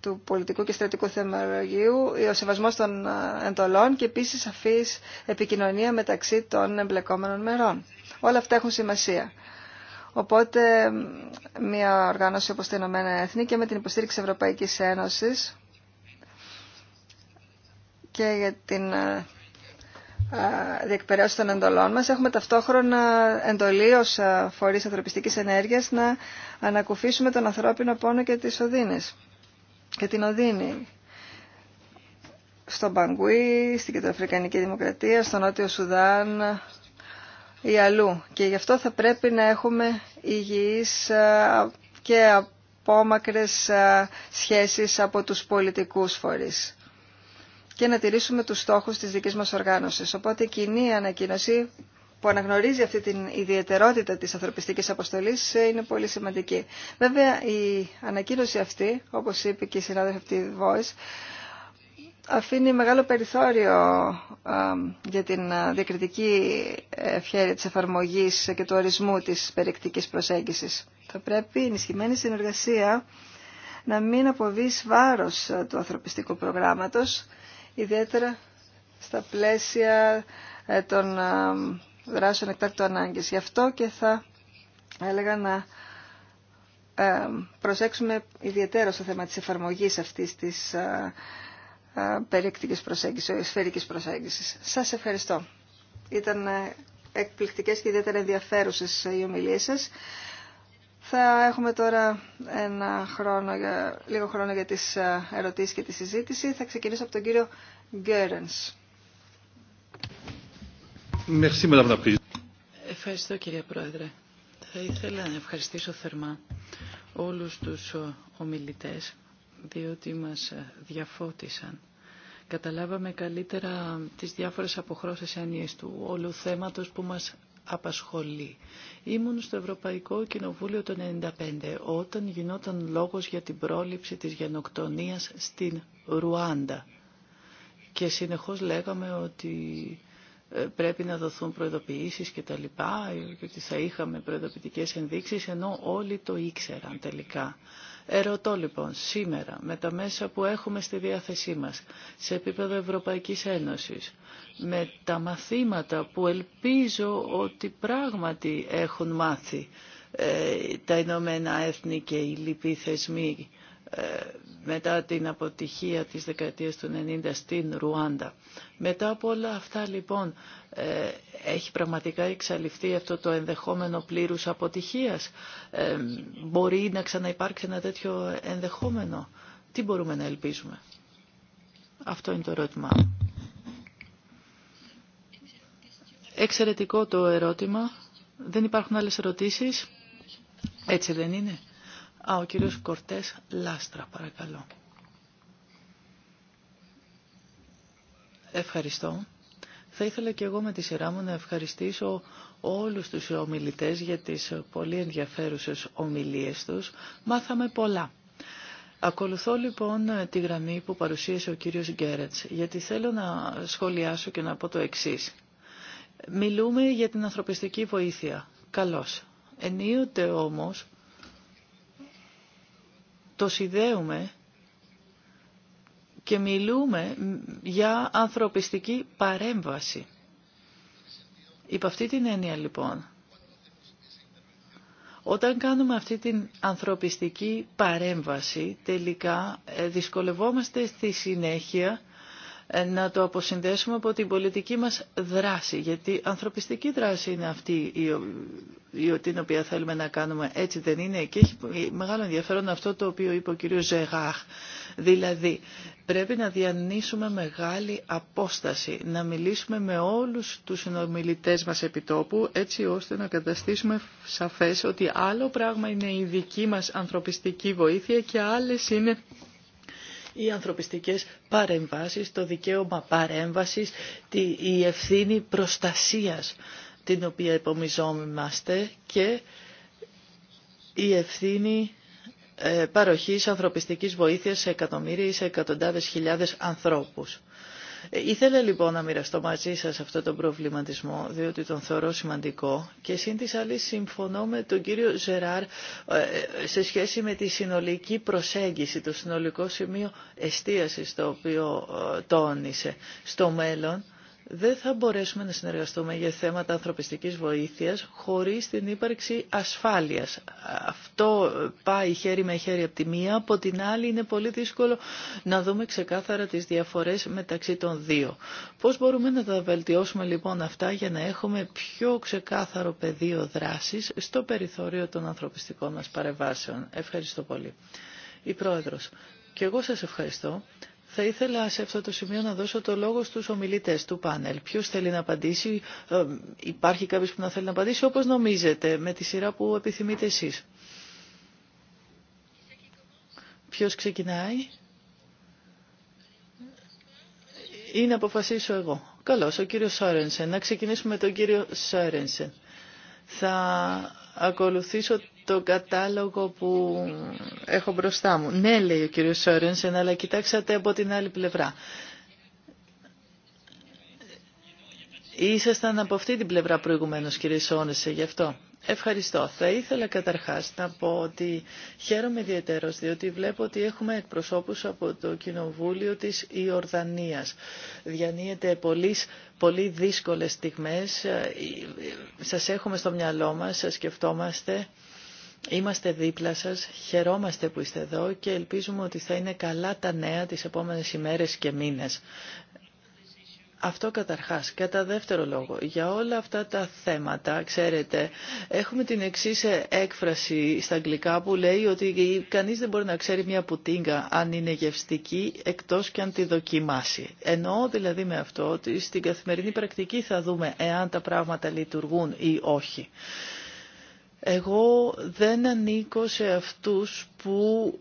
του πολιτικού και στρατικού θεμελιωγίου, ο σεβασμός των ε, εντολών και επίσης αφής επικοινωνία μεταξύ των εμπλεκόμενων μερών. Όλα αυτά έχουν σημασία. Οπότε μια οργάνωση όπως τα Ηνωμένα Έθνη και με την υποστήριξη Ευρωπαϊκής Ένωσης και για την ε, ε, διεκπαιρέωση των εντολών μας. Έχουμε ταυτόχρονα εντολή ως φορείς ανθρωπιστικής ενέργειας να ανακουφίσουμε τον ανθρώπινο πόνο και τις οδύνες και την οδύνη στον Παγκουή, στην Κεντροαφρικανική Δημοκρατία, στον Νότιο Σουδάν ή αλλού. Και γι' αυτό θα πρέπει να έχουμε υγιείς και απόμακρες σχέσεις από τους πολιτικούς φορείς και να τηρήσουμε τους στόχους της δικής μας οργάνωσης. Οπότε κοινή ανακοίνωση που αναγνωρίζει αυτή την ιδιαιτερότητα της ανθρωπιστικής αποστολής ε, είναι πολύ σημαντική. Βέβαια η ανακοίνωση αυτή, όπως είπε και η συνάδελφη αυτή τη Voice, αφήνει μεγάλο περιθώριο ε, για την ε, διακριτική ευχαίρεια της εφαρμογής και του ορισμού της περιεκτικής προσέγγισης. Θα πρέπει η ενισχυμένη συνεργασία να μην αποβεί βάρος του ανθρωπιστικού προγράμματος, ιδιαίτερα στα πλαίσια των δράσεων εκτάκτου ανάγκης. Γι' αυτό και θα έλεγα να ε, προσέξουμε ιδιαίτερα στο θέμα της εφαρμογής αυτής της ε, ε, περιεκτικής προσέγγισης, σφαιρικής προσέγγισης. Σας ευχαριστώ. Ήταν εκπληκτικές και ιδιαίτερα ενδιαφέρουσες οι ομιλίες σας. Θα έχουμε τώρα ένα χρόνο, λίγο χρόνο για τις ερωτήσεις και τη συζήτηση. Θα ξεκινήσω από τον κύριο Γκέρενς. Ευχαριστώ κύριε Πρόεδρε. Θα ήθελα να ευχαριστήσω θερμά όλους τους ε, ομιλητές διότι μας ε, διαφώτισαν. Καταλάβαμε καλύτερα τις διάφορες αποχρώσεις έννοιες του όλου θέματος που μας απασχολεί. Ήμουν στο Ευρωπαϊκό Κοινοβούλιο το 1995 όταν γινόταν λόγος για την πρόληψη της γενοκτονίας στην Ρουάντα και συνεχώς λέγαμε ότι ε, πρέπει να δοθούν προειδοποιήσεις και τα λοιπά, ε, ότι θα είχαμε προειδοποιητικές ενδείξεις, ενώ όλοι το ήξεραν τελικά. Ερωτώ λοιπόν σήμερα με τα μέσα που έχουμε στη διάθεσή μας σε επίπεδο Ευρωπαϊκής Ένωσης με τα μαθήματα που ελπίζω ότι πράγματι έχουν μάθει ε, τα Ηνωμένα Έθνη και οι λοιποί θεσμοί ε, μετά την αποτυχία της δεκαετίας του 90 στην Ρουάντα. Μετά από όλα αυτά λοιπόν ε, έχει πραγματικά εξαλειφθεί αυτό το ενδεχόμενο πλήρους αποτυχίας. Ε, μπορεί να ξαναυπάρξει ένα τέτοιο ενδεχόμενο. Τι μπορούμε να ελπίζουμε. Αυτό είναι το ερώτημά Εξαιρετικό το ερώτημα. Δεν υπάρχουν άλλες ερωτήσεις. Έτσι δεν είναι. Α, ο κύριος Κορτές Λάστρα, παρακαλώ. Ευχαριστώ. Θα ήθελα και εγώ με τη σειρά μου να ευχαριστήσω όλους τους ομιλητές για τις πολύ ενδιαφέρουσες ομιλίες τους. Μάθαμε πολλά. Ακολουθώ λοιπόν τη γραμμή που παρουσίασε ο κύριος Γκέρετς, γιατί θέλω να σχολιάσω και να πω το εξής. Μιλούμε για την ανθρωπιστική βοήθεια. Καλώς. Ενίοτε όμως το συνδέουμε και μιλούμε για ανθρωπιστική παρέμβαση. Υπ' αυτή την έννοια λοιπόν, όταν κάνουμε αυτή την ανθρωπιστική παρέμβαση, τελικά ε, δυσκολευόμαστε στη συνέχεια να το αποσυνδέσουμε από την πολιτική μας δράση, γιατί ανθρωπιστική δράση είναι αυτή η, την οποία θέλουμε να κάνουμε, έτσι δεν είναι, και έχει μεγάλο ενδιαφέρον αυτό το οποίο είπε ο κ. Ζεγάχ, δηλαδή πρέπει να διανύσουμε μεγάλη απόσταση, να μιλήσουμε με όλους τους συνομιλητές μας επιτόπου, έτσι ώστε να καταστήσουμε σαφές ότι άλλο πράγμα είναι η δική μας ανθρωπιστική βοήθεια και άλλες είναι οι ανθρωπιστικές παρεμβάσεις, το δικαίωμα παρέμβασης, η ευθύνη προστασίας την οποία υπομιζόμαστε και η ευθύνη ε, παροχής ανθρωπιστικής βοήθειας σε εκατομμύρια ή σε εκατοντάδες χιλιάδες ανθρώπους. Ήθελα λοιπόν να μοιραστώ μαζί σας αυτό τον προβληματισμό, διότι τον θεωρώ σημαντικό και σύν της άλλη συμφωνώ με τον κύριο Ζεράρ ε, σε σχέση με τη συνολική προσέγγιση, το συνολικό σημείο εστίασης το οποίο ε, τόνισε στο μέλλον δεν θα μπορέσουμε να συνεργαστούμε για θέματα ανθρωπιστικής βοήθειας χωρίς την ύπαρξη ασφάλειας. Αυτό πάει χέρι με χέρι από τη μία, από την άλλη είναι πολύ δύσκολο να δούμε ξεκάθαρα τις διαφορές μεταξύ των δύο. Πώς μπορούμε να τα βελτιώσουμε λοιπόν αυτά για να έχουμε πιο ξεκάθαρο πεδίο δράσης στο περιθώριο των ανθρωπιστικών μας παρεμβάσεων. Ευχαριστώ πολύ. Η Πρόεδρος. Και εγώ σας ευχαριστώ. Θα ήθελα σε αυτό το σημείο να δώσω το λόγο στους ομιλητές του πάνελ. Ποιος θέλει να απαντήσει, ε, υπάρχει κάποιος που να θέλει να απαντήσει, όπως νομίζετε, με τη σειρά που επιθυμείτε εσείς. Ποιος ξεκινάει. Ή να αποφασίσω εγώ. Καλώς, ο κύριος Σόρενσεν. Να ξεκινήσουμε με τον κύριο Σόρενσεν. Θα ακολουθήσω το κατάλογο που έχω μπροστά μου. Ναι, λέει ο κύριος Σόρενσεν, αλλά κοιτάξατε από την άλλη πλευρά. Ήσασταν από αυτή την πλευρά προηγουμένως, κύριε Σόνεσε, γι' αυτό. Ευχαριστώ. Θα ήθελα καταρχάς να πω ότι χαίρομαι ιδιαίτερος διότι βλέπω ότι έχουμε εκπροσώπους από το Κοινοβούλιο της Ιορδανίας. Διανύεται πολύ δύσκολες στιγμές. Σας έχουμε στο μυαλό μας, σας σκεφτόμαστε. Είμαστε δίπλα σας, χαιρόμαστε που είστε εδώ και ελπίζουμε ότι θα είναι καλά τα νέα τις επόμενες ημέρες και μήνες. Αυτό καταρχάς. Κατά δεύτερο λόγο, για όλα αυτά τα θέματα, ξέρετε, έχουμε την εξή έκφραση στα αγγλικά που λέει ότι κανείς δεν μπορεί να ξέρει μια πουτίνγκα αν είναι γευστική εκτός και αν τη δοκιμάσει. Εννοώ δηλαδή με αυτό ότι στην καθημερινή πρακτική θα δούμε εάν τα πράγματα λειτουργούν ή όχι. Εγώ δεν ανήκω σε αυτούς που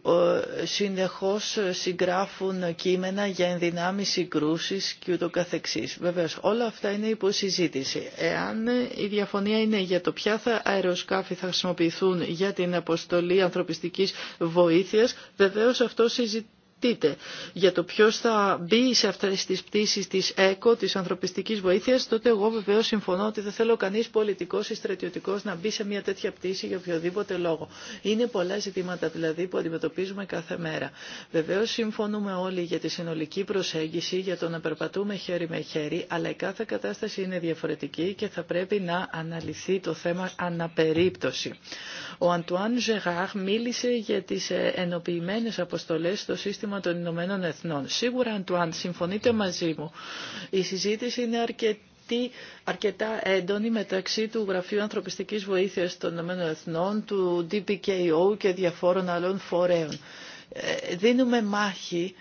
ε, συνεχώς συγγράφουν κείμενα για ενδυνάμιση κρούσης και ούτω καθεξής. Βεβαίως όλα αυτά είναι υποσυζήτηση. Εάν η διαφωνία είναι για το ποια θα αεροσκάφη θα χρησιμοποιηθούν για την αποστολή ανθρωπιστικής βοήθειας, βεβαίως αυτό συζητείται για το ποιο θα μπει σε αυτέ τι πτήσει τη ΕΚΟ, τη ανθρωπιστική βοήθεια, τότε εγώ βεβαίω συμφωνώ ότι δεν θέλω κανεί πολιτικό ή στρατιωτικό να μπει σε μια τέτοια πτήση για οποιοδήποτε λόγο. Είναι πολλά ζητήματα δηλαδή που αντιμετωπίζουμε κάθε μέρα. Βεβαίω συμφωνούμε όλοι για τη συνολική προσέγγιση, για το να περπατούμε χέρι με χέρι, αλλά η κάθε κατάσταση είναι διαφορετική και θα πρέπει να αναλυθεί το θέμα αναπερίπτωση. Ο Αντουάν Ζεγάχ μίλησε για τι ε, ενοποιημένε αποστολέ στο σύστημα σύστημα των Ηνωμένων Εθνών. Σίγουρα, Αντουάν, συμφωνείτε μαζί μου, η συζήτηση είναι αρκετή αρκετά έντονη μεταξύ του Γραφείου Ανθρωπιστικής Βοήθειας των ΗΠΑ Εθνών, του DPKO και διαφόρων άλλων φορέων. Ε, δίνουμε μάχη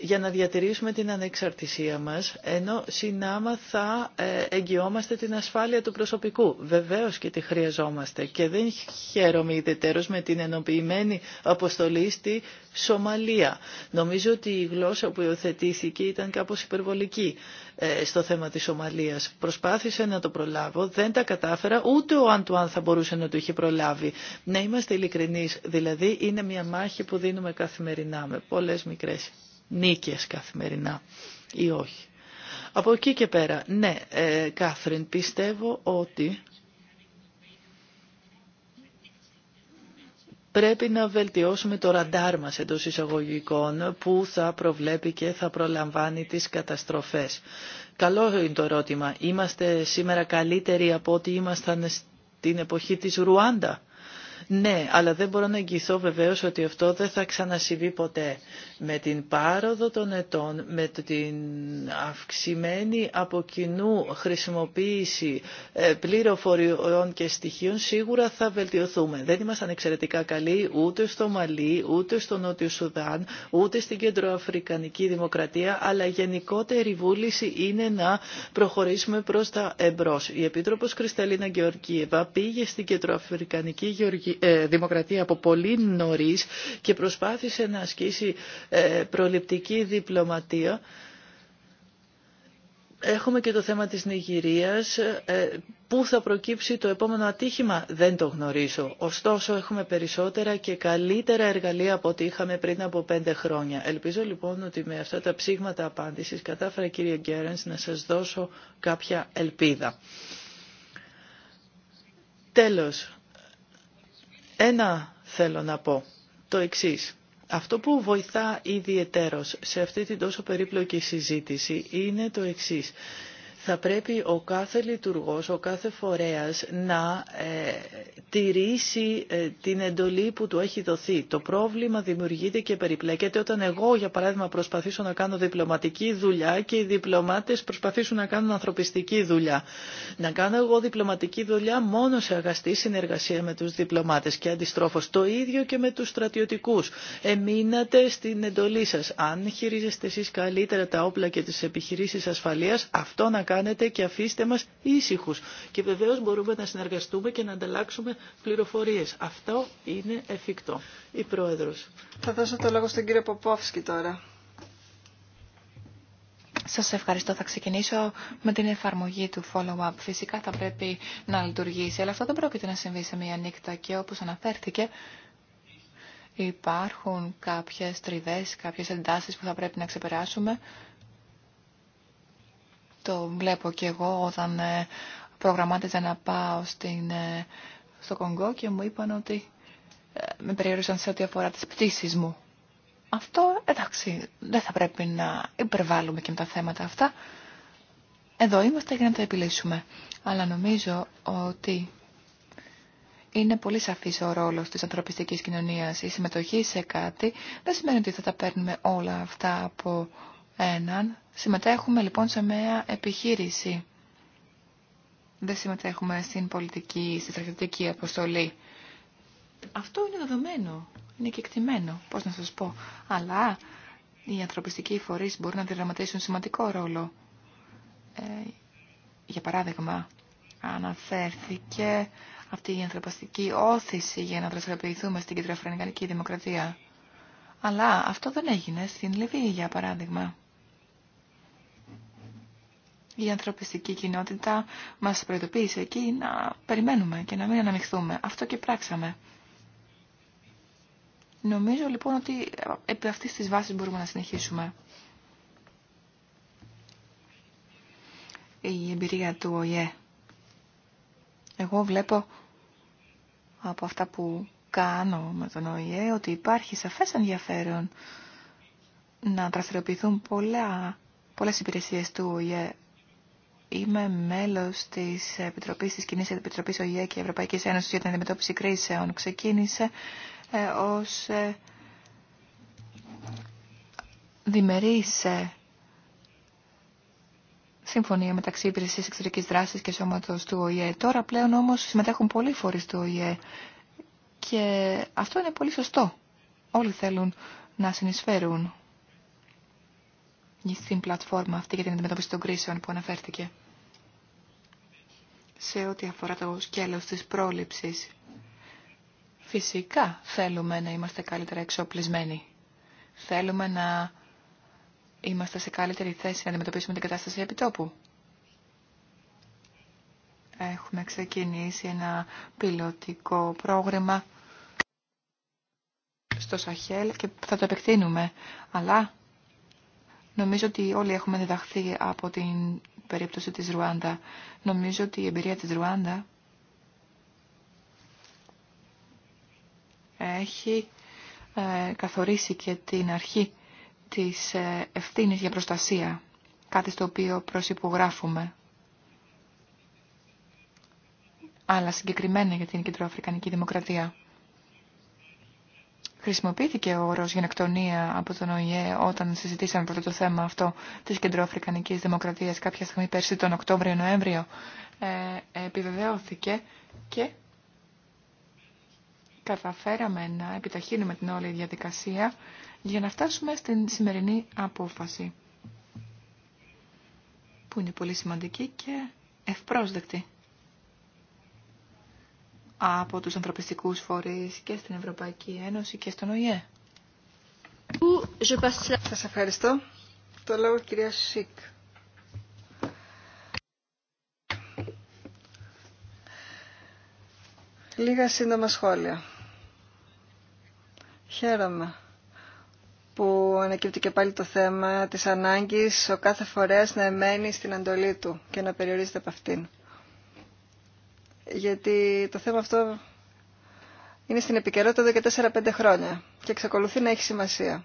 για να διατηρήσουμε την ανεξαρτησία μας, ενώ συνάμα θα ε, εγγυόμαστε την ασφάλεια του προσωπικού. Βεβαίως και τη χρειαζόμαστε και δεν χαίρομαι ιδιαίτερως με την ενοποιημένη αποστολή στη Σομαλία. Νομίζω ότι η γλώσσα που υιοθετήθηκε ήταν κάπως υπερβολική ε, στο θέμα της Σομαλίας. Προσπάθησε να το προλάβω, δεν τα κατάφερα, ούτε ο Αντουάν θα μπορούσε να το είχε προλάβει. Να είμαστε ειλικρινείς, δηλαδή είναι μια μάχη που δίνουμε καθημερινά με πολλές μικρές νίκες καθημερινά ή όχι. Από εκεί και πέρα, ναι, ε, Κάθριν, πιστεύω ότι πρέπει να βελτιώσουμε το ραντάρ μας εντός εισαγωγικών που θα προβλέπει και θα προλαμβάνει τις καταστροφές. Καλό είναι το ερώτημα. Είμαστε σήμερα καλύτεροι από ό,τι ήμασταν στην εποχή της Ρουάντα. Ναι, αλλά δεν μπορώ να εγγυηθώ βεβαίως ότι αυτό δεν θα ξανασυμβεί ποτέ. Με την πάροδο των ετών, με την αυξημένη από κοινού χρησιμοποίηση ε, πληροφοριών και στοιχείων σίγουρα θα βελτιωθούμε. Δεν ήμασταν εξαιρετικά καλοί ούτε στο Μαλί, ούτε στο Νότιο Σουδάν, ούτε στην Κεντροαφρικανική Δημοκρατία, αλλά γενικότερη βούληση είναι να προχωρήσουμε προ τα εμπρό Η επίτροπο Κρυσταλίνα Γεωργίευα πήγε στην Κεντροαφρικανική ε, Δημοκρατία από πολύ νωρί και προσπάθησε να ασκήσει ε, προληπτική διπλωματία. Έχουμε και το θέμα της Νιγηρίας. Ε, πού θα προκύψει το επόμενο ατύχημα δεν το γνωρίζω. Ωστόσο έχουμε περισσότερα και καλύτερα εργαλεία από ό,τι είχαμε πριν από πέντε χρόνια. Ελπίζω λοιπόν ότι με αυτά τα ψήγματα απάντησης κατάφερα κύριε Γκέρενς να σας δώσω κάποια ελπίδα. Τέλος, ένα θέλω να πω, το εξής. Αυτό που βοηθά ιδιαιτέρως σε αυτή την τόσο περίπλοκη συζήτηση είναι το εξής θα πρέπει ο κάθε λειτουργός, ο κάθε φορέας να ε, τηρήσει ε, την εντολή που του έχει δοθεί. Το πρόβλημα δημιουργείται και περιπλέκεται όταν εγώ, για παράδειγμα, προσπαθήσω να κάνω διπλωματική δουλειά και οι διπλωμάτες προσπαθήσουν να κάνουν ανθρωπιστική δουλειά. Να κάνω εγώ διπλωματική δουλειά μόνο σε αγαστή συνεργασία με τους διπλωμάτες και αντιστρόφως. Το ίδιο και με τους στρατιωτικούς. Εμείνατε στην εντολή σας. Αν χειρίζεστε εσείς καλύτερα τα όπλα και τις επιχειρήσεις ασφαλείας, αυτό να κάνετε και αφήστε μας ήσυχους. Και βεβαίως μπορούμε να συνεργαστούμε και να ανταλλάξουμε πληροφορίες. Αυτό είναι εφικτό. Η Πρόεδρος. Θα δώσω το λόγο στον κύριο Ποπόφσκι τώρα. Σας ευχαριστώ. Θα ξεκινήσω με την εφαρμογή του follow-up. Φυσικά θα πρέπει να λειτουργήσει, αλλά αυτό δεν πρόκειται να συμβεί σε μία νύχτα και όπω αναφέρθηκε, υπάρχουν κάποιες τριβέ, κάποιες εντάσει που θα πρέπει να ξεπεράσουμε το βλέπω και εγώ όταν ε, προγραμμάτιζα να πάω στην, ε, στο Κονγκό και μου είπαν ότι ε, με περιορίσαν σε ό,τι αφορά τις πτήσεις μου. Αυτό, εντάξει, δεν θα πρέπει να υπερβάλλουμε και με τα θέματα αυτά. Εδώ είμαστε για να τα επιλύσουμε. Αλλά νομίζω ότι είναι πολύ σαφής ο ρόλος της ανθρωπιστικής κοινωνίας. Η συμμετοχή σε κάτι δεν σημαίνει ότι θα τα παίρνουμε όλα αυτά από έναν. Συμμετέχουμε λοιπόν σε μια επιχείρηση. Δεν συμμετέχουμε στην πολιτική, στη στρατιωτική αποστολή. Αυτό είναι δεδομένο. Είναι κεκτημένο, πώς να σας πω. Αλλά οι ανθρωπιστικοί φορείς μπορούν να διαδραματίσουν σημαντικό ρόλο. Ε, για παράδειγμα, αναφέρθηκε αυτή η ανθρωπιστική όθηση για να δραστηριοποιηθούμε στην κεντροαφρενικανική δημοκρατία. Αλλά αυτό δεν έγινε στην Λιβύη, για παράδειγμα η ανθρωπιστική κοινότητα μας προειδοποίησε εκεί να περιμένουμε και να μην αναμειχθούμε. Αυτό και πράξαμε. Νομίζω λοιπόν ότι επί αυτής της βάσης μπορούμε να συνεχίσουμε. Η εμπειρία του ΟΙΕ. Εγώ βλέπω από αυτά που κάνω με τον ΟΙΕ ότι υπάρχει σαφές ενδιαφέρον να δραστηριοποιηθούν πολλά, πολλές υπηρεσίες του ΟΙΕ Είμαι μέλο τη επιτροπή τη Κοινής Επιτροπής ΟΗΕ και Ευρωπαϊκή Ένωση για την αντιμετώπιση κρίσεων. Ξεκίνησε ε, ως ε, ε συμφωνία μεταξύ Υπηρεσία εξωτερική δράση και σώματο του ΟΗΕ. Τώρα πλέον όμως συμμετέχουν πολλοί φορείς του ΟΗΕ και αυτό είναι πολύ σωστό. Όλοι θέλουν να συνεισφέρουν στην πλατφόρμα αυτή για την αντιμετώπιση των κρίσεων που αναφέρθηκε. Σε ό,τι αφορά το σκέλος της πρόληψης, φυσικά θέλουμε να είμαστε καλύτερα εξοπλισμένοι. Θέλουμε να είμαστε σε καλύτερη θέση να αντιμετωπίσουμε την κατάσταση επιτόπου. Έχουμε ξεκινήσει ένα πιλωτικό πρόγραμμα στο Σαχέλ και θα το επεκτείνουμε. Αλλά Νομίζω ότι όλοι έχουμε διδαχθεί από την περίπτωση της Ρουάντα. Νομίζω ότι η εμπειρία της Ρουάντα έχει ε, καθορίσει και την αρχή της ε, ευθύνης για προστασία, κάτι στο οποίο προσυπογράφουμε. Αλλά συγκεκριμένα για την Κεντροαφρικανική Δημοκρατία. Χρησιμοποιήθηκε ο όρος γενοκτονία από τον ΟΗΕ όταν συζητήσαμε πρώτο το θέμα αυτό της Κεντροαφρικανικής Δημοκρατίας κάποια στιγμή πέρσι τον Οκτώβριο-Νοέμβριο. Ε, επιβεβαιώθηκε και καταφέραμε να επιταχύνουμε την όλη διαδικασία για να φτάσουμε στην σημερινή απόφαση που είναι πολύ σημαντική και ευπρόσδεκτη από τους ανθρωπιστικούς φορείς και στην Ευρωπαϊκή Ένωση και στον ΟΗΕ. Σας ευχαριστώ. Το λόγο κυρία Σίκ. Λίγα σύντομα σχόλια. Χαίρομαι που ανακύπτει και πάλι το θέμα της ανάγκης ο κάθε φορέας να εμένει στην αντολή του και να περιορίζεται από αυτήν γιατί το θέμα αυτό είναι στην επικαιρότητα εδώ και 4-5 χρόνια και εξακολουθεί να έχει σημασία.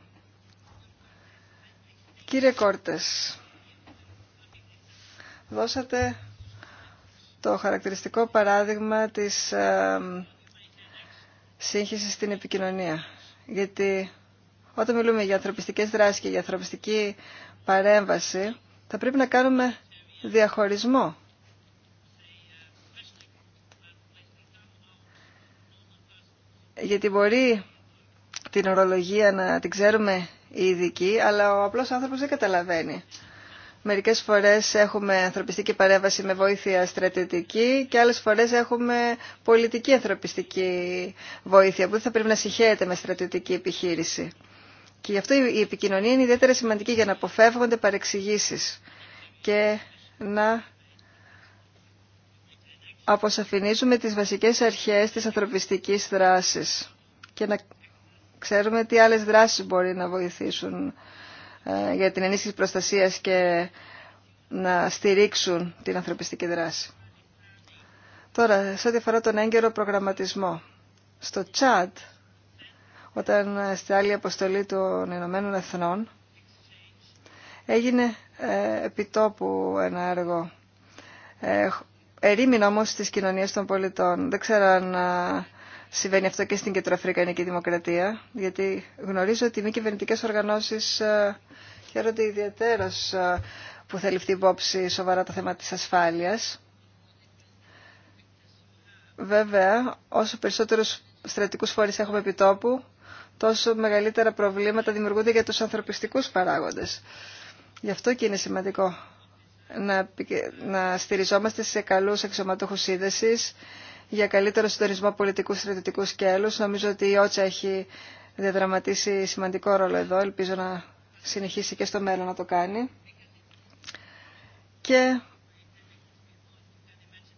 Κύριε Κόρτες, δώσατε το χαρακτηριστικό παράδειγμα της σύγχυσης στην επικοινωνία. Γιατί όταν μιλούμε για ανθρωπιστικές δράσεις και για ανθρωπιστική παρέμβαση, θα πρέπει να κάνουμε διαχωρισμό γιατί μπορεί την ορολογία να την ξέρουμε οι ειδικοί, αλλά ο απλός άνθρωπος δεν καταλαβαίνει. Μερικές φορές έχουμε ανθρωπιστική παρέμβαση με βοήθεια στρατιωτική και άλλες φορές έχουμε πολιτική ανθρωπιστική βοήθεια που δεν θα πρέπει να συγχαίεται με στρατιωτική επιχείρηση. Και γι' αυτό η επικοινωνία είναι ιδιαίτερα σημαντική για να αποφεύγονται παρεξηγήσεις και να αποσαφηνίζουμε τις βασικές αρχές της ανθρωπιστικής δράσης και να ξέρουμε τι άλλες δράσεις μπορεί να βοηθήσουν ε, για την ενίσχυση προστασίας και να στηρίξουν την ανθρωπιστική δράση. Τώρα, σε ό,τι αφορά τον έγκαιρο προγραμματισμό. Στο Τσάντ, όταν στη άλλη αποστολή των Ηνωμένων Εθνών, έγινε ε, επιτόπου ένα έργο ε, ερήμην όμως της κοινωνίας των πολιτών. Δεν ξέρω αν συμβαίνει αυτό και στην Κεντροαφρικανική Δημοκρατία, γιατί γνωρίζω ότι οι μη κυβερνητικέ οργανώσεις χαίρονται ιδιαίτερως που θα ληφθεί υπόψη σοβαρά το θέμα της ασφάλειας. Βέβαια, όσο περισσότερους στρατικούς φορείς έχουμε επιτόπου, τόσο μεγαλύτερα προβλήματα δημιουργούνται για τους ανθρωπιστικούς παράγοντες. Γι' αυτό και είναι σημαντικό να, να στηριζόμαστε σε καλούς αξιωματούχους σύνδεσης για καλύτερο συντονισμό πολιτικού στρατιωτικού σκέλους. Νομίζω ότι η Ότσα έχει διαδραματίσει σημαντικό ρόλο εδώ. Ελπίζω να συνεχίσει και στο μέλλον να το κάνει. Και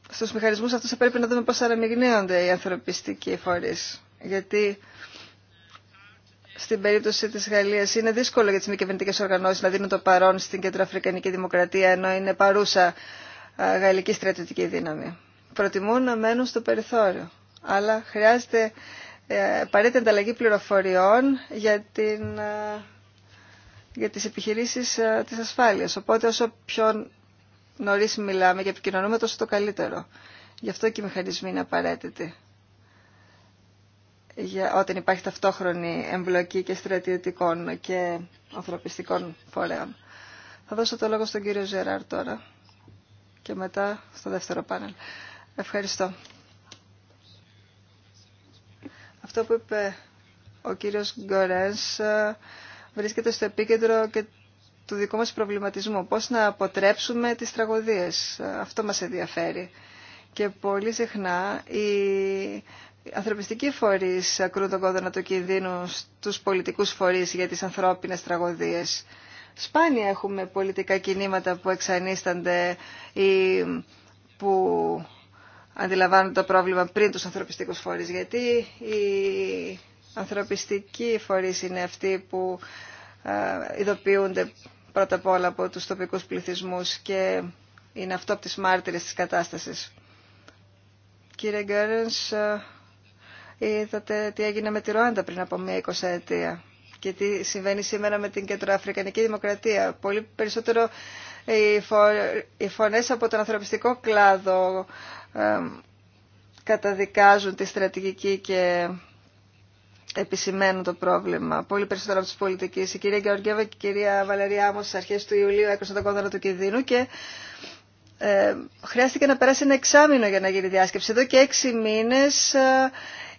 στους μηχανισμούς αυτούς θα πρέπει να δούμε πώς αναμειγνύονται οι ανθρωπιστικοί φορείς. Γιατί στην περίπτωση της Γαλλίας είναι δύσκολο για τις μη κυβερνητικέ οργανώσεις να δίνουν το παρόν στην Κεντροαφρικανική Δημοκρατία ενώ είναι παρούσα γαλλική στρατιωτική δύναμη. Προτιμούν να μένουν στο περιθώριο. Αλλά χρειάζεται ε, απαραίτητη ανταλλαγή πληροφοριών για, την, για τις επιχειρήσεις της ασφάλειας. Οπότε όσο πιο νωρίς μιλάμε και επικοινωνούμε τόσο το καλύτερο. Γι' αυτό και οι μηχανισμοί είναι απαραίτητοι για όταν υπάρχει ταυτόχρονη εμπλοκή και στρατιωτικών και ανθρωπιστικών φορέων. Θα δώσω το λόγο στον κύριο Ζεράρ τώρα και μετά στο δεύτερο πάνελ. Ευχαριστώ. Αυτό που είπε ο κύριος Γκορένς ε, βρίσκεται στο επίκεντρο και του δικού μας προβληματισμού. Πώς να αποτρέψουμε τις τραγωδίες. Αυτό μας ενδιαφέρει. Και πολύ συχνά οι ανθρωπιστικοί φορείς ακρούν τον κόδωνα του κινδύνου στους πολιτικούς φορείς για τις ανθρώπινες τραγωδίες. Σπάνια έχουμε πολιτικά κινήματα που εξανίστανται ή που αντιλαμβάνουν το πρόβλημα πριν τους ανθρωπιστικούς φορείς, γιατί οι ανθρωπιστικοί φορείς είναι αυτοί που ειδοποιούνται πρώτα απ' όλα από τους τοπικούς πληθυσμούς και είναι αυτό από τις μάρτυρες της κατάστασης. Κύριε Γκέρνς... Είδατε τι έγινε με τη Ρουάντα πριν από μία εικοσαετία και τι συμβαίνει σήμερα με την κεντροαφρικανική δημοκρατία. Πολύ περισσότερο οι φωνές από τον ανθρωπιστικό κλάδο καταδικάζουν τη στρατηγική και επισημαίνουν το πρόβλημα. Πολύ περισσότερο από τις πολιτικές. Η κυρία Γεωργέβα και η κυρία Βαλερία Άμμος... στι αρχέ του Ιουλίου έκρουσαν τον κόδωνα του κινδύνου και ε, χρειάστηκε να περάσει ένα εξάμεινο για να γίνει διάσκεψη. Εδώ και έξι μήνε ε,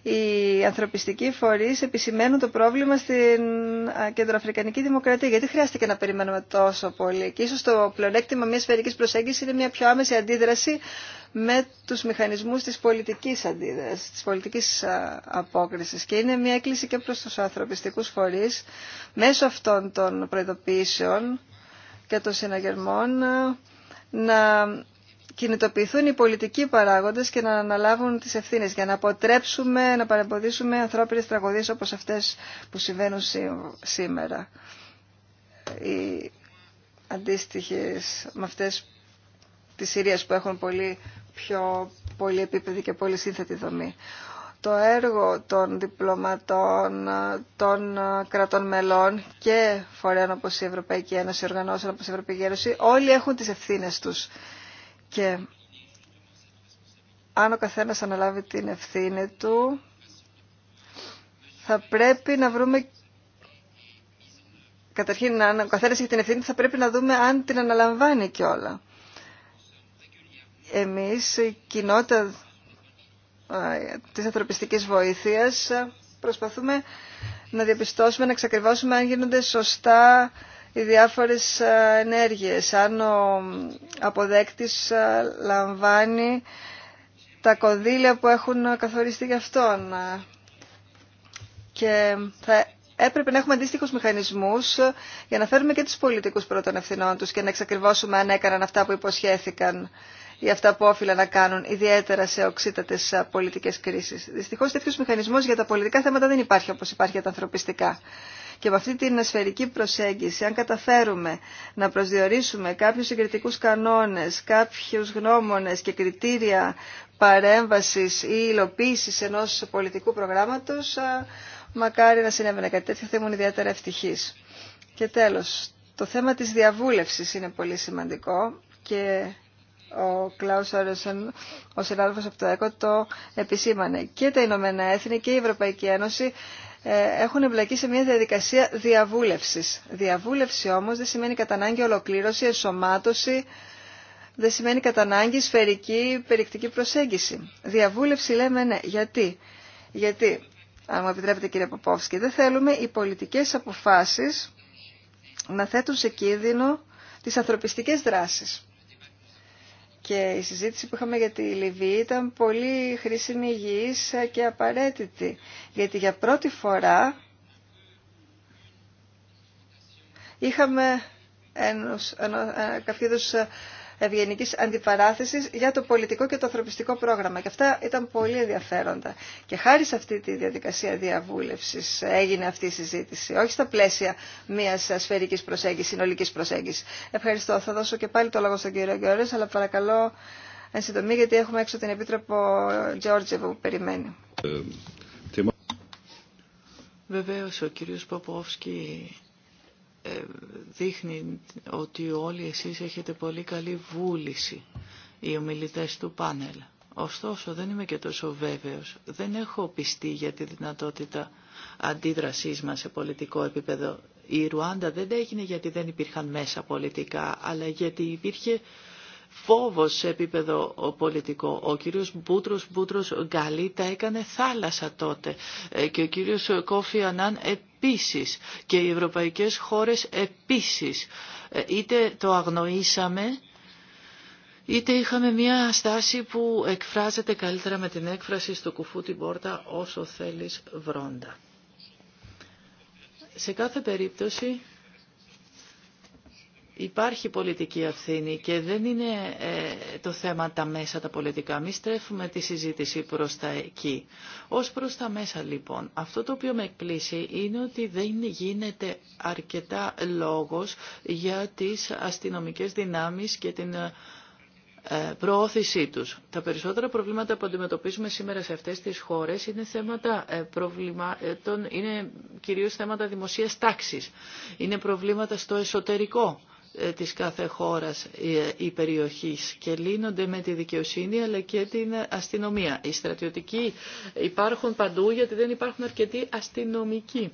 οι ανθρωπιστικοί φορείς επισημαίνουν το πρόβλημα στην Κεντροαφρικανική Δημοκρατία. Γιατί χρειάστηκε να περιμένουμε τόσο πολύ. Και ίσως το πλεονέκτημα μιας σφαιρική προσέγγισης είναι μια πιο άμεση αντίδραση με τους μηχανισμούς της πολιτικής αντίδρασης, της πολιτικής απόκρισης. Και είναι μια έκκληση και προ του ανθρωπιστικού φορεί μέσω αυτών των προειδοποιήσεων και των συναγερμών να κινητοποιηθούν οι πολιτικοί παράγοντες και να αναλάβουν τις ευθύνες για να αποτρέψουμε, να παρεμποδίσουμε ανθρώπινες τραγωδίες όπως αυτές που συμβαίνουν σήμερα. Οι αντίστοιχες με αυτές της Συρίας που έχουν πολύ πιο πολύ επίπεδη και πολύ σύνθετη δομή. Το έργο των διπλωματών, των κρατών μελών και φορέων όπως η Ευρωπαϊκή Ένωση, οργανώσεων όπως η Ευρωπαϊκή Ένωση, όλοι έχουν τις ευθύνες τους και αν ο καθένας αναλάβει την ευθύνη του, θα πρέπει να βρούμε... Καταρχήν, αν ο καθένας έχει την ευθύνη, θα πρέπει να δούμε αν την αναλαμβάνει κιόλα. Εμείς, η κοινότητα της ανθρωπιστικής βοήθειας, προσπαθούμε να διαπιστώσουμε, να εξακριβώσουμε αν γίνονται σωστά οι διάφορες ε, ενέργειες. Αν ο αποδέκτης ε, λαμβάνει τα κονδύλια που έχουν καθοριστεί για αυτόν. Και θα έπρεπε να έχουμε αντίστοιχου μηχανισμούς για να φέρουμε και τους πολιτικούς πρώτων ευθυνών τους και να εξακριβώσουμε αν έκαναν αυτά που υποσχέθηκαν ή αυτά που όφυλα να κάνουν, ιδιαίτερα σε οξύτατε πολιτικέ κρίσει. Δυστυχώ τέτοιο μηχανισμό για τα πολιτικά θέματα δεν υπάρχει όπω υπάρχει για τα ανθρωπιστικά. Και με αυτή την σφαιρική προσέγγιση, αν καταφέρουμε να προσδιορίσουμε κάποιους συγκριτικούς κανόνες, κάποιους γνώμονες και κριτήρια παρέμβασης ή υλοποίησης ενός πολιτικού προγράμματος, μακάρι να συνέβαινε κάτι τέτοιο, θα ήμουν ιδιαίτερα ευτυχής. Και τέλος, το θέμα της διαβούλευσης είναι πολύ σημαντικό και ο Κλάου Άρεσεν ο συνάδελφο από το ΕΚΟ, το επισήμανε. Και τα Ηνωμένα Έθνη και η Ευρωπαϊκή Ένωση ε, έχουν εμπλακεί σε μια διαδικασία διαβούλευσης. Διαβούλευση όμως δεν σημαίνει κατά ανάγκη ολοκλήρωση, ενσωμάτωση, δεν σημαίνει κατά ανάγκη σφαιρική περιεκτική προσέγγιση. Διαβούλευση λέμε ναι. Γιατί, Γιατί αν μου επιτρέπετε κύριε Ποπόφσκι, δεν θέλουμε οι πολιτικές αποφάσεις να θέτουν σε κίνδυνο τις ανθρωπιστικές δράσεις. Και η συζήτηση που είχαμε για τη Λιβύη ήταν πολύ χρήσιμη, υγιής και απαραίτητη. Γιατί για πρώτη φορά είχαμε ε, κάποιου ευγενική αντιπαράθεση για το πολιτικό και το ανθρωπιστικό πρόγραμμα. Και αυτά ήταν πολύ ενδιαφέροντα. Και χάρη σε αυτή τη διαδικασία διαβούλευση έγινε αυτή η συζήτηση, όχι στα πλαίσια μια σφαιρική προσέγγιση, συνολική προσέγγιση. Ευχαριστώ. Θα δώσω και πάλι το λόγο στον κύριο Γκιόρε, αλλά παρακαλώ εν συντομή, γιατί έχουμε έξω την Επίτροπο Τζόρτζεβου που περιμένει. Ε, ο κύριος δείχνει ότι όλοι εσείς έχετε πολύ καλή βούληση, οι ομιλητές του πάνελ. Ωστόσο δεν είμαι και τόσο βέβαιος. Δεν έχω πιστεί για τη δυνατότητα αντίδρασής μας σε πολιτικό επίπεδο. Η Ρουάντα δεν έγινε γιατί δεν υπήρχαν μέσα πολιτικά, αλλά γιατί υπήρχε φόβος σε επίπεδο πολιτικό. Ο κύριος Μπούτρος Μπούτρος Γκαλή τα έκανε θάλασσα τότε ε, και ο κύριος Κόφι Ανάν ε, επίσης και οι ευρωπαϊκές χώρες επίσης. Ε, είτε το αγνοήσαμε, είτε είχαμε μια στάση που εκφράζεται καλύτερα με την έκφραση στο κουφού την πόρτα όσο θέλεις βρόντα. Σε κάθε περίπτωση Υπάρχει πολιτική ευθύνη και δεν είναι ε, το θέμα τα μέσα τα πολιτικά. Μη στρέφουμε τη συζήτηση προς τα εκεί. Ως προς τα μέσα λοιπόν, αυτό το οποίο με εκπλήσει είναι ότι δεν γίνεται αρκετά λόγος για τις αστυνομικές δυνάμεις και την ε, ε, προώθησή τους. Τα περισσότερα προβλήματα που αντιμετωπίζουμε σήμερα σε αυτές τις χώρες είναι, θέματα είναι κυρίως θέματα δημοσίας τάξης. Είναι προβλήματα στο εσωτερικό ε, της κάθε χώρας ή ε, περιοχής και λύνονται με τη δικαιοσύνη αλλά και την αστυνομία. Οι στρατιωτικοί υπάρχουν παντού γιατί δεν υπάρχουν αρκετοί αστυνομικοί.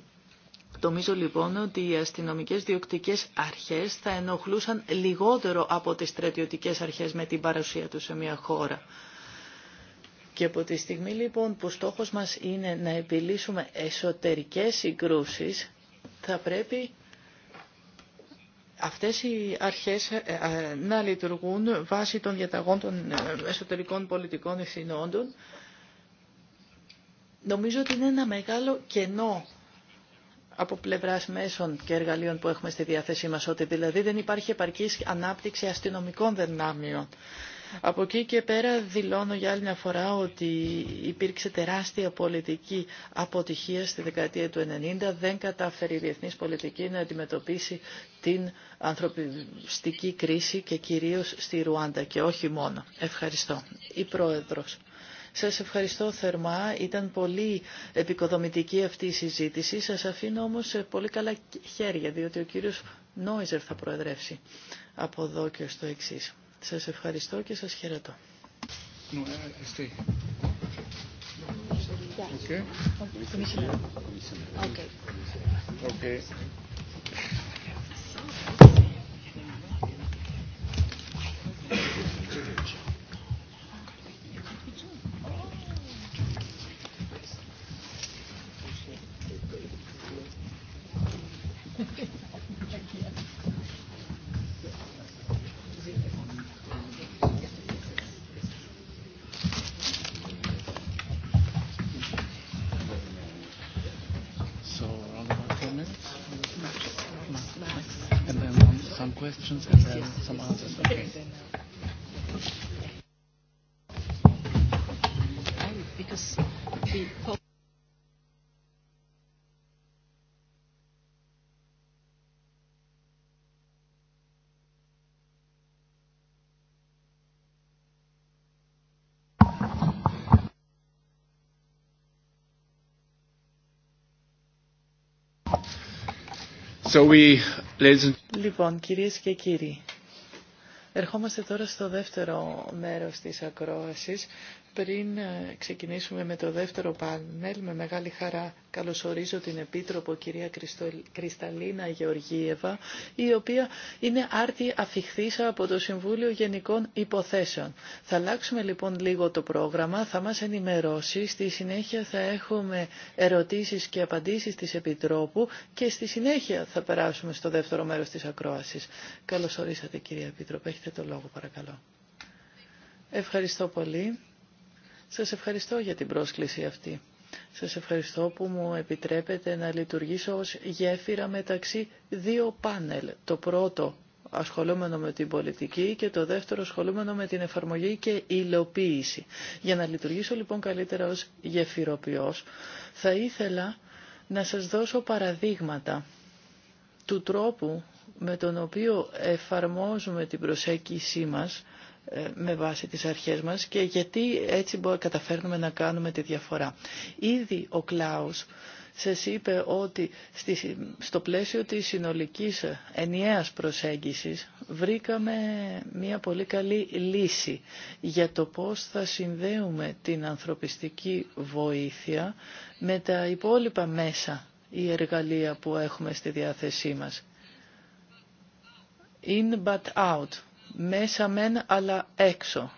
Νομίζω λοιπόν ότι οι αστυνομικές διοκτικές αρχές θα ενοχλούσαν λιγότερο από τις στρατιωτικές αρχές με την παρουσία τους σε μια χώρα. Και από τη στιγμή λοιπόν που στόχος μας είναι να επιλύσουμε εσωτερικές συγκρούσεις, θα πρέπει αυτές οι αρχές ε, ε, να λειτουργούν βάσει των διαταγών των ε, εσωτερικών πολιτικών ευθυνόντων. Νομίζω ότι είναι ένα μεγάλο κενό από πλευράς μέσων και εργαλείων που έχουμε στη διάθεσή μας ότι δηλαδή δεν υπάρχει επαρκή ανάπτυξη αστυνομικών δυνάμειων. Από εκεί και πέρα δηλώνω για άλλη μια φορά ότι υπήρξε τεράστια πολιτική αποτυχία στη δεκαετία του 90. Δεν κατάφερε η διεθνής πολιτική να αντιμετωπίσει την ανθρωπιστική κρίση και κυρίως στη Ρουάντα και όχι μόνο. Ευχαριστώ. Η Πρόεδρος. Σας ευχαριστώ θερμά. Ήταν πολύ επικοδομητική αυτή η συζήτηση. Σας αφήνω όμως σε πολύ καλά χέρια, διότι ο κύριος Νόιζερ θα προεδρεύσει από εδώ και στο εξής. Σας ευχαριστώ και σας χαιρετώ. Okay. Okay. Ε, Λοιπόν, κυρίες και κύριοι, ερχόμαστε τώρα στο δεύτερο μέρος της ακρόασης πριν ε, ξεκινήσουμε με το δεύτερο πάνελ, με μεγάλη χαρά καλωσορίζω την Επίτροπο κυρία Κρυσταλίνα Γεωργίευα, η οποία είναι άρτη αφιχθήσα από το Συμβούλιο Γενικών Υποθέσεων. Θα αλλάξουμε λοιπόν λίγο το πρόγραμμα, θα μας ενημερώσει, στη συνέχεια θα έχουμε ερωτήσεις και απαντήσεις της Επιτρόπου και στη συνέχεια θα περάσουμε στο δεύτερο μέρος της ακρόασης. Καλωσορίσατε κυρία Επίτροπο, έχετε το λόγο παρακαλώ. Ευχαριστώ πολύ. Σας ευχαριστώ για την πρόσκληση αυτή. Σας ευχαριστώ που μου επιτρέπετε να λειτουργήσω ως γέφυρα μεταξύ δύο πάνελ. Το πρώτο ασχολούμενο με την πολιτική και το δεύτερο ασχολούμενο με την εφαρμογή και υλοποίηση. Για να λειτουργήσω λοιπόν καλύτερα ως γεφυροποιός, θα ήθελα να σας δώσω παραδείγματα του τρόπου με τον οποίο εφαρμόζουμε την προσέγγιση μας με βάση τις αρχές μας και γιατί έτσι καταφέρνουμε να κάνουμε τη διαφορά. Ήδη ο Κλάους σας είπε ότι στο πλαίσιο της συνολικής ενιαίας προσέγγισης βρήκαμε μια πολύ καλή λύση για το πώς θα συνδέουμε την ανθρωπιστική βοήθεια με τα υπόλοιπα μέσα ή εργαλεία που έχουμε στη διάθεσή μας. In but out μέσα μεν αλλά έξω.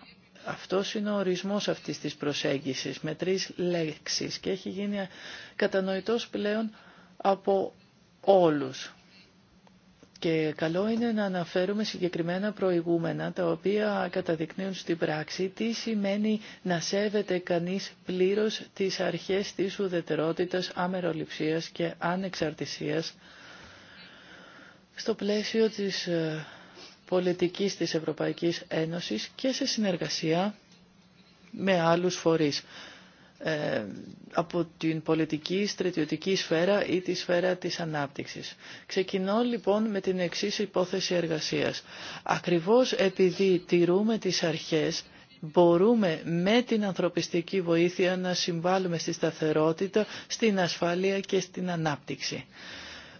Αυτός είναι ο ορισμός αυτής της προσέγγισης με τρεις λέξεις και έχει γίνει κατανοητός πλέον από όλους. Και καλό είναι να αναφέρουμε συγκεκριμένα προηγούμενα τα οποία καταδεικνύουν στην πράξη τι σημαίνει να σέβεται κανείς πλήρως τις αρχές της ουδετερότητας, αμεροληψίας και ανεξαρτησίας στο πλαίσιο της ε, πολιτικής της Ευρωπαϊκής Ένωσης και σε συνεργασία με άλλους φορείς ε, από την πολιτική, στρατιωτική σφαίρα ή τη σφαίρα της ανάπτυξης. Ξεκινώ λοιπόν με την εξής υπόθεση εργασίας. Ακριβώς επειδή τηρούμε τις αρχές, μπορούμε με την ανθρωπιστική βοήθεια να συμβάλλουμε στη σταθερότητα, στην ασφάλεια και στην ανάπτυξη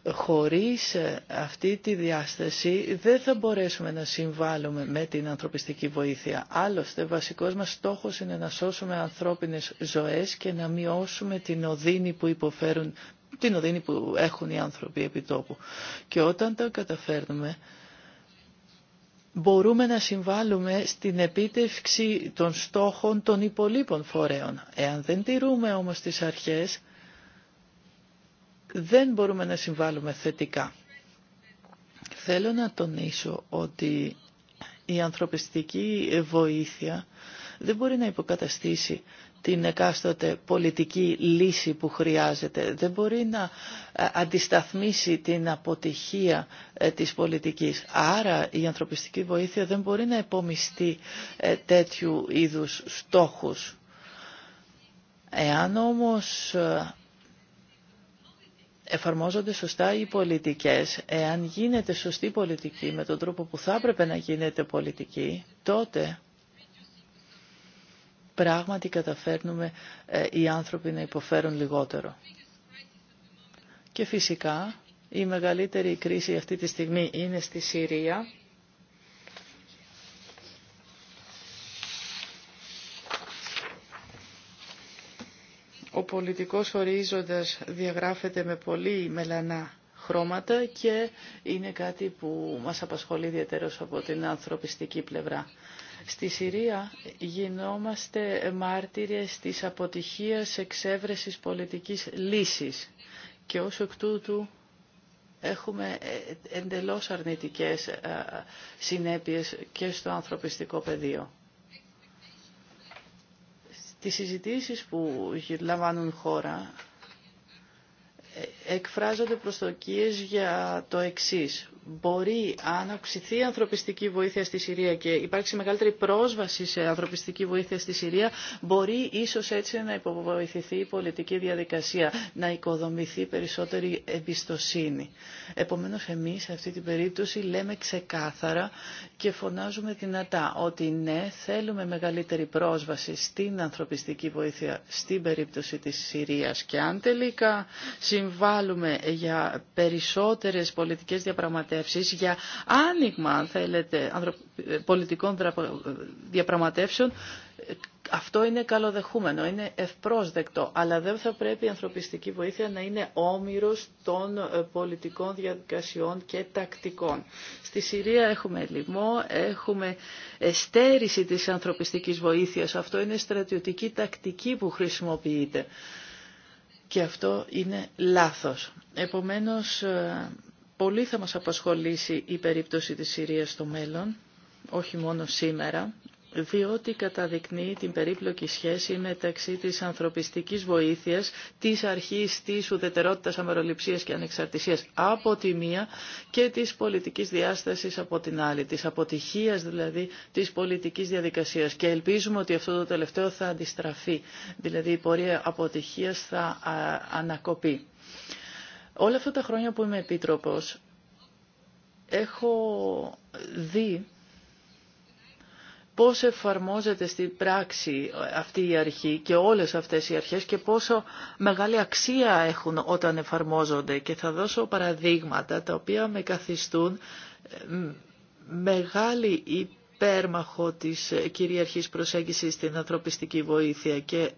χωρίς ε, αυτή τη διάσταση δεν θα μπορέσουμε να συμβάλλουμε με την ανθρωπιστική βοήθεια. Άλλωστε, βασικός μας στόχος είναι να σώσουμε ανθρώπινες ζωές και να μειώσουμε την οδύνη που υποφέρουν, την οδύνη που έχουν οι άνθρωποι επί τόπου. Και όταν τα καταφέρνουμε, μπορούμε να συμβάλλουμε στην επίτευξη των στόχων των υπολείπων φορέων. Εάν δεν τηρούμε όμως τις αρχές, δεν μπορούμε να συμβάλλουμε θετικά. Θέλω να τονίσω ότι η ανθρωπιστική βοήθεια δεν μπορεί να υποκαταστήσει την εκάστοτε πολιτική λύση που χρειάζεται. Δεν μπορεί να ε, αντισταθμίσει την αποτυχία ε, της πολιτικής. Άρα η ανθρωπιστική βοήθεια δεν μπορεί να επομιστεί ε, τέτοιου είδους στόχους. Εάν όμως εφαρμόζονται σωστά οι πολιτικές, εάν γίνεται σωστή πολιτική με τον τρόπο που θα έπρεπε να γίνεται πολιτική, τότε πράγματι καταφέρνουμε ε, οι άνθρωποι να υποφέρουν λιγότερο. Και φυσικά η μεγαλύτερη κρίση αυτή τη στιγμή είναι στη Συρία πολιτικός ορίζοντας διαγράφεται με πολύ μελανά χρώματα και είναι κάτι που μας απασχολεί ιδιαίτερως από την ανθρωπιστική πλευρά. Στη Συρία γινόμαστε μάρτυρες της αποτυχίας εξέβρεσης πολιτικής λύσης και ως εκ τούτου έχουμε ε, εντελώς αρνητικές ε, συνέπειες και στο ανθρωπιστικό πεδίο. Τις συζητήσεις που λαμβάνουν χώρα ε, εκφράζονται προσδοκίες για το εξής μπορεί αν αυξηθεί η ανθρωπιστική βοήθεια στη Συρία και υπάρξει μεγαλύτερη πρόσβαση σε ανθρωπιστική βοήθεια στη Συρία, μπορεί ίσως έτσι να υποβοηθηθεί η πολιτική διαδικασία, να οικοδομηθεί περισσότερη εμπιστοσύνη. Επομένως εμείς σε αυτή την περίπτωση λέμε ξεκάθαρα και φωνάζουμε δυνατά ότι ναι, θέλουμε μεγαλύτερη πρόσβαση στην ανθρωπιστική βοήθεια στην περίπτωση της Συρίας και αν τελικά συμβάλλουμε για περισσότερες πολιτικές διαπραγματεύσει για άνοιγμα, αν θέλετε, πολιτικών διαπραγματεύσεων αυτό είναι καλοδεχούμενο, είναι ευπρόσδεκτο, αλλά δεν θα πρέπει η ανθρωπιστική βοήθεια να είναι όμοιρος των ε, πολιτικών διαδικασιών και τακτικών. Στη Συρία έχουμε λοιμό, έχουμε στέρηση της ανθρωπιστικής βοήθειας. Αυτό είναι στρατιωτική τακτική που χρησιμοποιείται. Και αυτό είναι λάθος. Επομένως, ε, Πολύ θα μας απασχολήσει η περίπτωση της Συρίας στο μέλλον, όχι μόνο σήμερα, διότι καταδεικνύει την περίπλοκη σχέση μεταξύ της ανθρωπιστικής βοήθειας, της αρχής της ουδετερότητας αμεροληψίας και ανεξαρτησίας από τη μία και της πολιτικής διάστασης από την άλλη, της αποτυχίας δηλαδή της πολιτικής διαδικασίας. Και ελπίζουμε ότι αυτό το τελευταίο θα αντιστραφεί, δηλαδή η πορεία αποτυχίας θα ανακοπεί. Όλα αυτά τα χρόνια που είμαι επίτροπος, έχω δει πώς εφαρμόζεται στην πράξη αυτή η αρχή και όλες αυτές οι αρχές και πόσο μεγάλη αξία έχουν όταν εφαρμόζονται. Και θα δώσω παραδείγματα τα οποία με καθιστούν ε, μεγάλη υπέρμαχο της ε, κυριαρχής προσέγγισης στην ανθρωπιστική βοήθεια και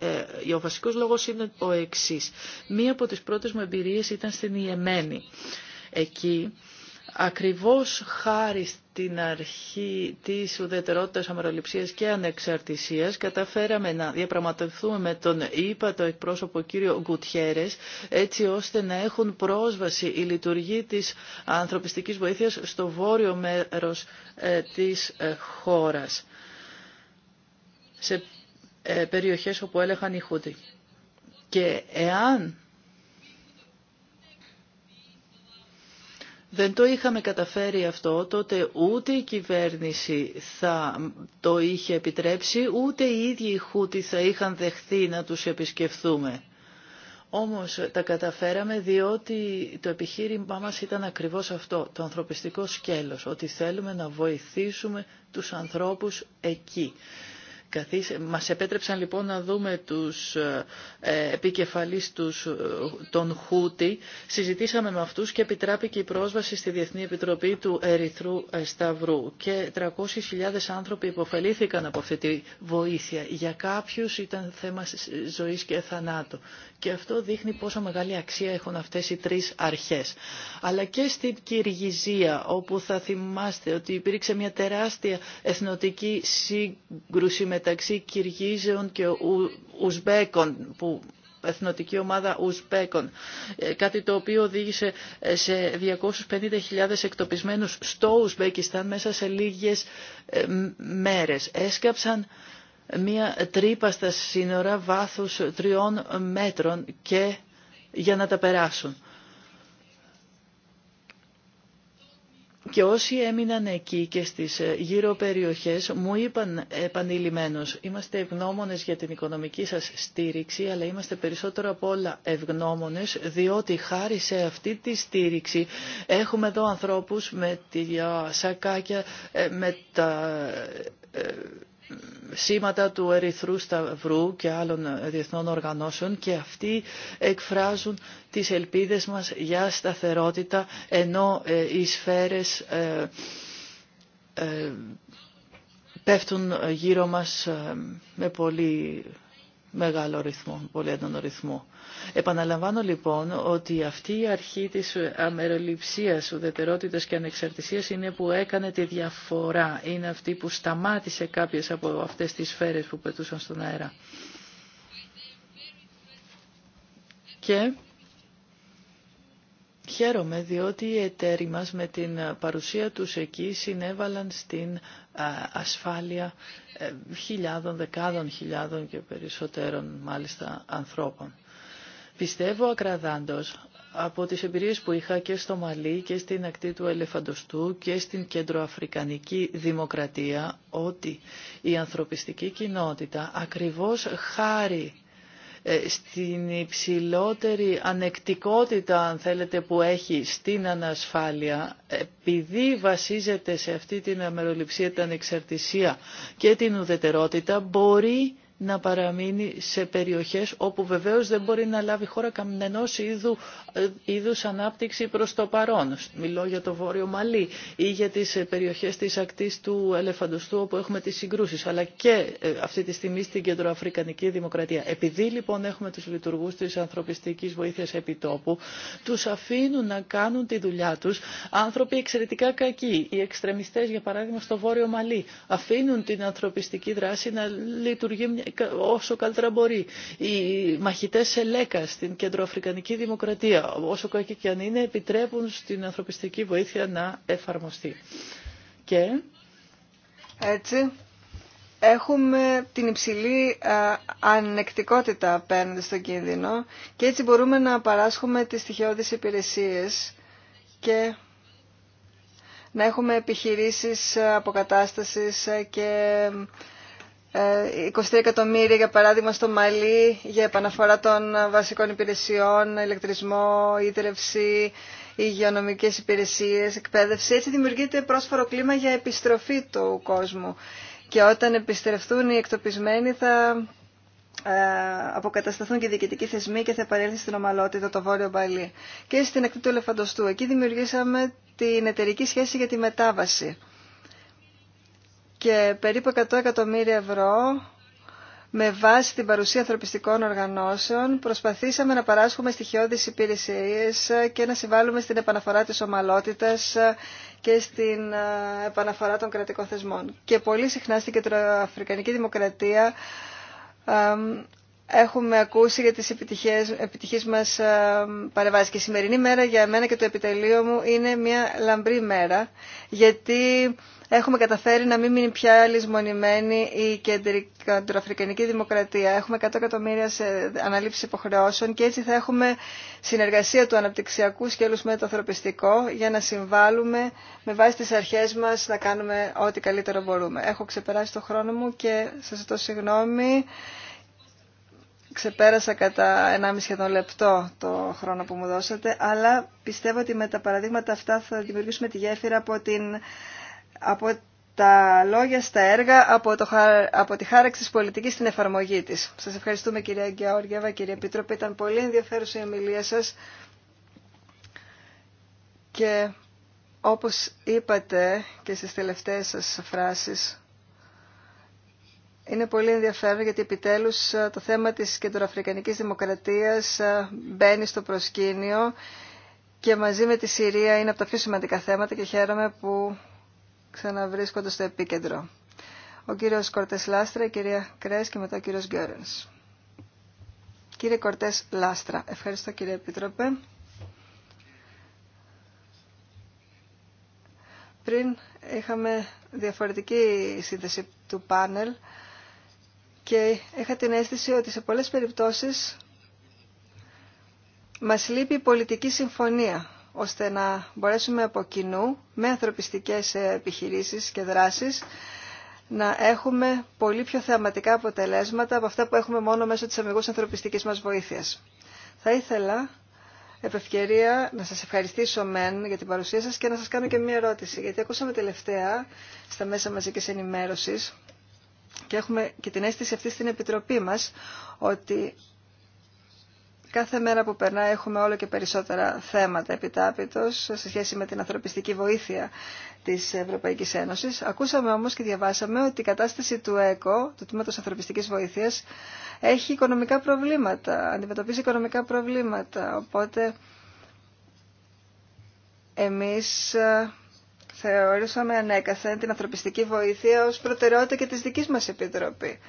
ε, ο βασικός λόγος είναι ο εξής. Μία από τις πρώτες μου εμπειρίες ήταν στην Ιεμένη. Εκεί Ακριβώς χάρη στην αρχή της ουδετερότητας αμεροληψίας και ανεξαρτησίας καταφέραμε να διαπραγματευτούμε με τον ΙΠΑ το εκπρόσωπο κύριο Γκουτιέρες έτσι ώστε να έχουν πρόσβαση η λειτουργή της ανθρωπιστικής βοήθειας στο βόρειο μέρος ε, της ε, χώρας σε ε, περιοχές όπου έλεγχαν οι Χούτι. Και εάν δεν το είχαμε καταφέρει αυτό, τότε ούτε η κυβέρνηση θα το είχε επιτρέψει, ούτε οι ίδιοι οι Χούτι θα είχαν δεχθεί να τους επισκεφθούμε. Όμως τα καταφέραμε διότι το επιχείρημά μας ήταν ακριβώς αυτό, το ανθρωπιστικό σκέλος, ότι θέλουμε να βοηθήσουμε τους ανθρώπους εκεί. Μας επέτρεψαν λοιπόν να δούμε τους ε, ε, επικεφαλείς τους, ε, των Χούτι. Συζητήσαμε με αυτούς και επιτράπηκε η πρόσβαση στη Διεθνή Επιτροπή του Ερυθρού Σταυρού. Και 300.000 άνθρωποι υποφελήθηκαν από αυτή τη βοήθεια. Για κάποιους ήταν θέμα ζωής και θανάτου. Και αυτό δείχνει πόσο μεγάλη αξία έχουν αυτές οι τρεις αρχές. Αλλά και στην Κυργυζία, όπου θα θυμάστε ότι υπήρξε μια τεράστια εθνοτική σύγκρουση μεταξύ Κυργίζεων και Ουσμπέκων, που εθνοτική ομάδα Ουσπέκων, ε, κάτι το οποίο οδήγησε ε, σε 250.000 εκτοπισμένους στο Ουσμπέκισταν μέσα σε λίγες ε, μέρες. Έσκαψαν μία τρύπα στα σύνορα βάθους τριών μέτρων και για να τα περάσουν. Και όσοι έμειναν εκεί και στις ε, γύρω περιοχές μου είπαν επανειλημμένως είμαστε ευγνώμονες για την οικονομική σας στήριξη αλλά είμαστε περισσότερο από όλα ευγνώμονες διότι χάρη σε αυτή τη στήριξη έχουμε εδώ ανθρώπους με τη σακάκια, ε, με τα ε, σήματα του Ερυθρού Σταυρού και άλλων ε, διεθνών οργανώσεων και αυτοί εκφράζουν τις ελπίδες μας για σταθερότητα ενώ ε, οι σφαίρες ε, πέφτουν γύρω μας με πολύ μεγάλο ρυθμό, πολύ έντονο ρυθμό. Επαναλαμβάνω λοιπόν ότι αυτή η αρχή της αμεροληψίας, ουδετερότητας και ανεξαρτησίας είναι που έκανε τη διαφορά. Είναι αυτή που σταμάτησε κάποιες από αυτές τις σφαίρες που πετούσαν στον αέρα. Και Χαίρομαι διότι οι εταίροι μας με την παρουσία τους εκεί συνέβαλαν στην ασφάλεια ε, χιλιάδων, δεκάδων χιλιάδων και περισσότερων μάλιστα ανθρώπων. Πιστεύω ακραδάντως από τις εμπειρίες που είχα και στο Μαλί και στην ακτή του Ελεφαντοστού και στην κεντροαφρικανική δημοκρατία ότι η ανθρωπιστική κοινότητα ακριβώς χάρη ε, στην υψηλότερη ανεκτικότητα, αν θέλετε, που έχει στην ανασφάλεια, επειδή βασίζεται σε αυτή την αμεροληψία, την ανεξαρτησία και την ουδετερότητα, μπορεί να παραμείνει σε περιοχές όπου βεβαίως δεν μπορεί να λάβει χώρα καμνενός είδου, ε, είδους ανάπτυξη προς το παρόν. Μιλώ για το Βόρειο Μαλί ή για τις ε, περιοχές της ακτής του Ελεφαντοστού όπου έχουμε τις συγκρούσεις, αλλά και ε, αυτή τη στιγμή στην Κεντροαφρικανική Δημοκρατία. Επειδή λοιπόν έχουμε τους λειτουργούς της ανθρωπιστικής βοήθειας επιτόπου, τους αφήνουν να κάνουν τη δουλειά τους άνθρωποι εξαιρετικά κακοί, οι εξτρεμιστές για παράδειγμα στο Βόρειο Μαλί. Αφήνουν την ανθρωπιστική δράση να λειτουργεί όσο καλύτερα μπορεί. Οι μαχητέ Ελέκα στην Κεντροαφρικανική Δημοκρατία, όσο κακή και αν είναι, επιτρέπουν στην ανθρωπιστική βοήθεια να εφαρμοστεί. Και... Έτσι, έχουμε την υψηλή ανεκτικότητα απέναντι στον κίνδυνο και έτσι μπορούμε να παράσχουμε τις στοιχειώδεις υπηρεσίες και να έχουμε επιχειρήσεις αποκατάστασης και 23 ε, εκατομμύρια για παράδειγμα στο Μαλί για επαναφορά των βασικών υπηρεσιών, ηλεκτρισμό, ίδρυυση, υγειονομικές υπηρεσίες, εκπαίδευση. Έτσι δημιουργείται πρόσφορο κλίμα για επιστροφή του κόσμου. Και όταν επιστρεφθούν οι εκτοπισμένοι θα ε, αποκατασταθούν και οι διοικητικοί θεσμοί και θα επανέλθει στην ομαλότητα το Βόρειο Μπαλί. Και στην ακτή του Ελεφαντοστού. Εκεί δημιουργήσαμε την εταιρική σχέση για τη μετάβαση και περίπου 100 εκατομμύρια ευρώ με βάση την παρουσία ανθρωπιστικών οργανώσεων προσπαθήσαμε να παράσχουμε στοιχειώδεις υπηρεσίες και να συμβάλλουμε στην επαναφορά της ομαλότητας και στην ε, επαναφορά των κρατικών θεσμών. Και πολύ συχνά στην Κεντροαφρικανική Δημοκρατία έχουμε ακούσει για τις επιτυχίες, επιτυχίες μας ε, παρεμβάσεις. Και η σημερινή μέρα για μένα και το επιτελείο μου είναι μια λαμπρή μέρα, γιατί έχουμε καταφέρει να μην μείνει πια λησμονημένη η κεντροαφρικανική δημοκρατία. Έχουμε 100 εκατομμύρια σε αναλήψεις υποχρεώσεων και έτσι θα έχουμε συνεργασία του αναπτυξιακού σκέλους με το ανθρωπιστικό για να συμβάλλουμε με βάση τις αρχές μας να κάνουμε ό,τι καλύτερο μπορούμε. Έχω ξεπεράσει το χρόνο μου και σας ζητώ συγγνώμη. Ξεπέρασα κατά 1,5 σχεδόν λεπτό το χρόνο που μου δώσατε, αλλά πιστεύω ότι με τα παραδείγματα αυτά θα δημιουργήσουμε τη γέφυρα από, την, από τα λόγια στα έργα, από, το, από τη χάραξη της πολιτικής στην εφαρμογή της. Σας ευχαριστούμε κυρία Γκιαόργεβα, κυρία Επιτρόπη. ήταν πολύ ενδιαφέρουσα η ομιλία σας και όπως είπατε και στις τελευταίες σας φράσεις, είναι πολύ ενδιαφέρον γιατί επιτέλους ε, το θέμα της κεντροαφρικανικής δημοκρατίας ε, μπαίνει στο προσκήνιο και μαζί με τη Συρία είναι από τα πιο σημαντικά θέματα και χαίρομαι που ξαναβρίσκονται στο επίκεντρο. Ο κύριος Κορτές Λάστρα, η κυρία Κρές και μετά ο κύριος Γκέρενς. Κύριε Κορτές Λάστρα, ευχαριστώ κύριε Επίτροπε. Πριν είχαμε διαφορετική σύνθεση του πάνελ, και είχα την αίσθηση ότι σε πολλές περιπτώσεις μας λείπει η πολιτική συμφωνία ώστε να μπορέσουμε από κοινού με ανθρωπιστικές επιχειρήσεις και δράσεις να έχουμε πολύ πιο θεαματικά αποτελέσματα από αυτά που έχουμε μόνο μέσω της αμυγούς ανθρωπιστικής μας βοήθειας. Θα ήθελα ευκαιρία, να σας ευχαριστήσω μεν για την παρουσία σας και να σας κάνω και μία ερώτηση. Γιατί ακούσαμε τελευταία στα μέσα μαζικής ενημέρωσης και έχουμε και την αίσθηση αυτή στην Επιτροπή μας ότι κάθε μέρα που περνά έχουμε όλο και περισσότερα θέματα επιτάπητος σε σχέση με την ανθρωπιστική βοήθεια της Ευρωπαϊκής Ένωσης. Ακούσαμε όμως και διαβάσαμε ότι η κατάσταση του ΕΚΟ, του Τμήματος Ανθρωπιστικής Βοήθειας, έχει οικονομικά προβλήματα, αντιμετωπίζει οικονομικά προβλήματα. Οπότε εμείς ε, Θεώρησαμε ανέκαθεν την ανθρωπιστική βοήθεια ως προτεραιότητα και της δικής μας Επιτροπή.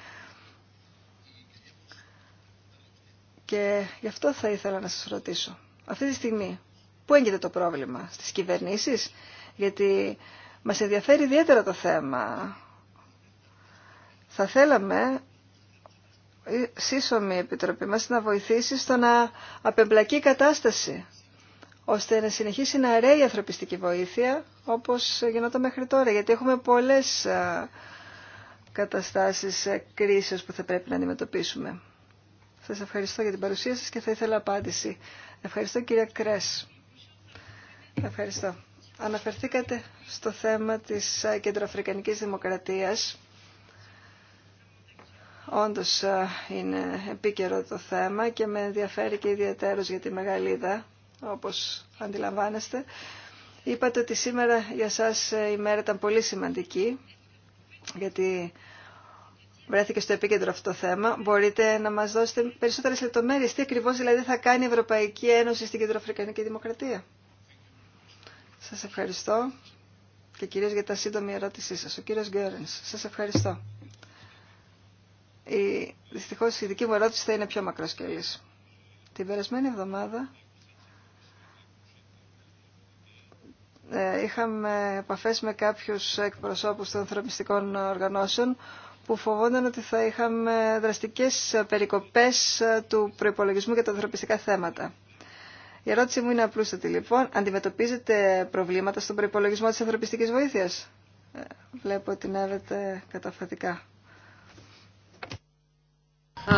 Και γι' αυτό θα ήθελα να σας ρωτήσω. Αυτή τη στιγμή, πού έγινε το πρόβλημα, στις κυβερνήσεις, γιατί μας ενδιαφέρει ιδιαίτερα το θέμα. Θα θέλαμε η σύσσωμη επιτροπή μας να βοηθήσει στο να απεμπλακεί κατάσταση ώστε να συνεχίσει να αρέει η ανθρωπιστική βοήθεια όπως γινόταν μέχρι τώρα. Γιατί έχουμε πολλές καταστάσεις κρίσεως που θα πρέπει να αντιμετωπίσουμε. Σας ευχαριστώ για την παρουσία σας και θα ήθελα απάντηση. Ευχαριστώ κυρία Κρέσ. Ευχαριστώ. Αναφερθήκατε στο θέμα της κεντροαφρικανικής δημοκρατίας. Όντως είναι επίκαιρο το θέμα και με ενδιαφέρει και ιδιαίτερος για τη Μεγαλίδα όπως αντιλαμβάνεστε. Είπατε ότι σήμερα για σας η μέρα ήταν πολύ σημαντική, γιατί βρέθηκε στο επίκεντρο αυτό το θέμα. Μπορείτε να μας δώσετε περισσότερες λεπτομέρειες, τι ακριβώς δηλαδή θα κάνει η Ευρωπαϊκή Ένωση στην Κεντροαφρικανική Δημοκρατία. Σας ευχαριστώ και κυρίως για τα σύντομη ερώτησή σας. Ο κύριος Γκέρενς, σας ευχαριστώ. Η, δυστυχώς η δική μου ερώτηση θα είναι πιο μακροσκελής. Την περασμένη εβδομάδα Ε, είχαμε επαφές με κάποιους εκπροσώπους των ανθρωπιστικών οργανώσεων που φοβόνταν ότι θα είχαμε δραστικές περικοπές ε, του προϋπολογισμού για τα ανθρωπιστικά θέματα. Η ερώτηση μου είναι απλούστατη λοιπόν. Αντιμετωπίζετε προβλήματα στον προϋπολογισμό της ανθρωπιστικής βοήθειας. Ε, βλέπω ότι νεύεται καταφατικά. Uh,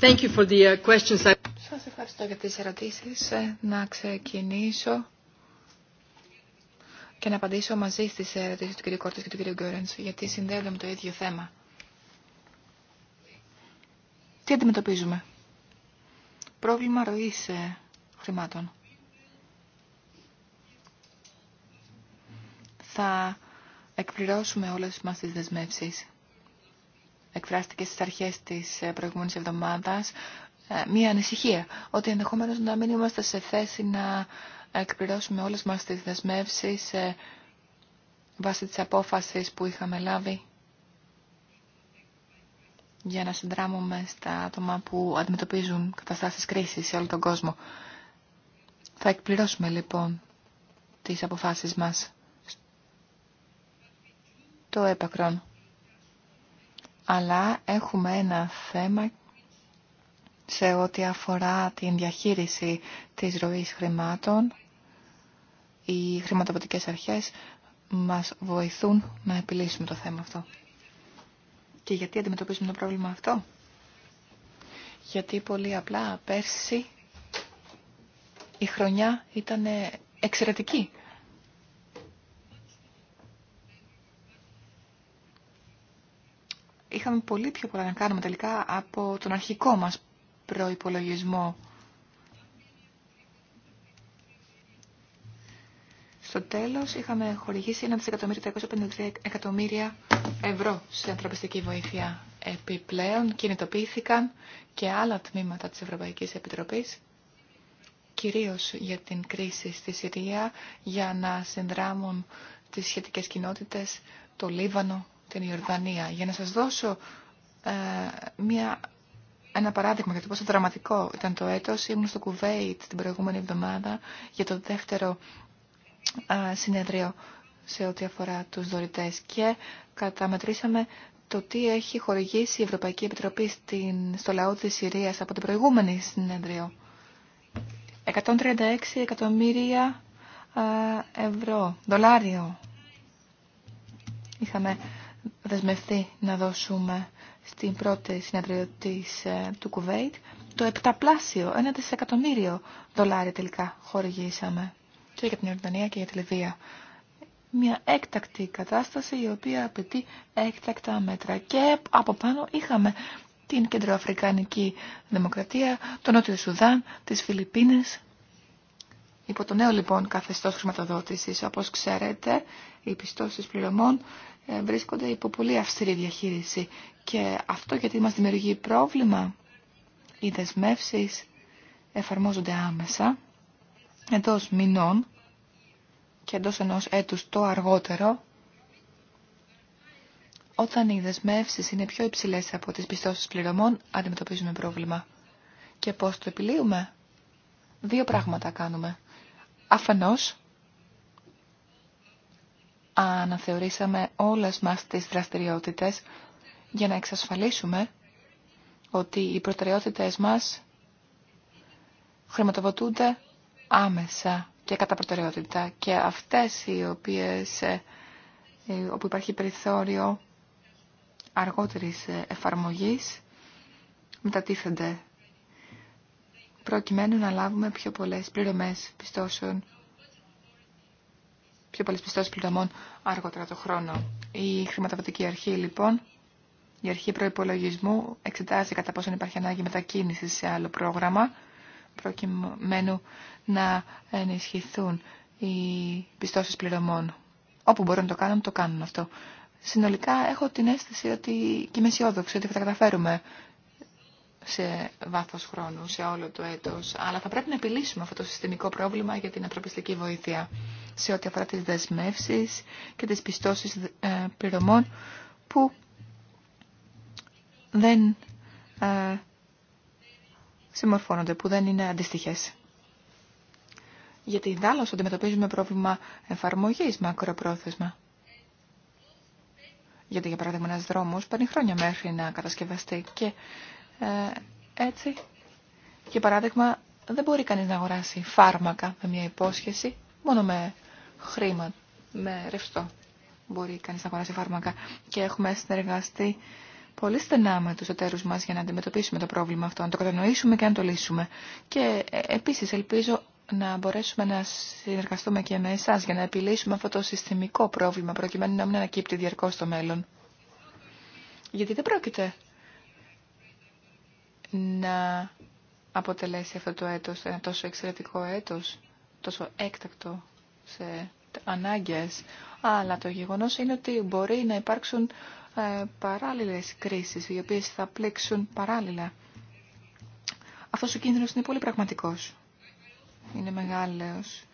uh ευχαριστώ για τις ερωτήσεις. Να ξεκινήσω και να απαντήσω μαζί στις ερωτήσει του κ. Κόρτη και του κ. Γκόρεντ, γιατί συνδέονται με το ίδιο θέμα. Τι αντιμετωπίζουμε. Πρόβλημα ροής ε, χρημάτων. Θα εκπληρώσουμε όλες μας τις δεσμεύσεις. Εκφράστηκε στις αρχές της ε, προηγούμενης εβδομάδας ε, μία ανησυχία ότι ενδεχομένως να μην είμαστε σε θέση να εκπληρώσουμε όλες μας τις δεσμεύσεις ε, βάσει της απόφασης που είχαμε λάβει για να συνδράμουμε στα άτομα που αντιμετωπίζουν καταστάσεις κρίσης σε όλο τον κόσμο. Θα εκπληρώσουμε λοιπόν τις αποφάσεις μας το έπακρον. Αλλά έχουμε ένα θέμα σε ό,τι αφορά την διαχείριση της ροής χρημάτων. Οι χρηματοποιητικές αρχές μας βοηθούν να επιλύσουμε το θέμα αυτό. Και γιατί αντιμετωπίζουμε το πρόβλημα αυτό. Γιατί πολύ απλά πέρσι η χρονιά ήταν εξαιρετική. Είχαμε πολύ πιο πολλά να κάνουμε τελικά από τον αρχικό μας προϋπολογισμό. Στο τέλος είχαμε χορηγήσει 1.353 εκατομμύρια ευρώ σε ανθρωπιστική βοήθεια. Επιπλέον κινητοποιήθηκαν και άλλα τμήματα της Ευρωπαϊκής Επιτροπής, κυρίως για την κρίση στη Συρία, για να συνδράμουν τις σχετικές κοινότητες, το Λίβανο, την Ιορδανία. Για να σας δώσω ε, μια ένα παράδειγμα για το πόσο δραματικό ήταν το έτος. Ήμουν στο Κουβέιτ την προηγούμενη εβδομάδα για το δεύτερο συνεδρίο σε ό,τι αφορά τους δωρητές και καταμετρήσαμε το τι έχει χορηγήσει η Ευρωπαϊκή Επιτροπή στην, στο λαό της Συρίας από την προηγούμενη συνεδρίο. 136 εκατομμύρια ευρώ, δολάριο είχαμε δεσμευτεί να δώσουμε στην πρώτη συνεδρία ε, του Κουβέιτ, το επταπλάσιο, ένα δισεκατομμύριο δολάρια τελικά χορηγήσαμε και για την Ιορδανία και για τη Λιβύα. Μια έκτακτη κατάσταση η οποία απαιτεί έκτακτα μέτρα. Και από πάνω είχαμε την Κεντροαφρικανική Δημοκρατία, τον Νότιο Σουδάν, τις Φιλιππίνες. Υπό το νέο λοιπόν καθεστώς χρηματοδότησης, όπως ξέρετε, οι πιστώσεις πληρωμών ε, βρίσκονται υπό πολύ αυστηρή διαχείριση. Και αυτό γιατί μας δημιουργεί πρόβλημα. Οι δεσμεύσει εφαρμόζονται άμεσα, εντό μηνών και εντό ενό έτους το αργότερο, όταν οι δεσμεύσει είναι πιο υψηλέ από τι πιστώσεις πληρωμών, αντιμετωπίζουμε πρόβλημα. Και πώ το επιλύουμε, δύο πράγματα κάνουμε. Αφενός, αναθεωρήσαμε όλες μας τις δραστηριότητες για να εξασφαλίσουμε ότι οι προτεραιότητες μας χρηματοδοτούνται άμεσα και κατά προτεραιότητα και αυτές οι οποίες ε, ε, όπου υπάρχει περιθώριο αργότερης ε, εφαρμογής μετατίθενται προκειμένου να λάβουμε πιο πολλές πληρωμές πιστώσεων πιο πολλές πιστώσεις πληρωμών αργότερα το χρόνο. Η χρηματοδοτική αρχή λοιπόν, η αρχή προϋπολογισμού εξετάζει κατά πόσον υπάρχει ανάγκη μετακίνηση σε άλλο πρόγραμμα προκειμένου να ενισχυθούν οι πιστώσεις πληρωμών. Όπου μπορούν να το κάνουν, το κάνουν αυτό. Συνολικά έχω την αίσθηση ότι και είμαι αισιόδοξη ότι θα τα καταφέρουμε σε βάθος χρόνου, σε όλο το έτος. Αλλά θα πρέπει να επιλύσουμε αυτό το συστημικό πρόβλημα για την ανθρωπιστική βοήθεια σε ό,τι αφορά τις δεσμεύσεις και τις πιστώσεις ε, πληρωμών που δεν ε, συμμορφώνονται, που δεν είναι αντίστοιχες. Γιατί δάλλως αντιμετωπίζουμε πρόβλημα εφαρμογής μακροπρόθεσμα. Γιατί για παράδειγμα ένας δρόμος παίρνει χρόνια μέχρι να κατασκευαστεί και ε, έτσι, για παράδειγμα, δεν μπορεί κανείς να αγοράσει φάρμακα με μια υπόσχεση, μόνο με χρήμα, με ρευστό μπορεί κανείς να αγοράσει φάρμακα. Και έχουμε συνεργαστεί πολύ στενά με τους εταίρους μας για να αντιμετωπίσουμε το πρόβλημα αυτό, να το κατανοήσουμε και να το λύσουμε. Και ε, επίσης ελπίζω να μπορέσουμε να συνεργαστούμε και με εσάς για να επιλύσουμε αυτό το συστημικό πρόβλημα προκειμένου να μην ανακύπτει διαρκώς στο μέλλον. Γιατί δεν πρόκειται να αποτελέσει αυτό το έτος ένα τόσο εξαιρετικό έτος, τόσο έκτακτο σε ανάγκες. Αλλά το γεγονός είναι ότι μπορεί να υπάρξουν ε, παράλληλες κρίσεις, οι οποίες θα πλήξουν παράλληλα. Αυτός ο κίνδυνος είναι πολύ πραγματικός. Είναι μεγάλος,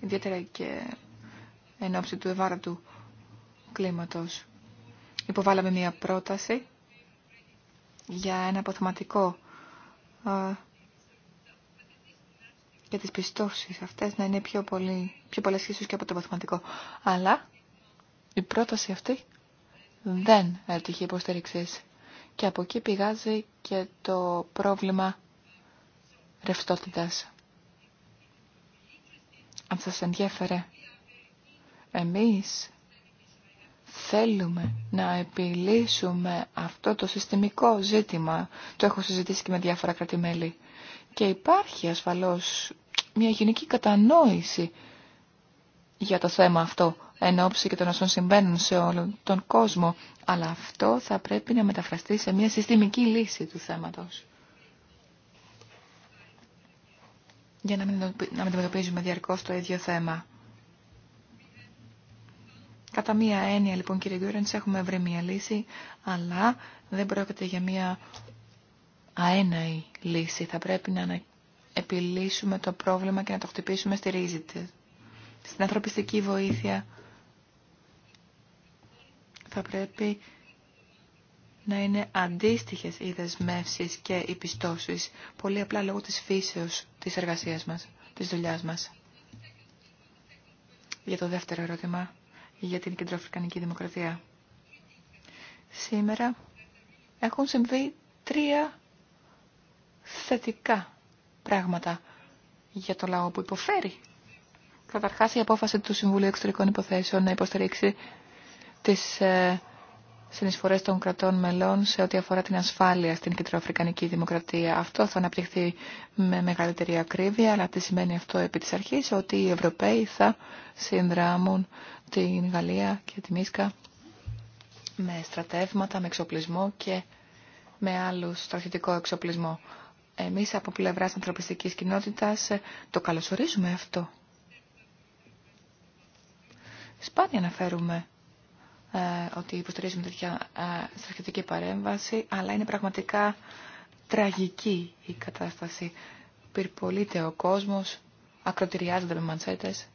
ιδιαίτερα και εν ώψη του ευάρτου κλίματος. Υποβάλαμε μία πρόταση για ένα αποθεματικό για τις πιστώσεις αυτές να είναι πιο, πολύ, πιο πολλές και από το μαθηματικό. Αλλά η πρόταση αυτή δεν έτυχε υποστήριξη. Και από εκεί πηγάζει και το πρόβλημα ρευστότητας. Αν σας ενδιέφερε, εμείς Θέλουμε να επιλύσουμε αυτό το συστημικό ζήτημα. Το έχω συζητήσει και με διάφορα κρατημέλη. Και υπάρχει ασφαλώς μια γενική κατανόηση για το θέμα αυτό εν ώψη και των όσων συμβαίνουν σε όλο τον κόσμο. Αλλά αυτό θα πρέπει να μεταφραστεί σε μια συστημική λύση του θέματος. Για να μην αντιμετωπίζουμε διαρκώς το ίδιο θέμα. Κατά μία έννοια λοιπόν κύριε Γκούρεντς έχουμε βρει μία λύση, αλλά δεν πρόκειται για μία αέναη λύση. Θα πρέπει να επιλύσουμε το πρόβλημα και να το χτυπήσουμε στη ρίζη της. Στην ανθρωπιστική βοήθεια θα πρέπει να είναι αντίστοιχες οι δεσμεύσεις και οι πιστώσεις, πολύ απλά λόγω της φύσεως της εργασίας μας, της δουλειάς μας. Για το δεύτερο ερώτημα για την Κεντροαφρικανική Δημοκρατία. Σήμερα έχουν συμβεί τρία θετικά πράγματα για το λαό που υποφέρει. Καταρχάς η απόφαση του Συμβουλίου Εξωτερικών Υποθέσεων να υποστηρίξει τις ε, συνεισφορέ των κρατών μελών σε ό,τι αφορά την ασφάλεια στην κεντροαφρικανική δημοκρατία. Αυτό θα αναπτυχθεί με μεγαλύτερη ακρίβεια, αλλά τι σημαίνει αυτό επί τη αρχή, ότι οι Ευρωπαίοι θα συνδράμουν την Γαλλία και τη Μίσκα με στρατεύματα, με εξοπλισμό και με άλλου στρατιωτικό εξοπλισμό. Εμεί, από πλευρά ανθρωπιστική κοινότητα, ε, το καλωσορίζουμε αυτό. Σπάνια αναφέρουμε ε, ότι υποστηρίζουμε τέτοια ε, στρατιωτική παρέμβαση, αλλά είναι πραγματικά τραγική η κατάσταση. Πυρπολείται ο κόσμος, ακροτηριάζονται με μαντσέτες.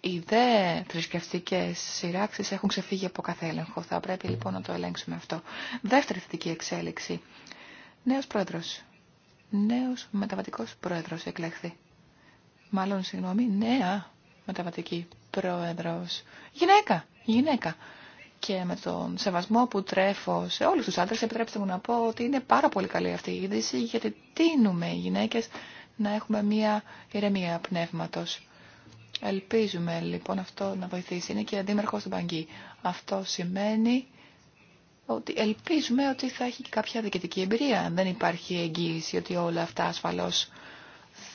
Οι δε θρησκευτικέ σειράξει έχουν ξεφύγει από κάθε έλεγχο. Θα πρέπει λοιπόν να το ελέγξουμε αυτό. Δεύτερη θετική εξέλιξη. Νέο πρόεδρο. Νέο μεταβατικό πρόεδρο εκλέχθη. Μάλλον, συγγνώμη, νέα μεταβατική πρόεδρος. Γυναίκα, γυναίκα. Και με τον σεβασμό που τρέφω σε όλους τους άντρες, επιτρέψτε μου να πω ότι είναι πάρα πολύ καλή αυτή η είδηση, γιατί τίνουμε οι γυναίκες να έχουμε μία ηρεμία πνεύματος. Ελπίζουμε λοιπόν αυτό να βοηθήσει. Είναι και αντίμερχος στην Παγκή. Αυτό σημαίνει ότι ελπίζουμε ότι θα έχει και κάποια διοικητική εμπειρία. Δεν υπάρχει εγγύηση ότι όλα αυτά ασφαλώς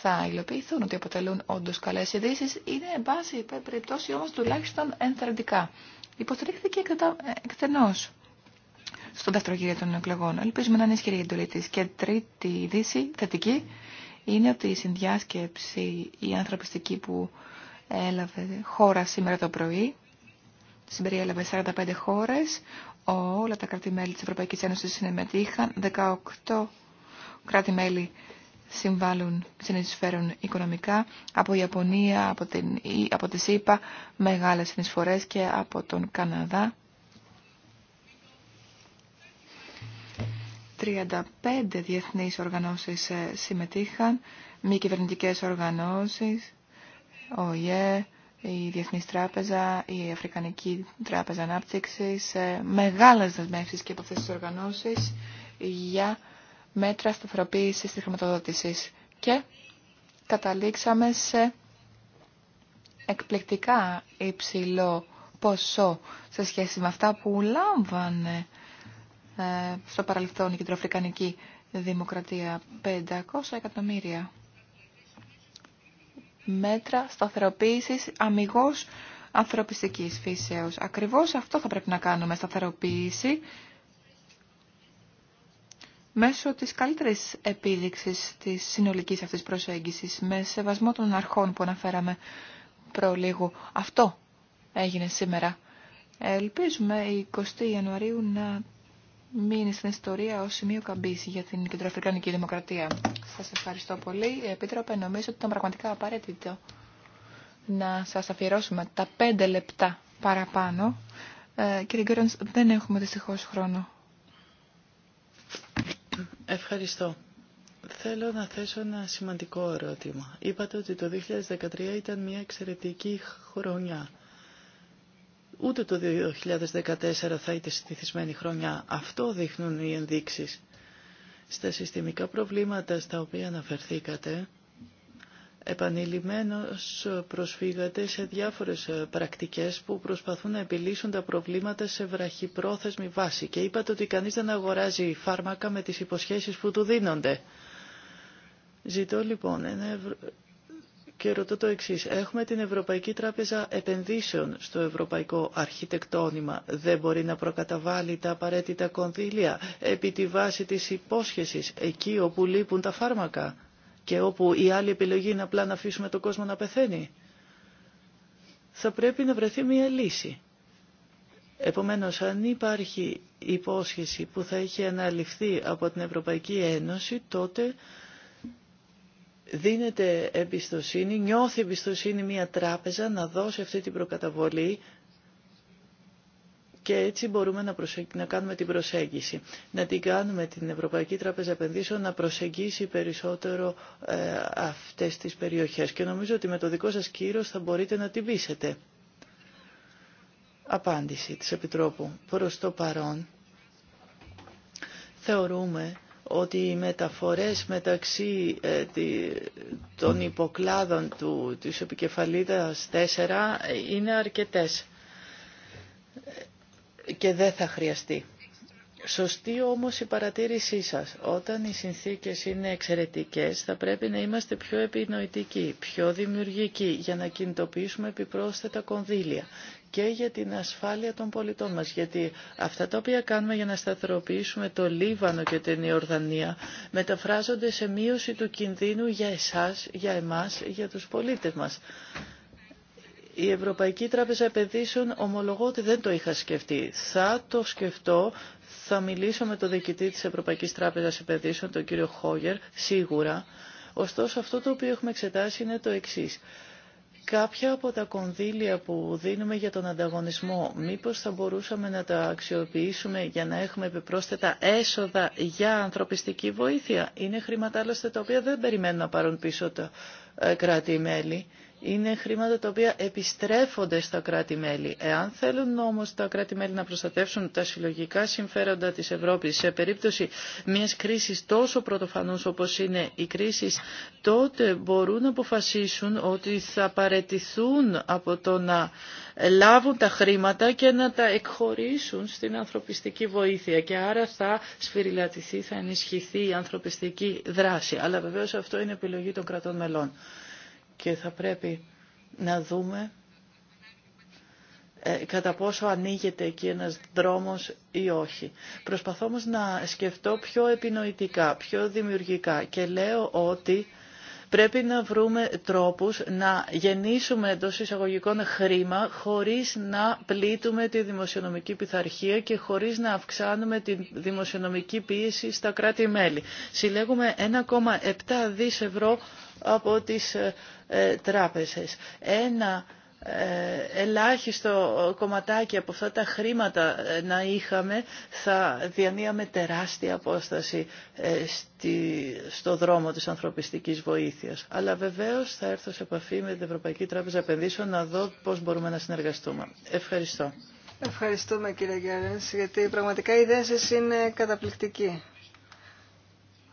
θα υλοποιηθούν, ότι αποτελούν όντω καλέ ειδήσει, είναι εν πάση περιπτώσει όμω τουλάχιστον ενθαρρυντικά. Υποστηρίχθηκε εκτενώ στο δεύτερο γύρο των εκλογών. Ελπίζουμε να είναι ισχυρή η εντολή τη Και τρίτη είδηση θετική είναι ότι η συνδιάσκεψη, η ανθρωπιστική που έλαβε χώρα σήμερα το πρωί, συμπεριέλαβε 45 χώρε, όλα τα κράτη-μέλη της Ευρωπαϊκής Ένωσης συμμετείχαν, 18 κράτη-μέλη συμβάλλουν, συνεισφέρουν οικονομικά από Ιαπωνία, από, την, από τη ΣΥΠΑ, μεγάλες συνεισφορές και από τον Καναδά. 35 διεθνείς οργανώσεις ε, συμμετείχαν, μη κυβερνητικέ οργανώσεις, ο ΙΕ, η Διεθνής Τράπεζα, η Αφρικανική Τράπεζα Ανάπτυξης, ε, μεγάλες δεσμεύσεις και από αυτές τις οργανώσεις για μέτρα σταθεροποίησης της χρηματοδότησης και καταλήξαμε σε εκπληκτικά υψηλό ποσό σε σχέση με αυτά που λάμβανε ε, στο παρελθόν η κεντροαφρικανική δημοκρατία 500 εκατομμύρια μέτρα σταθεροποίησης αμυγός ανθρωπιστικής φύσεως. Ακριβώς αυτό θα πρέπει να κάνουμε, σταθεροποίηση μέσω της καλύτερης επίδειξης της συνολικής αυτής προσέγγισης, με σεβασμό των αρχών που αναφέραμε προλίγου. Αυτό έγινε σήμερα. Ελπίζουμε η 20 Ιανουαρίου να μείνει στην ιστορία ως σημείο καμπής για την κεντροαφρικανική δημοκρατία. Σας ευχαριστώ πολύ. Επίτροπε, νομίζω ότι ήταν πραγματικά απαραίτητο να σας αφιερώσουμε τα πέντε λεπτά παραπάνω. Ε, κύριε Γκέρονς, δεν έχουμε δυστυχώς χρόνο. Ευχαριστώ. Θέλω να θέσω ένα σημαντικό ερώτημα. Είπατε ότι το 2013 ήταν μια εξαιρετική χρονιά. Ούτε το 2014 θα ήταν συνηθισμένη χρονιά. Αυτό δείχνουν οι ενδείξεις. Στα συστημικά προβλήματα στα οποία αναφερθήκατε, επανειλημμένος προσφύγατε σε διάφορες ε, πρακτικές που προσπαθούν να επιλύσουν τα προβλήματα σε βραχυπρόθεσμη βάση και είπατε ότι κανείς δεν αγοράζει φάρμακα με τις υποσχέσεις που του δίνονται. Ζητώ λοιπόν ένα και ρωτώ το εξή. Έχουμε την Ευρωπαϊκή Τράπεζα Επενδύσεων στο Ευρωπαϊκό Αρχιτεκτόνημα. Δεν μπορεί να προκαταβάλει τα απαραίτητα κονδύλια επί τη βάση της υπόσχεσης εκεί όπου λείπουν τα φάρμακα και όπου η άλλη επιλογή είναι απλά να αφήσουμε τον κόσμο να πεθαίνει. Θα πρέπει να βρεθεί μια λύση. Επομένως, αν υπάρχει υπόσχεση που θα έχει αναλυφθεί από την Ευρωπαϊκή Ένωση, τότε δίνεται εμπιστοσύνη, νιώθει εμπιστοσύνη μια τράπεζα να δώσει αυτή την προκαταβολή και έτσι μπορούμε να, κάνουμε την προσέγγιση. Να την κάνουμε την Ευρωπαϊκή Τράπεζα Επενδύσεων να προσεγγίσει περισσότερο ε, αυτές τις περιοχές. Και νομίζω ότι με το δικό σας κύρος θα μπορείτε να την πείσετε. Απάντηση της Επιτρόπου. Προς το παρόν θεωρούμε ότι οι μεταφορές μεταξύ ε, των υποκλάδων του, της επικεφαλίδας 4 ε, είναι αρκετές και δεν θα χρειαστεί. Σωστή όμως η παρατήρησή σας. Όταν οι συνθήκες είναι εξαιρετικές θα πρέπει να είμαστε πιο επινοητικοί, πιο δημιουργικοί για να κινητοποιήσουμε επιπρόσθετα κονδύλια και για την ασφάλεια των πολιτών μας. Γιατί αυτά τα οποία κάνουμε για να σταθεροποιήσουμε το Λίβανο και την Ιορδανία μεταφράζονται σε μείωση του κινδύνου για εσάς, για εμάς, για τους πολίτες μας η Ευρωπαϊκή Τράπεζα Επενδύσεων ομολογώ ότι δεν το είχα σκεφτεί. Θα το σκεφτώ, θα μιλήσω με τον διοικητή της Ευρωπαϊκής Τράπεζας Επενδύσεων, τον κύριο Χόγερ, σίγουρα. Ωστόσο αυτό το οποίο έχουμε εξετάσει είναι το εξή. Κάποια από τα κονδύλια που δίνουμε για τον ανταγωνισμό, μήπως θα μπορούσαμε να τα αξιοποιήσουμε για να έχουμε επιπρόσθετα έσοδα για ανθρωπιστική βοήθεια. Είναι χρήματα τα οποία δεν περιμένουν να πάρουν πίσω τα ε, κράτη-μέλη είναι χρήματα τα οποία επιστρέφονται στα κράτη-μέλη. Εάν θέλουν όμως τα κράτη-μέλη να προστατεύσουν τα συλλογικά συμφέροντα της Ευρώπης σε περίπτωση μιας κρίσης τόσο πρωτοφανούς όπως είναι η κρίση, τότε μπορούν να αποφασίσουν ότι θα παρετηθούν από το να λάβουν τα χρήματα και να τα εκχωρήσουν στην ανθρωπιστική βοήθεια και άρα θα σφυριλατηθεί, θα ενισχυθεί η ανθρωπιστική δράση. Αλλά βεβαίως αυτό είναι επιλογή των κρατών μελών και θα πρέπει να δούμε ε, κατά πόσο ανοίγεται εκεί ένας δρόμος ή όχι. Προσπαθώ όμως να σκεφτώ πιο επινοητικά, πιο δημιουργικά και λέω ότι Πρέπει να βρούμε τρόπους να γεννήσουμε εντό εισαγωγικών χρήμα χωρίς να πλήττουμε τη δημοσιονομική πειθαρχία και χωρίς να αυξάνουμε τη δημοσιονομική πίεση στα κράτη-μέλη. Συλλέγουμε 1,7 δις ευρώ από τις ε, ε, τράπεζες. Ένα ε, ελάχιστο ε, κομματάκι από αυτά τα χρήματα ε, να είχαμε θα διανύαμε τεράστια απόσταση στο δρόμο της ανθρωπιστικής βοήθειας. Αλλά βεβαίως θα έρθω σε επαφή με την Ευρωπαϊκή Τράπεζα Επενδύσεων να δω πώς μπορούμε να συνεργαστούμε. Ευχαριστώ. Ευχαριστούμε κύριε Γκέρενς γιατί πραγματικά η ιδέα σας είναι καταπληκτική.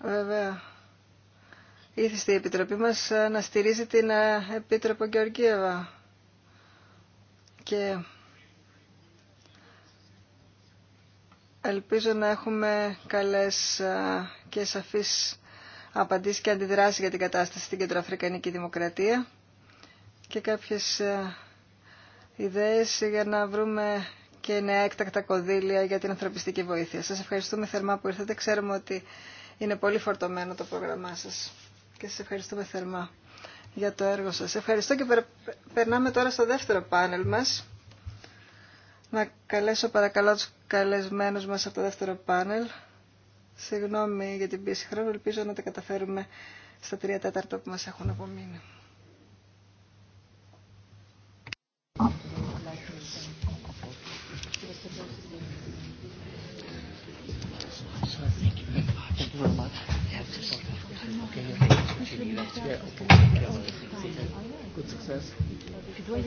Βέβαια. η Επιτροπή μας να στηρίζει την Επίτροπο Γεωργίευα και ελπίζω να έχουμε καλές και σαφείς απαντήσεις και αντιδράσεις για την κατάσταση στην Κεντροαφρικανική Δημοκρατία και κάποιες ιδέες για να βρούμε και νέα έκτακτα κονδύλια για την ανθρωπιστική βοήθεια. Σας ευχαριστούμε θερμά που ήρθατε. Ξέρουμε ότι είναι πολύ φορτωμένο το πρόγραμμά σας και σας ευχαριστούμε θερμά για το έργο σας. Ευχαριστώ και περνάμε τώρα στο δεύτερο πάνελ μας. Να καλέσω παρακαλώ τους καλεσμένους μας από το δεύτερο πάνελ. Συγγνώμη για την πίεση χρόνου, ελπίζω να τα καταφέρουμε στα τρία τέταρτα που μας έχουν απομείνει. Good success. Tu dois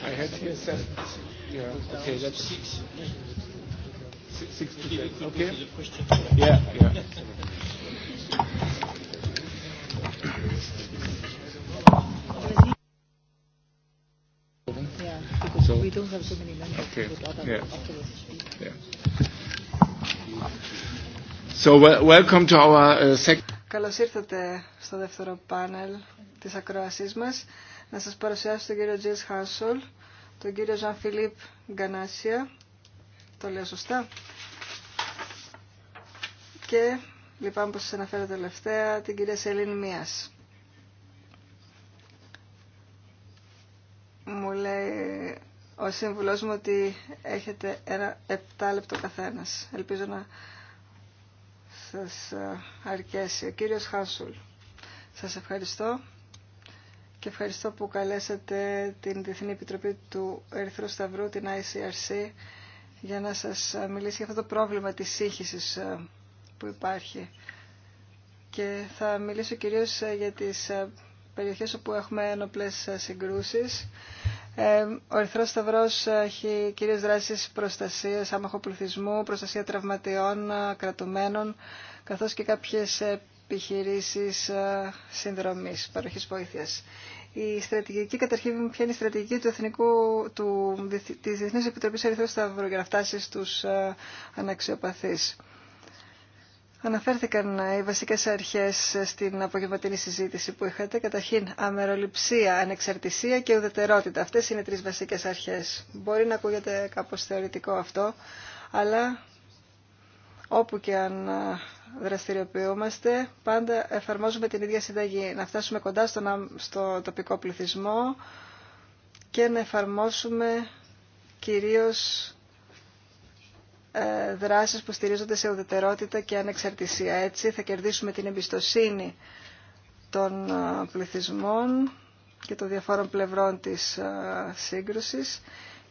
I had here seven. Yeah, okay, that's six six Καλώς ήρθατε στο δεύτερο πάνελ της ακροασής μας. Να σας παρουσιάσω τον κύριο Τζιλς Χάσολ, τον κύριο Ζαν Φιλίπ Γκανάσια, το λέω σωστά. Και λυπάμαι που σας αναφέρω τελευταία την κυρία Σελήνη Μίας. Μου λέει ο σύμβουλός μου ότι έχετε ένα 7 λεπτό καθένας. Ελπίζω να σας ε, αρκέσει. Ο κύριος Χάνσουλ, σας ευχαριστώ και ευχαριστώ που καλέσατε την Διεθνή Επιτροπή του Ερυθρού Σταυρού, την ICRC, για να σας μιλήσει για αυτό το πρόβλημα της σύγχυσης ε, που υπάρχει. Και θα μιλήσω κυρίως ε, για τις ε, περιοχές όπου έχουμε ένοπλες συγκρούσεις. Ο Ερυθρός Σταυρός έχει κυρίως δράσεις προστασίας άμαχο πληθυσμού, προστασία τραυματιών, κρατουμένων, καθώς και κάποιες επιχειρήσεις συνδρομής, παροχής βοήθειας η στρατηγική, καταρχήν ποια είναι η στρατηγική του Εθνικού, του, της Διεθνής Επιτροπής Ερυθρού Σταυρού για να φτάσει στους ε, αναξιοπαθείς. Αναφέρθηκαν ε, οι βασικές αρχές ε, στην απογευματινή συζήτηση που είχατε. Καταρχήν, αμεροληψία, ανεξαρτησία και ουδετερότητα. Αυτές είναι οι τρεις βασικές αρχές. Μπορεί να ακούγεται κάπως θεωρητικό αυτό, αλλά όπου και αν δραστηριοποιούμαστε πάντα εφαρμόζουμε την ίδια συνταγή. Να φτάσουμε κοντά στο, στο τοπικό πληθυσμό και να εφαρμόσουμε κυρίως ε, δράσεις που στηρίζονται σε ουδετερότητα και ανεξαρτησία. Έτσι θα κερδίσουμε την εμπιστοσύνη των ε, πληθυσμών και των διαφόρων πλευρών της ε, σύγκρουσης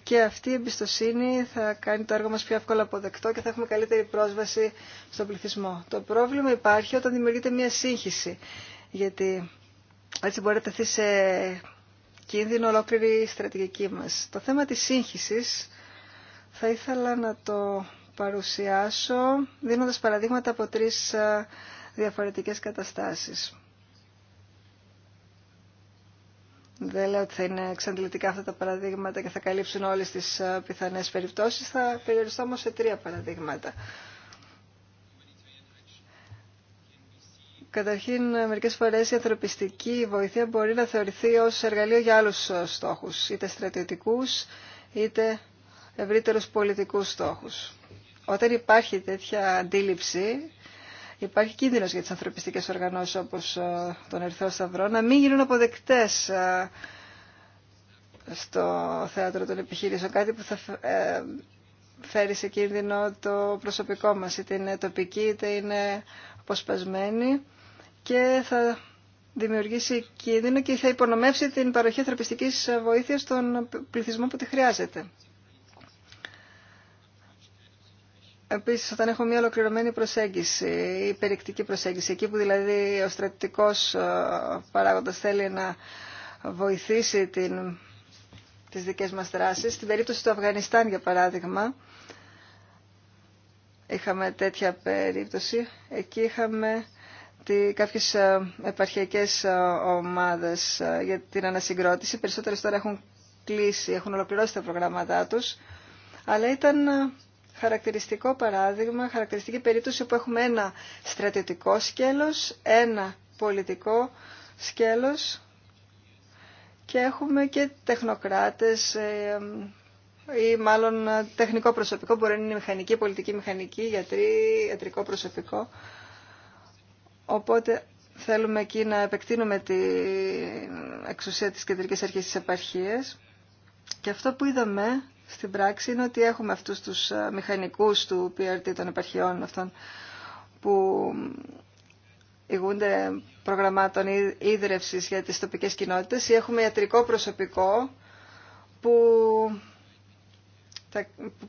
και αυτή η εμπιστοσύνη θα κάνει το έργο μας πιο εύκολα αποδεκτό και θα έχουμε καλύτερη πρόσβαση στον πληθυσμό. Το πρόβλημα υπάρχει όταν δημιουργείται μια σύγχυση, γιατί έτσι μπορεί να τεθεί σε κίνδυνο ολόκληρη η στρατηγική μας. Το θέμα της σύγχυσης θα ήθελα να το παρουσιάσω δίνοντας παραδείγματα από τρεις διαφορετικές καταστάσεις. Δεν λέω ότι θα είναι εξαντλητικά αυτά τα παραδείγματα και θα καλύψουν όλες τις ε, πιθανές περιπτώσεις. Θα περιοριστώ όμως σε τρία παραδείγματα. Καταρχήν, μερικές φορές η ανθρωπιστική βοήθεια μπορεί να θεωρηθεί ως εργαλείο για άλλους ε, στόχους, είτε στρατιωτικούς, είτε ευρύτερους πολιτικούς στόχους. Όταν υπάρχει τέτοια αντίληψη, υπάρχει κίνδυνος για τις ανθρωπιστικές οργανώσεις όπως ε, τον Ερυθρό Σταυρό να μην γίνουν αποδεκτές ε, στο θέατρο των επιχειρήσεων, κάτι που θα ε, φέρει σε κίνδυνο το προσωπικό μας, είτε είναι τοπική είτε είναι αποσπασμένη και θα δημιουργήσει κίνδυνο και θα υπονομεύσει την παροχή ανθρωπιστικής βοήθειας στον πληθυσμό που τη χρειάζεται. Επίσης, όταν έχω μια ολοκληρωμένη προσέγγιση ή περιεκτική προσέγγιση, εκεί που δηλαδή ο στρατητικός ε, παράγοντας θέλει να βοηθήσει την, τις δικές μας δράσεις, στην περίπτωση του Αφγανιστάν, για παράδειγμα, είχαμε τέτοια περίπτωση, εκεί είχαμε κάποιες ε, επαρχιακές ε, ομάδες για την ανασυγκρότηση. Περισσότερες τώρα έχουν κλείσει, έχουν ολοκληρώσει τα προγράμματά τους, αλλά ήταν χαρακτηριστικό παράδειγμα, χαρακτηριστική περίπτωση που έχουμε ένα στρατιωτικό σκέλος, ένα πολιτικό σκέλος και έχουμε και τεχνοκράτες ε, ε, ή μάλλον τεχνικό προσωπικό, μπορεί να είναι μηχανική, πολιτική μηχανική, γιατρή, ιατρικό προσωπικό. Οπότε θέλουμε εκεί να επεκτείνουμε την εξουσία της κεντρικής αρχής της επαρχίας. Και αυτό που είδαμε στην πράξη είναι ότι έχουμε αυτούς τους ε, μηχανικούς του PRT των επαρχιών αυτών που ηγούνται προγραμμάτων ίδρευσης για τις τοπικές κοινότητες ή έχουμε ιατρικό προσωπικό που,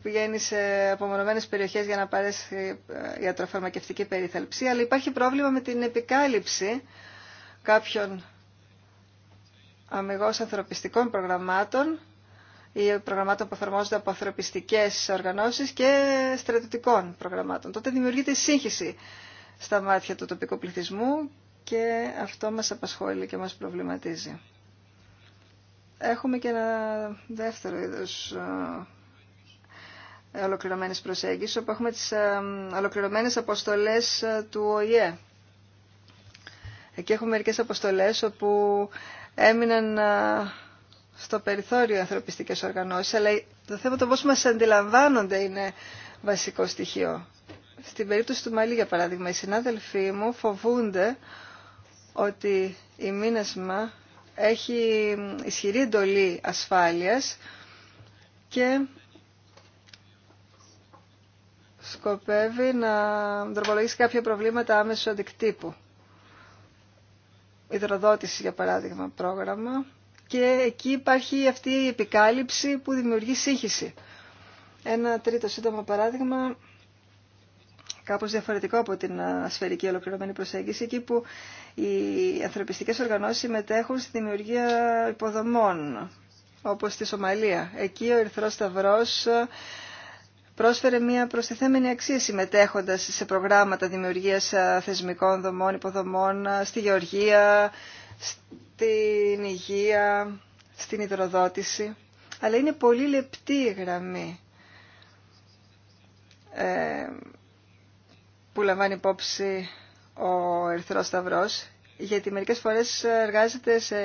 πηγαίνει σε απομονωμένες περιοχές για να παρέσει ε, ιατροφαρμακευτική περίθαλψη, αλλά υπάρχει πρόβλημα με την επικάλυψη κάποιων αμυγός ανθρωπιστικών προγραμμάτων ή προγραμμάτων που εφαρμόζονται από ανθρωπιστικέ οργανώσει και στρατιωτικών προγραμμάτων. Τότε δημιουργείται σύγχυση στα μάτια του τοπικού πληθυσμού και αυτό μας απασχολεί και μας προβληματίζει. Έχουμε και ένα δεύτερο είδος ε, ολοκληρωμένη προσέγγισης, όπου έχουμε τις ε, ολοκληρωμένε αποστολέ ε, του ΟΗΕ. Εκεί έχουμε μερικέ αποστολέ όπου έμειναν στο περιθώριο ανθρωπιστικές οργανώσεις, αλλά το θέμα το πώς μας αντιλαμβάνονται είναι βασικό στοιχείο. Στην περίπτωση του Μαλή, για παράδειγμα, οι συνάδελφοί μου φοβούνται ότι η μήνεσμα έχει ισχυρή εντολή ασφάλειας και σκοπεύει να δρομολογήσει κάποια προβλήματα άμεσου αντικτύπου. Υδροδότηση, για παράδειγμα, πρόγραμμα και εκεί υπάρχει αυτή η επικάλυψη που δημιουργεί σύγχυση. Ένα τρίτο σύντομο παράδειγμα, κάπως διαφορετικό από την ασφαιρική ολοκληρωμένη προσέγγιση, εκεί που οι ανθρωπιστικές οργανώσεις συμμετέχουν στη δημιουργία υποδομών, όπως στη Σομαλία. Εκεί ο Ερθρός Σταυρός πρόσφερε μια προστιθέμενη αξία συμμετέχοντας σε προγράμματα δημιουργίας θεσμικών δομών, υποδομών, στη Γεωργία, στην υγεία, στην υδροδότηση, αλλά είναι πολύ λεπτή η γραμμή ε, που λαμβάνει υπόψη ο Ερθρός Σταυρός, γιατί μερικές φορές εργάζεται σε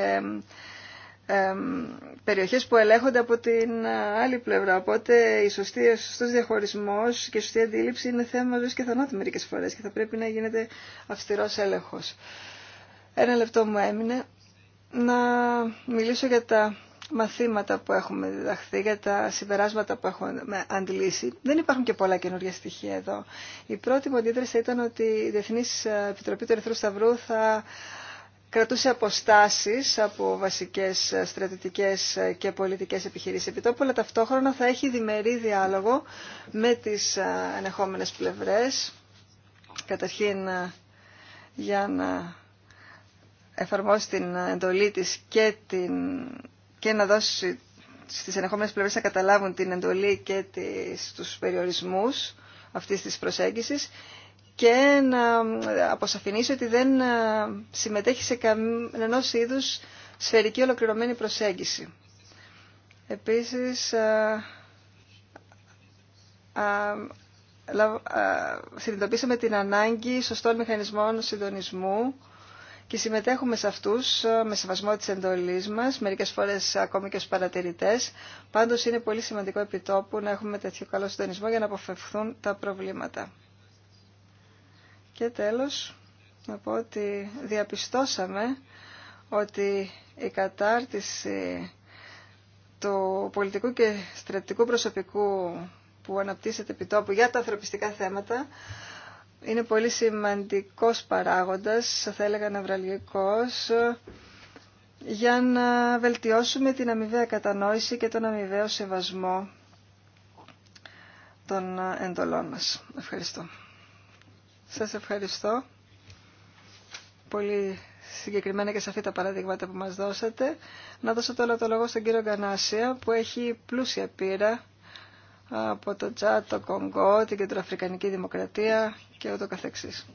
ε, περιοχές που ελέγχονται από την άλλη πλευρά. Οπότε η σωστή, ο σωστός διαχωρισμός και η σωστή αντίληψη είναι θέμα ζωής και θανάτου μερικές φορές και θα πρέπει να γίνεται αυστηρός έλεγχος. Ένα λεπτό μου έμεινε να μιλήσω για τα μαθήματα που έχουμε διδαχθεί, για τα συμπεράσματα που έχουμε αντιλήσει. Δεν υπάρχουν και πολλά καινούργια στοιχεία εδώ. Η πρώτη μου αντίδραση ήταν ότι η Διεθνής Επιτροπή του Ερυθρού Σταυρού θα κρατούσε αποστάσεις από βασικές στρατητικές και πολιτικές επιχειρήσεις επιτόπου, ταυτόχρονα θα έχει διμερή διάλογο με τις ανεχόμενες πλευρές. Καταρχήν για να εφαρμόσει την εντολή της και, την, και να δώσει στις ενεχόμενες πλευρές να καταλάβουν την εντολή και τις, τους περιορισμούς αυτής της προσέγγισης και να αποσαφηνίσει ότι δεν ε, συμμετέχει σε κανένας είδους σφαιρική ολοκληρωμένη προσέγγιση. Επίσης, ε, συνειδητοποίησαμε την ανάγκη σωστών μηχανισμών συντονισμού και συμμετέχουμε σε αυτούς ε, με σεβασμό της εντολής μας, μερικές φορές ακόμη και ως παρατηρητές. Πάντως είναι πολύ σημαντικό επιτόπου να έχουμε τέτοιο καλό συντονισμό για να αποφευχθούν τα προβλήματα. Και τέλος, να πω ότι διαπιστώσαμε ότι η κατάρτιση του πολιτικού και στρατιωτικού προσωπικού που αναπτύσσεται επιτόπου για τα ανθρωπιστικά θέματα είναι πολύ σημαντικός παράγοντας, θα έλεγα ναυραλγικός, για να βελτιώσουμε την αμοιβαία κατανόηση και τον αμοιβαίο σεβασμό των εντολών μας. Ευχαριστώ. Σας ευχαριστώ. Πολύ συγκεκριμένα και σαφή τα παραδείγματα που μας δώσατε. Να δώσω τώρα το λόγο στον κύριο Γκανάσια που έχει πλούσια πείρα από το Τζάτ, το Κονγκό, την Κεντροαφρικανική Δημοκρατία και ούτω καθεξής.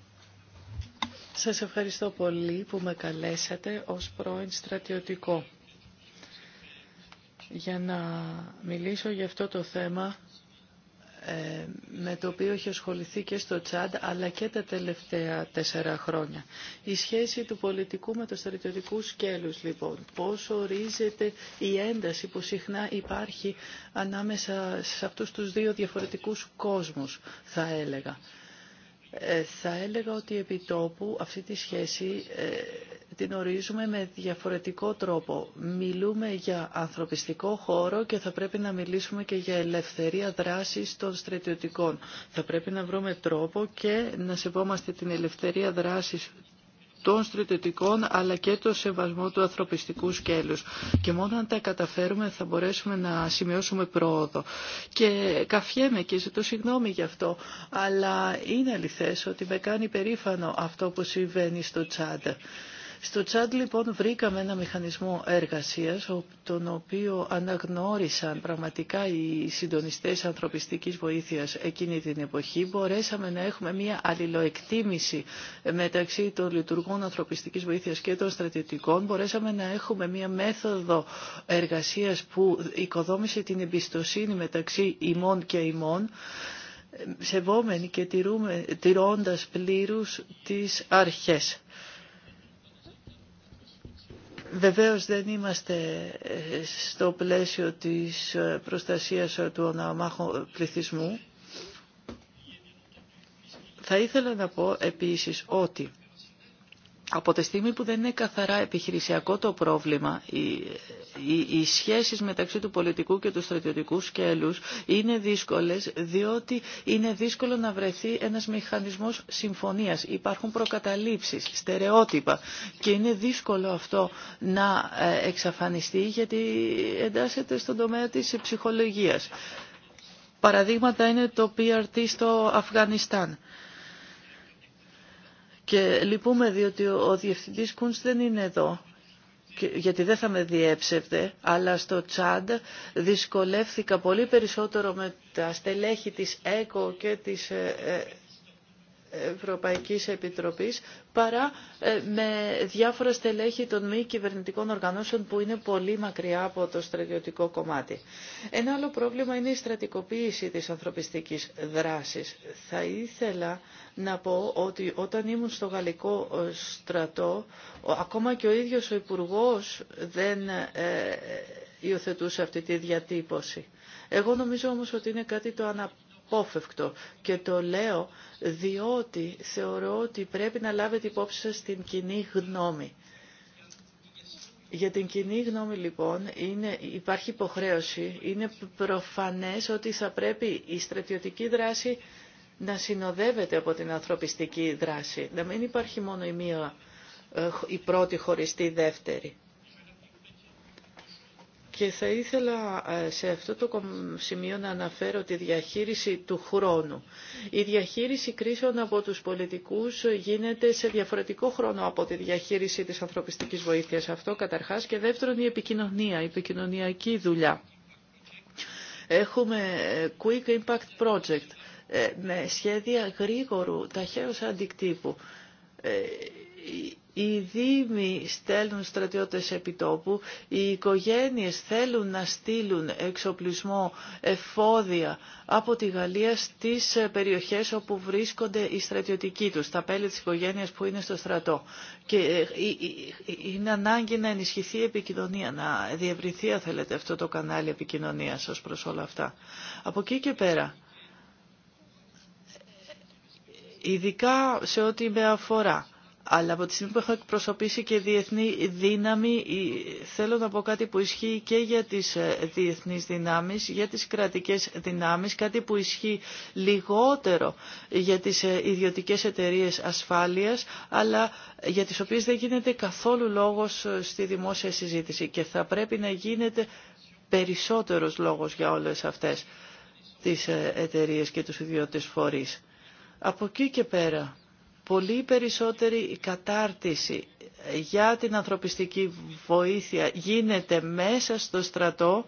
Σας ευχαριστώ πολύ που με καλέσατε ως πρώην στρατιωτικό για να μιλήσω για αυτό το θέμα ε, με το οποίο έχει ασχοληθεί και στο Τσάντ αλλά και τα τελευταία τέσσερα χρόνια. Η σχέση του πολιτικού με το στρατιωτικού σκέλος, λοιπόν, πώς ορίζεται η ένταση που συχνά υπάρχει ανάμεσα σε αυτούς τους δύο διαφορετικούς κόσμους θα έλεγα. Ε, θα έλεγα ότι επί τόπου αυτή τη σχέση ε, την ορίζουμε με διαφορετικό τρόπο. Μιλούμε για ανθρωπιστικό χώρο και θα πρέπει να μιλήσουμε και για ελευθερία δράσης των στρατιωτικών. Θα πρέπει να βρούμε τρόπο και να σεβόμαστε την ελευθερία δράσης των στρατιωτικών αλλά και το σεβασμό του ανθρωπιστικού σκέλους. Και μόνο αν τα καταφέρουμε θα μπορέσουμε να σημειώσουμε πρόοδο. Και καφιέμαι και ζητώ συγγνώμη γι' αυτό, αλλά είναι αληθές ότι με κάνει περήφανο αυτό που συμβαίνει στο Τσάντα. Στο Τσάντ λοιπόν βρήκαμε ένα μηχανισμό εργασίας, τον οποίο αναγνώρισαν πραγματικά οι συντονιστές ανθρωπιστικής βοήθειας εκείνη την εποχή. Μπορέσαμε να έχουμε μια αλληλοεκτίμηση μεταξύ των λειτουργών ανθρωπιστικής βοήθειας και των στρατιωτικών. Μπορέσαμε να έχουμε μια μέθοδο εργασίας που οικοδόμησε την εμπιστοσύνη μεταξύ ημών και ημών σεβόμενοι και τηρούμε, τηρώντας πλήρους τις αρχές. Βεβαίως δεν είμαστε ε, στο πλαίσιο της ε, προστασίας ε, του αναμάχου πληθυσμού. Θα ήθελα να πω επίσης ότι από τη στιγμή που δεν είναι καθαρά επιχειρησιακό το πρόβλημα, οι, οι, σχέσεις μεταξύ του πολιτικού και του στρατιωτικού σκέλους είναι δύσκολες, διότι είναι δύσκολο να βρεθεί ένας μηχανισμός συμφωνίας. Υπάρχουν προκαταλήψεις, στερεότυπα και είναι δύσκολο αυτό να ε, εξαφανιστεί γιατί εντάσσεται στον τομέα της ψυχολογίας. Παραδείγματα είναι το PRT στο Αφγανιστάν. Και λυπούμε διότι ο Διευθυντής Κούντς δεν είναι εδώ γιατί δεν θα με διέψευτε, αλλά στο Τσάντ δυσκολεύθηκα πολύ περισσότερο με τα στελέχη της ΕΚΟ και της ε, ε, Ευρωπαϊκής Επιτροπής παρά ε, με διάφορα στελέχη των μη κυβερνητικών οργανώσεων που είναι πολύ μακριά από το στρατιωτικό κομμάτι. Ένα άλλο πρόβλημα είναι η στρατικοποίηση της ανθρωπιστικής δράσης. Θα ήθελα να πω ότι όταν ήμουν στο γαλλικό ε, στρατό, ακόμα και ο ίδιος ο Υπουργός δεν ε, υιοθετούσε αυτή τη διατύπωση. Εγώ νομίζω όμως ότι είναι κάτι το αναπτύσσεται και το λέω διότι θεωρώ ότι πρέπει να λάβετε υπόψη σας την κοινή γνώμη. Για την κοινή γνώμη λοιπόν είναι, υπάρχει υποχρέωση, είναι προφανές ότι θα πρέπει η στρατιωτική δράση να συνοδεύεται από την ανθρωπιστική δράση. Να μην υπάρχει μόνο η, μία, ε, η πρώτη χωριστή δεύτερη. Και θα ήθελα ε, σε αυτό το σημείο να αναφέρω τη διαχείριση του χρόνου. Η διαχείριση κρίσεων από τους πολιτικούς γίνεται σε διαφορετικό χρόνο από τη διαχείριση της ανθρωπιστικής βοήθειας. Αυτό καταρχάς και δεύτερον η επικοινωνία, η επικοινωνιακή δουλειά. Έχουμε ε, Quick Impact Project ε, με σχέδια γρήγορου ταχαίως αντικτύπου οι δήμοι στέλνουν στρατιώτες επιτόπου, οι οικογένειες θέλουν να στείλουν εξοπλισμό, εφόδια από τη Γαλλία στις περιοχές όπου βρίσκονται οι στρατιωτικοί τους, τα πέλη της οικογένειας που είναι στο στρατό. Και ε, ε, ε, είναι ανάγκη να ενισχυθεί η επικοινωνία, να διευρυνθεί αν θέλετε αυτό το κανάλι επικοινωνίας ως προς όλα αυτά. Από εκεί και πέρα. Ειδικά σε ό,τι με αφορά αλλά από τη στιγμή που έχω εκπροσωπήσει και διεθνή δύναμη, θέλω να πω κάτι που ισχύει και για τις ε, διεθνείς δυνάμεις, για τις κρατικές δυνάμεις, κάτι που ισχύει λιγότερο για τις ε, ιδιωτικές εταιρείες ασφάλειας, αλλά για τις οποίες δεν γίνεται καθόλου λόγος ε, στη δημόσια συζήτηση και θα πρέπει να γίνεται περισσότερος λόγος για όλες αυτές τις εταιρείες και τους ιδιώτες φορείς. Από εκεί και πέρα, πολύ περισσότερη η κατάρτιση για την ανθρωπιστική βοήθεια γίνεται μέσα στο στρατό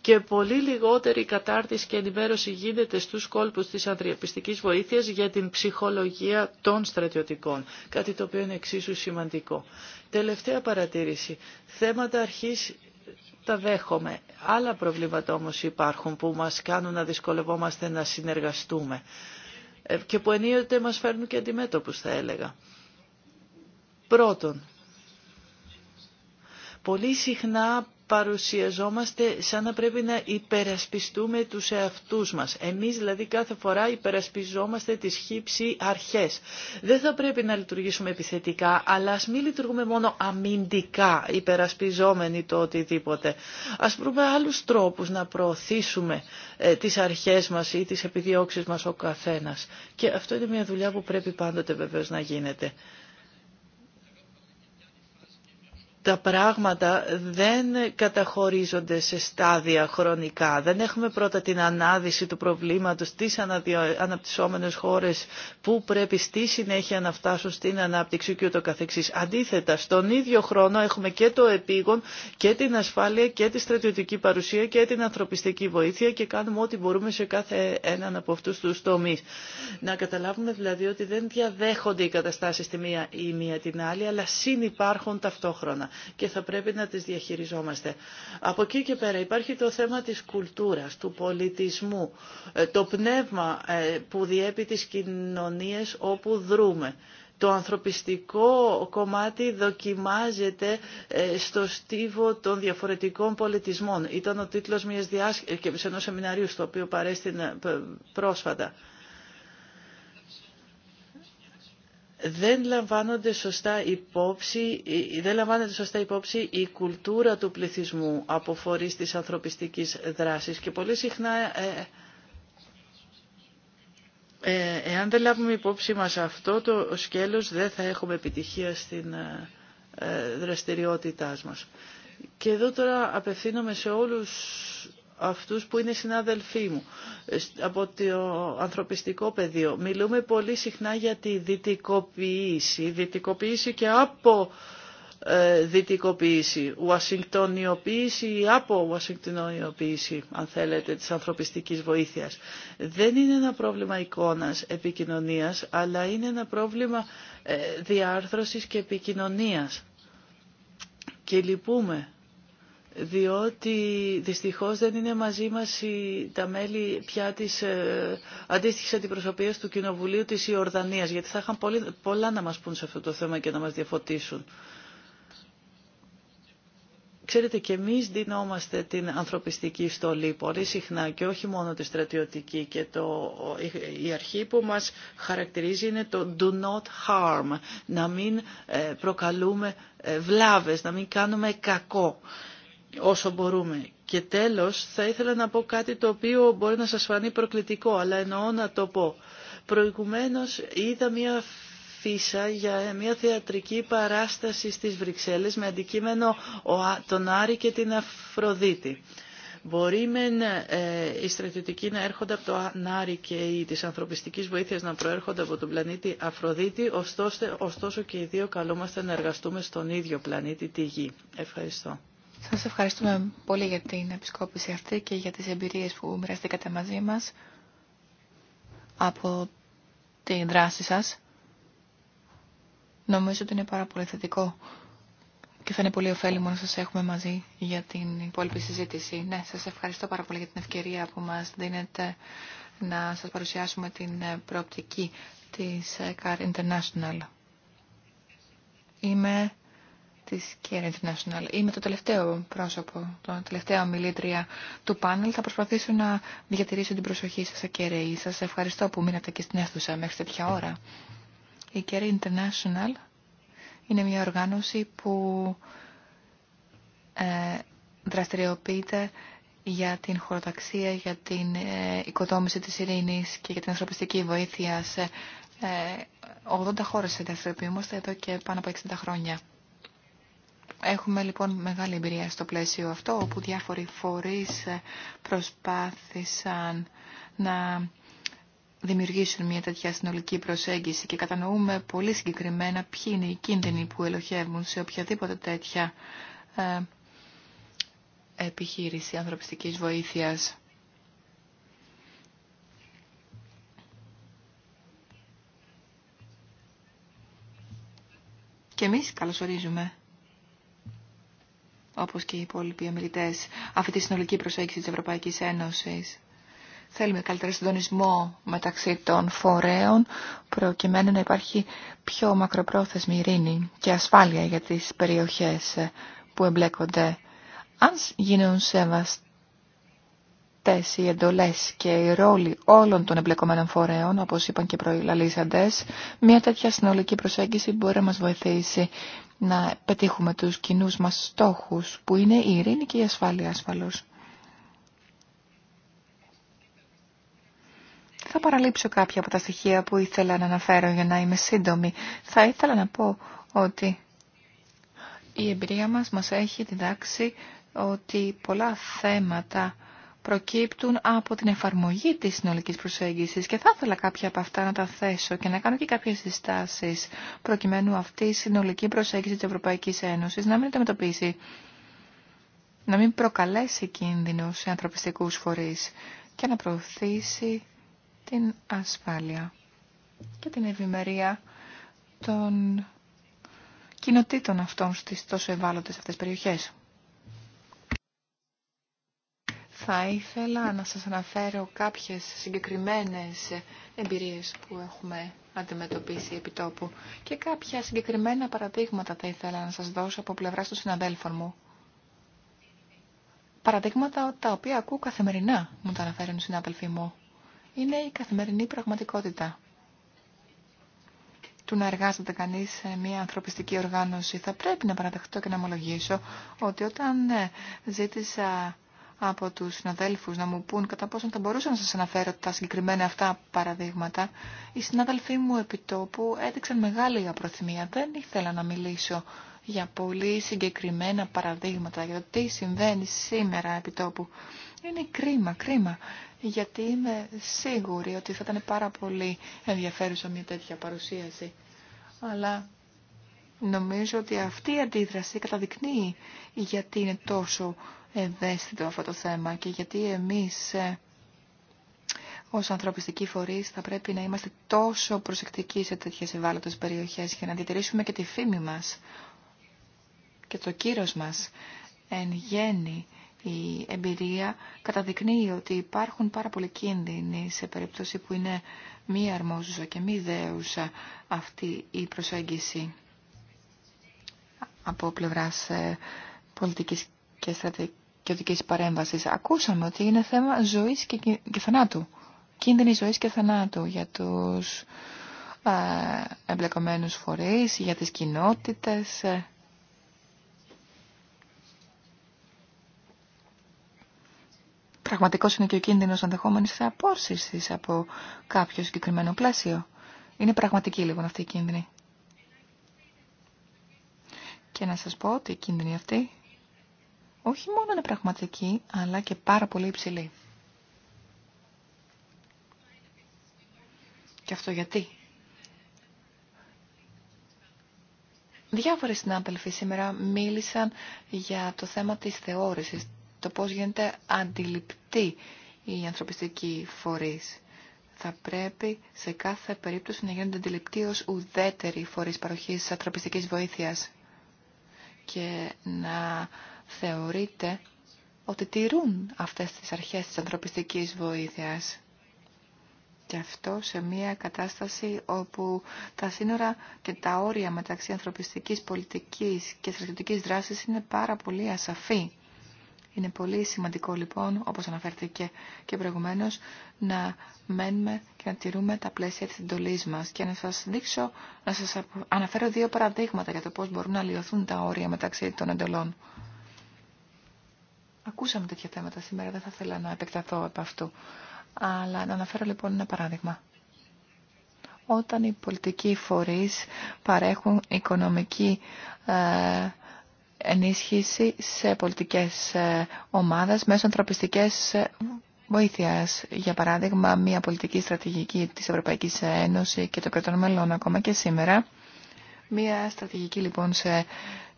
και πολύ λιγότερη κατάρτιση και ενημέρωση γίνεται στους κόλπους της ανθρωπιστικής βοήθειας για την ψυχολογία των στρατιωτικών, κάτι το οποίο είναι εξίσου σημαντικό. Τελευταία παρατήρηση. Θέματα αρχής τα δέχομαι. Άλλα προβλήματα όμως υπάρχουν που μας κάνουν να δυσκολευόμαστε να συνεργαστούμε. Ε, και που ενίοτε μας φέρνουν και αντιμέτωπους θα έλεγα. Πρώτον, πολύ συχνά παρουσιαζόμαστε σαν να πρέπει να υπερασπιστούμε τους εαυτούς μας. Εμείς δηλαδή κάθε φορά υπερασπιζόμαστε τις χύψη αρχές. Δεν θα πρέπει να λειτουργήσουμε επιθετικά, αλλά ας μην λειτουργούμε μόνο αμυντικά υπερασπιζόμενοι το οτιδήποτε. Ας βρούμε άλλους τρόπους να προωθήσουμε ε, τις αρχές μας ή τις επιδιώξεις μας ο καθένας. Και αυτό είναι μια δουλειά που πρέπει πάντοτε βεβαίως να γίνεται τα πράγματα δεν καταχωρίζονται σε στάδια χρονικά. Δεν έχουμε πρώτα την ανάδυση του προβλήματος στις αναπτυσσόμενες χώρες που πρέπει στη συνέχεια να φτάσουν στην ανάπτυξη και ούτω καθεξής. Αντίθετα, στον ίδιο χρόνο έχουμε και το επίγον και την ασφάλεια και τη στρατιωτική παρουσία και την ανθρωπιστική βοήθεια και κάνουμε ό,τι μπορούμε σε κάθε έναν από αυτούς τους τομείς. Να καταλάβουμε δηλαδή ότι δεν διαδέχονται οι καταστάσεις τη μία ή μία την άλλη, αλλά συνυπάρχουν ταυτόχρονα και θα πρέπει να τις διαχειριζόμαστε. Από εκεί και πέρα υπάρχει το θέμα της κουλτούρας, του πολιτισμού, ε, το πνεύμα ε, που διέπει τις κοινωνίες όπου δρούμε. Το ανθρωπιστικό κομμάτι δοκιμάζεται ε, στο στίβο των διαφορετικών πολιτισμών. Ήταν ο τίτλος μιας διάσκεψης ενός σεμιναρίου στο οποίο παρέστηνα πρόσφατα. δεν λαμβάνονται σωστά υπόψη, ε, ε, λαμβάνεται σωστά υπόψη η κουλτούρα του πληθυσμού από φορείς της ανθρωπιστικής δράσης και πολύ συχνά ε, εάν δεν λάβουμε υπόψη μας αυτό το σκέλος δεν θα έχουμε επιτυχία στην ε, δραστηριότητά μας. Και εδώ τώρα απευθύνομαι σε όλους αυτούς που είναι συνάδελφοί μου ε, από το ανθρωπιστικό πεδίο. Μιλούμε πολύ συχνά για τη δυτικοποίηση, δυτικοποίηση και από ε, δυτικοποίηση, ουασιγκτονιοποίηση ή από ουασιγκτονιοποίηση, αν θέλετε, της ανθρωπιστικής βοήθειας. Δεν είναι ένα πρόβλημα εικόνας επικοινωνίας, αλλά είναι ένα πρόβλημα ε, διάρθρωσης και επικοινωνίας. Και λυπούμε διότι δυστυχώς δεν είναι μαζί μας τα μέλη πια της ε, αντίστοιχης αντιπροσωπείας του Κοινοβουλίου της Ιορδανίας, γιατί θα είχαν πολλά να μας πούν σε αυτό το θέμα και να μας διαφωτίσουν. Ξέρετε, και εμείς δινόμαστε την ανθρωπιστική στολή πολύ συχνά και όχι μόνο τη στρατιωτική. Και το, η αρχή που μας χαρακτηρίζει είναι το do not harm, να μην ε, προκαλούμε ε, βλάβες, να μην κάνουμε κακό όσο μπορούμε. Και τέλος, θα ήθελα να πω κάτι το οποίο μπορεί να σας φανεί προκλητικό, αλλά εννοώ να το πω. Προηγουμένως είδα μια φύσα για μια θεατρική παράσταση στις Βρυξέλλες με αντικείμενο τον Άρη και την Αφροδίτη. Μπορεί μεν ε, οι στρατιωτικοί να έρχονται από το Νάρι και οι της ανθρωπιστικής βοήθειας να προέρχονται από τον πλανήτη Αφροδίτη, ωστόσο, ωστόσο και οι δύο καλούμαστε να εργαστούμε στον ίδιο πλανήτη, τη Γη. Ευχαριστώ. Σας ευχαριστούμε πολύ για την επισκόπηση αυτή και για τις εμπειρίες που μοιραστήκατε μαζί μας από τη δράση σας. Νομίζω ότι είναι πάρα πολύ θετικό και θα είναι πολύ ωφέλιμο να σας έχουμε μαζί για την υπόλοιπη συζήτηση. Ναι, σας ευχαριστώ πάρα πολύ για την ευκαιρία που μας δίνετε να σας παρουσιάσουμε την προοπτική της CAR International. Είμαι της Care International. Είμαι το τελευταίο πρόσωπο, το τελευταίο ομιλήτρια του πάνελ. Θα προσπαθήσω να διατηρήσω την προσοχή σας ακεραίη. Σας ευχαριστώ που μείνατε και στην αίθουσα μέχρι τέτοια ώρα. Η Care International είναι μια οργάνωση που ε, δραστηριοποιείται για την χωροταξία, για την ε, οικοδόμηση της ειρήνης και για την ανθρωπιστική βοήθεια σε 80 ε, χώρες δραστηριοποιούμαστε εδώ και πάνω από 60 χρόνια. Έχουμε λοιπόν μεγάλη εμπειρία στο πλαίσιο αυτό, όπου διάφοροι φορείς ε, προσπάθησαν να δημιουργήσουν μια τέτοια συνολική προσέγγιση και κατανοούμε πολύ συγκεκριμένα ποιοι είναι οι κίνδυνοι που ελοχεύουν σε οποιαδήποτε τέτοια ε, επιχείρηση ανθρωπιστικής βοήθειας. Και εμείς καλωσορίζουμε όπως και οι υπόλοιποι ομιλητέ, αυτή τη συνολική προσέγγιση της Ευρωπαϊκής Ένωσης. Θέλουμε καλύτερο συντονισμό μεταξύ των φορέων, προκειμένου να υπάρχει πιο μακροπρόθεσμη ειρήνη και ασφάλεια για τις περιοχές που εμπλέκονται. Αν γίνουν σεβαστοί αυτές οι εντολές και οι ρόλοι όλων των εμπλεκομένων φορέων, όπως είπαν και προηλαλήσαντες, μια τέτοια συνολική προσέγγιση μπορεί να μας βοηθήσει να πετύχουμε τους κοινού μας στόχους, που είναι η ειρήνη και η ασφάλεια ασφαλώς. Θα παραλείψω κάποια από τα στοιχεία που ήθελα να αναφέρω για να είμαι σύντομη. Θα ήθελα να πω ότι η εμπειρία μας μας έχει διδάξει ότι πολλά θέματα προκύπτουν από την εφαρμογή της συνολικής προσέγγισης και θα ήθελα κάποια από αυτά να τα θέσω και να κάνω και κάποιες συστάσεις προκειμένου αυτή η συνολική προσέγγιση της Ευρωπαϊκής Ένωσης να μην αντιμετωπίσει, να μην προκαλέσει κίνδυνο σε ανθρωπιστικούς φορείς και να προωθήσει την ασφάλεια και την ευημερία των κοινοτήτων αυτών στις τόσο ευάλωτες αυτές περιοχές. Θα ήθελα να σας αναφέρω κάποιες συγκεκριμένες εμπειρίες που έχουμε αντιμετωπίσει επί τόπου και κάποια συγκεκριμένα παραδείγματα θα ήθελα να σας δώσω από πλευράς των συναδέλφων μου. Παραδείγματα τα οποία ακούω καθημερινά, μου τα αναφέρουν οι συνάδελφοί μου. Είναι η καθημερινή πραγματικότητα. Του να εργάζεται κανείς σε μια ανθρωπιστική οργάνωση θα πρέπει να παραδεχτώ και να ομολογήσω ότι όταν ε, ζήτησα από τους συναδέλφους να μου πούν κατά πόσο θα μπορούσα να σας αναφέρω τα συγκεκριμένα αυτά παραδείγματα, οι συνάδελφοί μου επί τόπου έδειξαν μεγάλη απροθυμία. Δεν ήθελα να μιλήσω για πολύ συγκεκριμένα παραδείγματα, για το τι συμβαίνει σήμερα επιτόπου. Είναι κρίμα, κρίμα, γιατί είμαι σίγουρη ότι θα ήταν πάρα πολύ ενδιαφέρουσα μια τέτοια παρουσίαση. Αλλά νομίζω ότι αυτή η αντίδραση καταδεικνύει γιατί είναι τόσο ευαίσθητο αυτό το θέμα και γιατί εμείς ε, ως ανθρωπιστικοί φορείς θα πρέπει να είμαστε τόσο προσεκτικοί σε τέτοιες ευάλωτες περιοχές για να διατηρήσουμε και τη φήμη μας και το κύρος μας εν γέννη. Η εμπειρία καταδεικνύει ότι υπάρχουν πάρα πολλοί κίνδυνοι σε περίπτωση που είναι μη αρμόζουσα και μη δέουσα αυτή η προσέγγιση από πλευράς ε, πολιτικής και στρατηγικής και κοινωτικής παρέμβασης. Ακούσαμε ότι είναι θέμα ζωής και, θανάτου. Κίνδυνη ζωής και θανάτου για τους εμπλεκομένου εμπλεκομένους φορείς, για τις κοινότητες. Πραγματικός είναι και ο κίνδυνος ανδεχόμενης απόρσησης από κάποιο συγκεκριμένο πλαίσιο. Είναι πραγματική λοιπόν αυτή η κίνδυνη. Και να σας πω ότι η κίνδυνη αυτή όχι μόνο είναι πραγματική, αλλά και πάρα πολύ υψηλή. Και αυτό γιατί. Διάφοροι συνάδελφοι σήμερα μίλησαν για το θέμα της θεώρησης, το πώς γίνεται αντιληπτή η ανθρωπιστική φορείς. Θα πρέπει σε κάθε περίπτωση να γίνονται αντιληπτή ως ουδέτερη φορείς παροχής ανθρωπιστικής βοήθειας και να θεωρείτε ότι τηρούν αυτές τις αρχές της ανθρωπιστικής βοήθειας. Και αυτό σε μια κατάσταση όπου τα σύνορα και τα όρια μεταξύ ανθρωπιστικής πολιτικής και στρατιωτικής δράσης είναι πάρα πολύ ασαφή. Είναι πολύ σημαντικό λοιπόν, όπως αναφέρθηκε και προηγουμένως, να μένουμε και να τηρούμε τα πλαίσια της εντολής μας και να σας δείξω, να αναφέρω δύο παραδείγματα για το πώς μπορούν να λιωθούν τα όρια μεταξύ των εντολών. Ακούσαμε τέτοια θέματα σήμερα, δεν θα ήθελα να επεκταθώ από αυτού. Αλλά να αναφέρω λοιπόν ένα παράδειγμα. Όταν οι πολιτικοί φορείς παρέχουν οικονομική ε, ενίσχυση σε πολιτικές ε, ομάδες μέσω ανθρωπιστικές ε, βοήθειας. Για παράδειγμα, μια πολιτική στρατηγική της Ευρωπαϊκής Ένωσης και των κρατών μελών ακόμα και σήμερα. Μια στρατηγική λοιπόν σε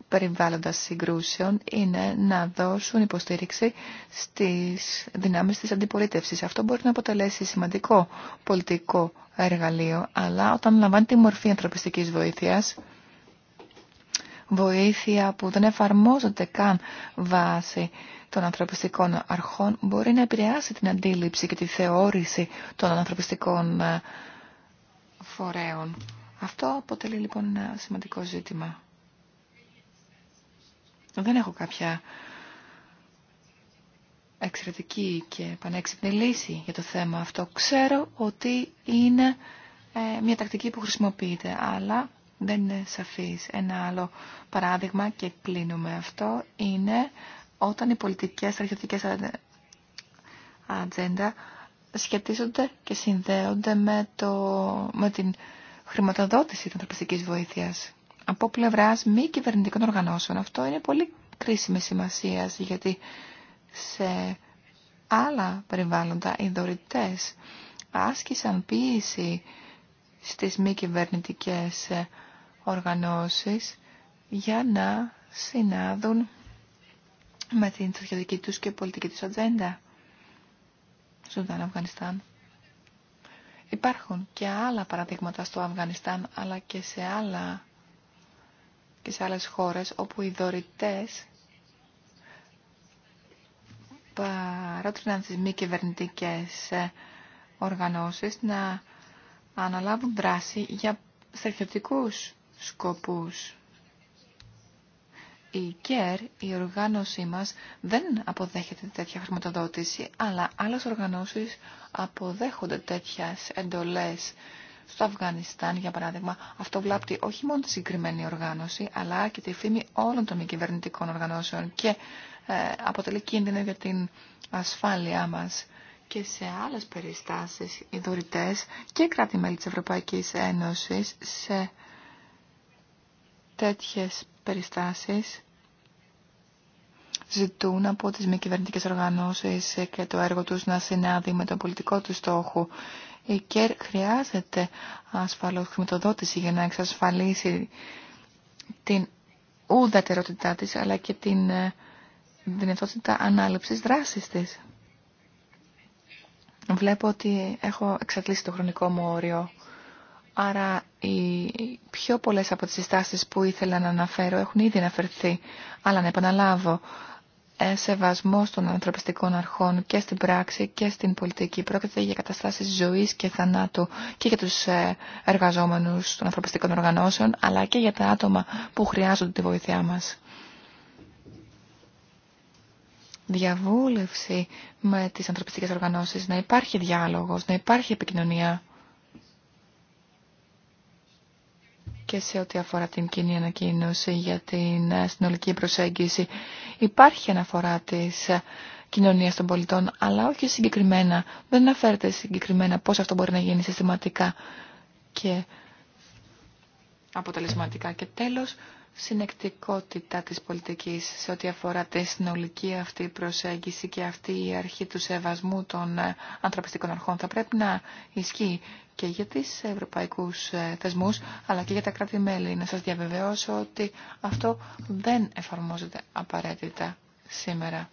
περιβάλλοντα συγκρούσεων είναι να δώσουν υποστήριξη στις δυνάμεις της αντιπολίτευσης. Αυτό μπορεί να αποτελέσει σημαντικό πολιτικό εργαλείο, αλλά όταν λαμβάνει τη μορφή ανθρωπιστικής βοήθειας, βοήθεια που δεν εφαρμόζεται καν βάση των ανθρωπιστικών αρχών, μπορεί να επηρεάσει την αντίληψη και τη θεώρηση των ανθρωπιστικών ε, φορέων. Αυτό αποτελεί λοιπόν ένα σημαντικό ζήτημα. Δεν έχω κάποια εξαιρετική και πανέξυπνη λύση για το θέμα αυτό. Ξέρω ότι είναι ε, μια τακτική που χρησιμοποιείται, αλλά δεν είναι σαφής. Ένα άλλο παράδειγμα και κλείνουμε αυτό είναι όταν οι πολιτικές στρατιωτικές ατζέντα σχετίζονται και συνδέονται με, το, με την χρηματοδότηση της ανθρωπιστικής βοήθειας από πλευρά μη κυβερνητικών οργανώσεων. Αυτό είναι πολύ κρίσιμη σημασία γιατί σε άλλα περιβάλλοντα οι δωρητέ άσκησαν πίεση στις μη κυβερνητικέ οργανώσεις για να συνάδουν με την στρατιωτική τους και πολιτική τους ατζέντα. Σουδάν, Αφγανιστάν. Υπάρχουν και άλλα παραδείγματα στο Αφγανιστάν αλλά και σε άλλα και σε άλλες χώρες όπου οι δωρητές παρότριναν τις μη κυβερνητικέ ε, οργανώσεις να αναλάβουν δράση για στρατιωτικούς σκοπούς. Η ΚΕΡ, η οργάνωσή μας, δεν αποδέχεται τέτοια χρηματοδότηση, αλλά άλλες οργανώσεις αποδέχονται τέτοιες εντολές στο Αφγανιστάν, για παράδειγμα, αυτό βλάπτει όχι μόνο τη συγκεκριμένη οργάνωση, αλλά και τη φήμη όλων των μη κυβερνητικών οργανώσεων και ε, αποτελεί κίνδυνο για την ασφάλειά μας και σε άλλες περιστάσεις οι δωρητέ και κράτη-μέλη τη Ευρωπαϊκής Ένωσης σε τέτοιες περιστάσεις ζητούν από τις μη κυβερνητικέ οργανώσεις και το έργο τους να συνάδει με τον πολιτικό του στόχο η ΚΕΡ χρειάζεται ασφαλώς χρηματοδότηση για να εξασφαλίσει την ουδατερότητά της αλλά και την ε, δυνατότητα ανάληψης δράσης της. Βλέπω ότι έχω εξατλήσει το χρονικό μου όριο. Άρα οι πιο πολλές από τις συστάσεις που ήθελα να αναφέρω έχουν ήδη αναφερθεί. Αλλά να επαναλάβω, ε, σεβασμό των ανθρωπιστικών αρχών και στην πράξη και στην πολιτική. Πρόκειται για καταστάσεις ζωής και θανάτου και για τους ε, εργαζόμενους των ανθρωπιστικών οργανώσεων, αλλά και για τα άτομα που χρειάζονται τη βοήθειά μας. Διαβούλευση με τις ανθρωπιστικές οργανώσεις, να υπάρχει διάλογος, να υπάρχει επικοινωνία. και σε ό,τι αφορά την κοινή ανακοίνωση για την ε, συνολική προσέγγιση. Υπάρχει αναφορά της ε, κοινωνίας των πολιτών, αλλά όχι συγκεκριμένα. Δεν αναφέρεται συγκεκριμένα πώς αυτό μπορεί να γίνει συστηματικά και αποτελεσματικά. Και τέλος, συνεκτικότητα της πολιτικής σε ό,τι αφορά τη συνολική αυτή προσέγγιση και αυτή η αρχή του σεβασμού των ε, ανθρωπιστικών αρχών θα πρέπει να ισχύει και για τις ευρωπαϊκούς ε, θεσμούς αλλά και για τα κράτη-μέλη. Να σας διαβεβαιώσω ότι αυτό δεν εφαρμόζεται απαραίτητα σήμερα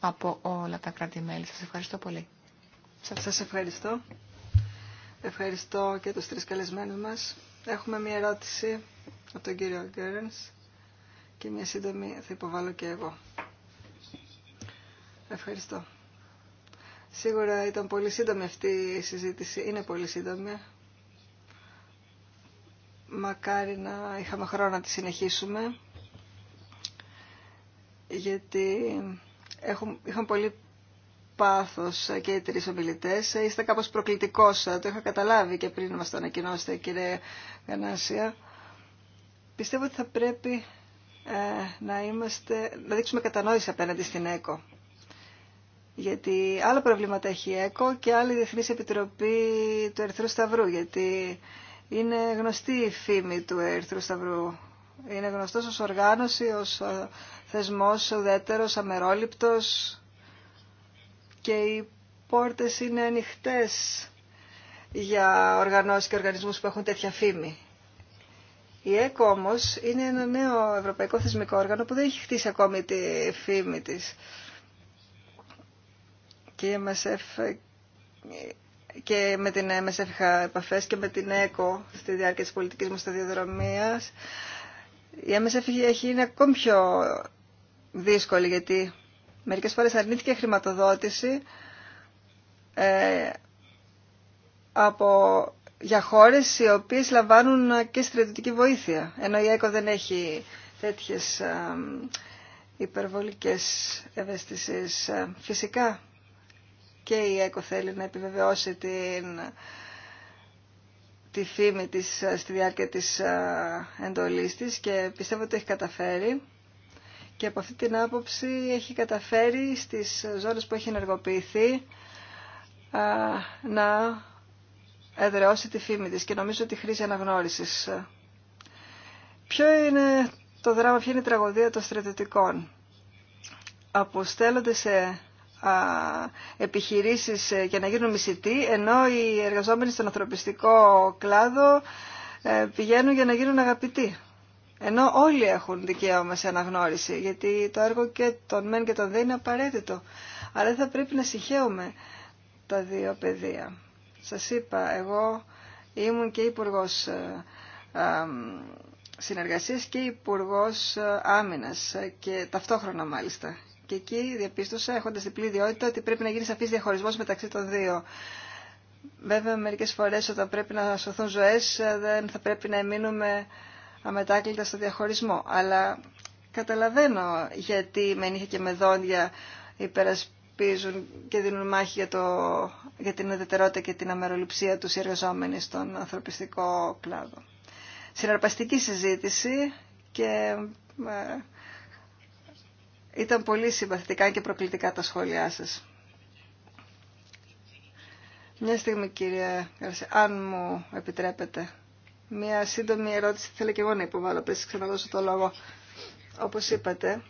από όλα τα κράτη-μέλη. Σας ευχαριστώ πολύ. Σας ευχαριστώ. Ευχαριστώ και τους τρεις καλεσμένους μας. Έχουμε μία ερώτηση από τον κύριο Γκέρενς και μια σύντομη θα υποβάλω και εγώ. Ευχαριστώ. Σίγουρα ήταν πολύ σύντομη αυτή η συζήτηση. Είναι πολύ σύντομη. Μακάρι να είχαμε χρόνο να τη συνεχίσουμε. Γιατί έχουν, είχαν πολύ πάθος και οι τρεις ομιλητές. Είστε κάπως προκλητικός. Το είχα καταλάβει και πριν μας το ανακοινώσετε κύριε Γανάσια. Πιστεύω ότι θα πρέπει ε, να, είμαστε, να δείξουμε κατανόηση απέναντι στην ΕΚΟ. Γιατί άλλα προβλήματα έχει η ΕΚΟ και άλλη Διεθνής Επιτροπή του Ερυθρού Σταυρού. Γιατί είναι γνωστή η φήμη του Ερυθρού Σταυρού. Είναι γνωστός ως οργάνωση, ως ε, θεσμός ουδέτερος, αμερόληπτος και οι πόρτες είναι ανοιχτές για οργανώσεις και οργανισμούς που έχουν τέτοια φήμη. Η ΕΚΟ όμω είναι ένα νέο ευρωπαϊκό θεσμικό όργανο που δεν έχει χτίσει ακόμη τη φήμη τη. Και, και με την MSF είχα επαφέ και με την ΕΚΟ στη διάρκεια τη πολιτική μου σταδιοδρομία. Η MSF έχει είναι ακόμη πιο δύσκολη γιατί μερικέ φορέ αρνήθηκε χρηματοδότηση. Ε, από για χώρες οι οποίες λαμβάνουν και στρατιωτική βοήθεια, ενώ η ΕΚΟ δεν έχει τέτοιες υπερβολικές ευαισθησίες. Φυσικά και η ΕΚΟ θέλει να επιβεβαιώσει την, τη φήμη της ε, στη διάρκεια της ε, εντολής της και πιστεύω ότι έχει καταφέρει. Και από αυτή την άποψη έχει καταφέρει στις ζώνες που έχει ενεργοποιηθεί ε, να εδραιώσει τη φήμη της και νομίζω ότι χρήση αναγνώρισης. Ποιο είναι το δράμα, ποια είναι η τραγωδία των στρατιωτικών. Αποστέλλονται σε α, επιχειρήσεις ε, για να γίνουν μισητοί, ενώ οι εργαζόμενοι στον ανθρωπιστικό κλάδο ε, πηγαίνουν για να γίνουν αγαπητοί. Ενώ όλοι έχουν δικαίωμα σε αναγνώριση, γιατί το έργο και των μεν και των δε είναι απαραίτητο. Αλλά δεν θα πρέπει να συγχαίουμε τα δύο παιδεία. Σας είπα, εγώ ήμουν και υπουργό ε, ε, συνεργασίας και υπουργό ε, άμυνας και ταυτόχρονα μάλιστα. Και εκεί διαπίστωσα, έχοντας διπλή ιδιότητα, ότι πρέπει να γίνει σαφής διαχωρισμός μεταξύ των δύο. Βέβαια, μερικές φορές όταν πρέπει να σωθούν ζωές δεν θα πρέπει να εμείνουμε αμετάκλητα στο διαχωρισμό. Αλλά καταλαβαίνω γιατί με νύχια και με δόντια υπερασπίζονται και δίνουν μάχη για, το, για την ουδετερότητα και την αμεροληψία του οι εργαζόμενοι στον ανθρωπιστικό κλάδο. Συναρπαστική συζήτηση και ε, ήταν πολύ συμπαθητικά και προκλητικά τα σχόλιά σας. Μια στιγμή κύριε αν μου επιτρέπετε. Μια σύντομη ερώτηση θέλω και εγώ να υποβάλω πριν ξαναδώσω το λόγο. Όπως είπατε,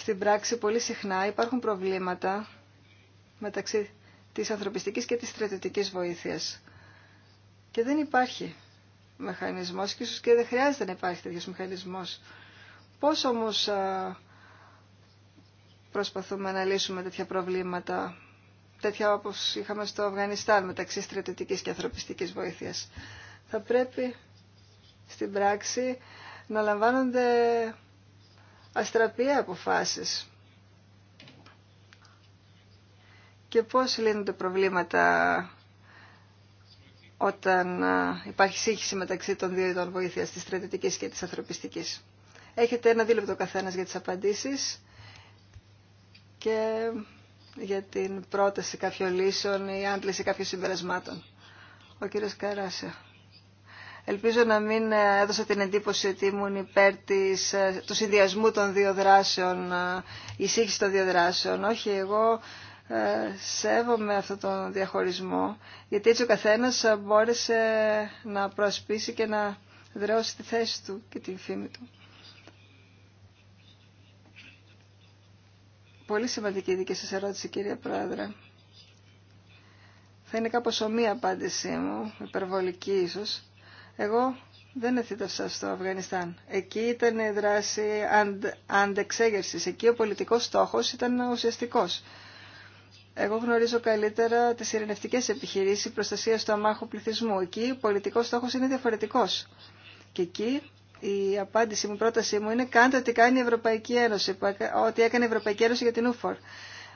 στην πράξη πολύ συχνά υπάρχουν προβλήματα μεταξύ της ανθρωπιστικής και της στρατιωτικής βοήθειας. Και δεν υπάρχει μηχανισμός και ίσως και δεν χρειάζεται να υπάρχει τέτοιος μηχανισμός. Πώς όμως προσπαθούμε να λύσουμε τέτοια προβλήματα, τέτοια όπως είχαμε στο Αφγανιστάν μεταξύ στρατιωτικής και ανθρωπιστικής βοήθειας. Θα πρέπει στην πράξη να λαμβάνονται αστραπία αποφάσεις και πώς λύνονται προβλήματα όταν υπάρχει σύγχυση μεταξύ των δύο ειδών βοήθειας, της στρατιωτικής και της ανθρωπιστικής. Έχετε ένα δίλεπτο καθένας για τις απαντήσεις και για την πρόταση κάποιων λύσεων ή άντληση κάποιων συμπερασμάτων. Ο κύριος Καράσεο. Ελπίζω να μην ε, έδωσα την εντύπωση ότι ήμουν υπέρ της, ε, του συνδυασμού των δύο δράσεων, ε, η σύγχυση των δύο δράσεων. Όχι, εγώ σέβομαι αυτόν τον διαχωρισμό, γιατί έτσι ο καθένας μπόρεσε να προασπίσει και να δρεώσει τη θέση του και την φήμη του. Πολύ σημαντική δική σας ερώτηση, κύριε Πρόεδρε. Θα είναι κάπως ομοία απάντησή μου, υπερβολική ίσως. Εγώ δεν αυτό στο Αφγανιστάν. Εκεί ήταν η δράση αντεξέγερσης. Εκεί ο πολιτικός στόχος ήταν ουσιαστικός. Εγώ γνωρίζω καλύτερα τι ειρηνευτικές επιχειρήσει προστασία του αμάχου πληθυσμού. Εκεί ο πολιτικός στόχο είναι διαφορετικός. Και εκεί η απάντηση μου, η πρότασή μου είναι κάντε ό,τι κάνει η Ευρωπαϊκή Ένωση, ό,τι έκανε η Ευρωπαϊκή Ένωση για την UFOR.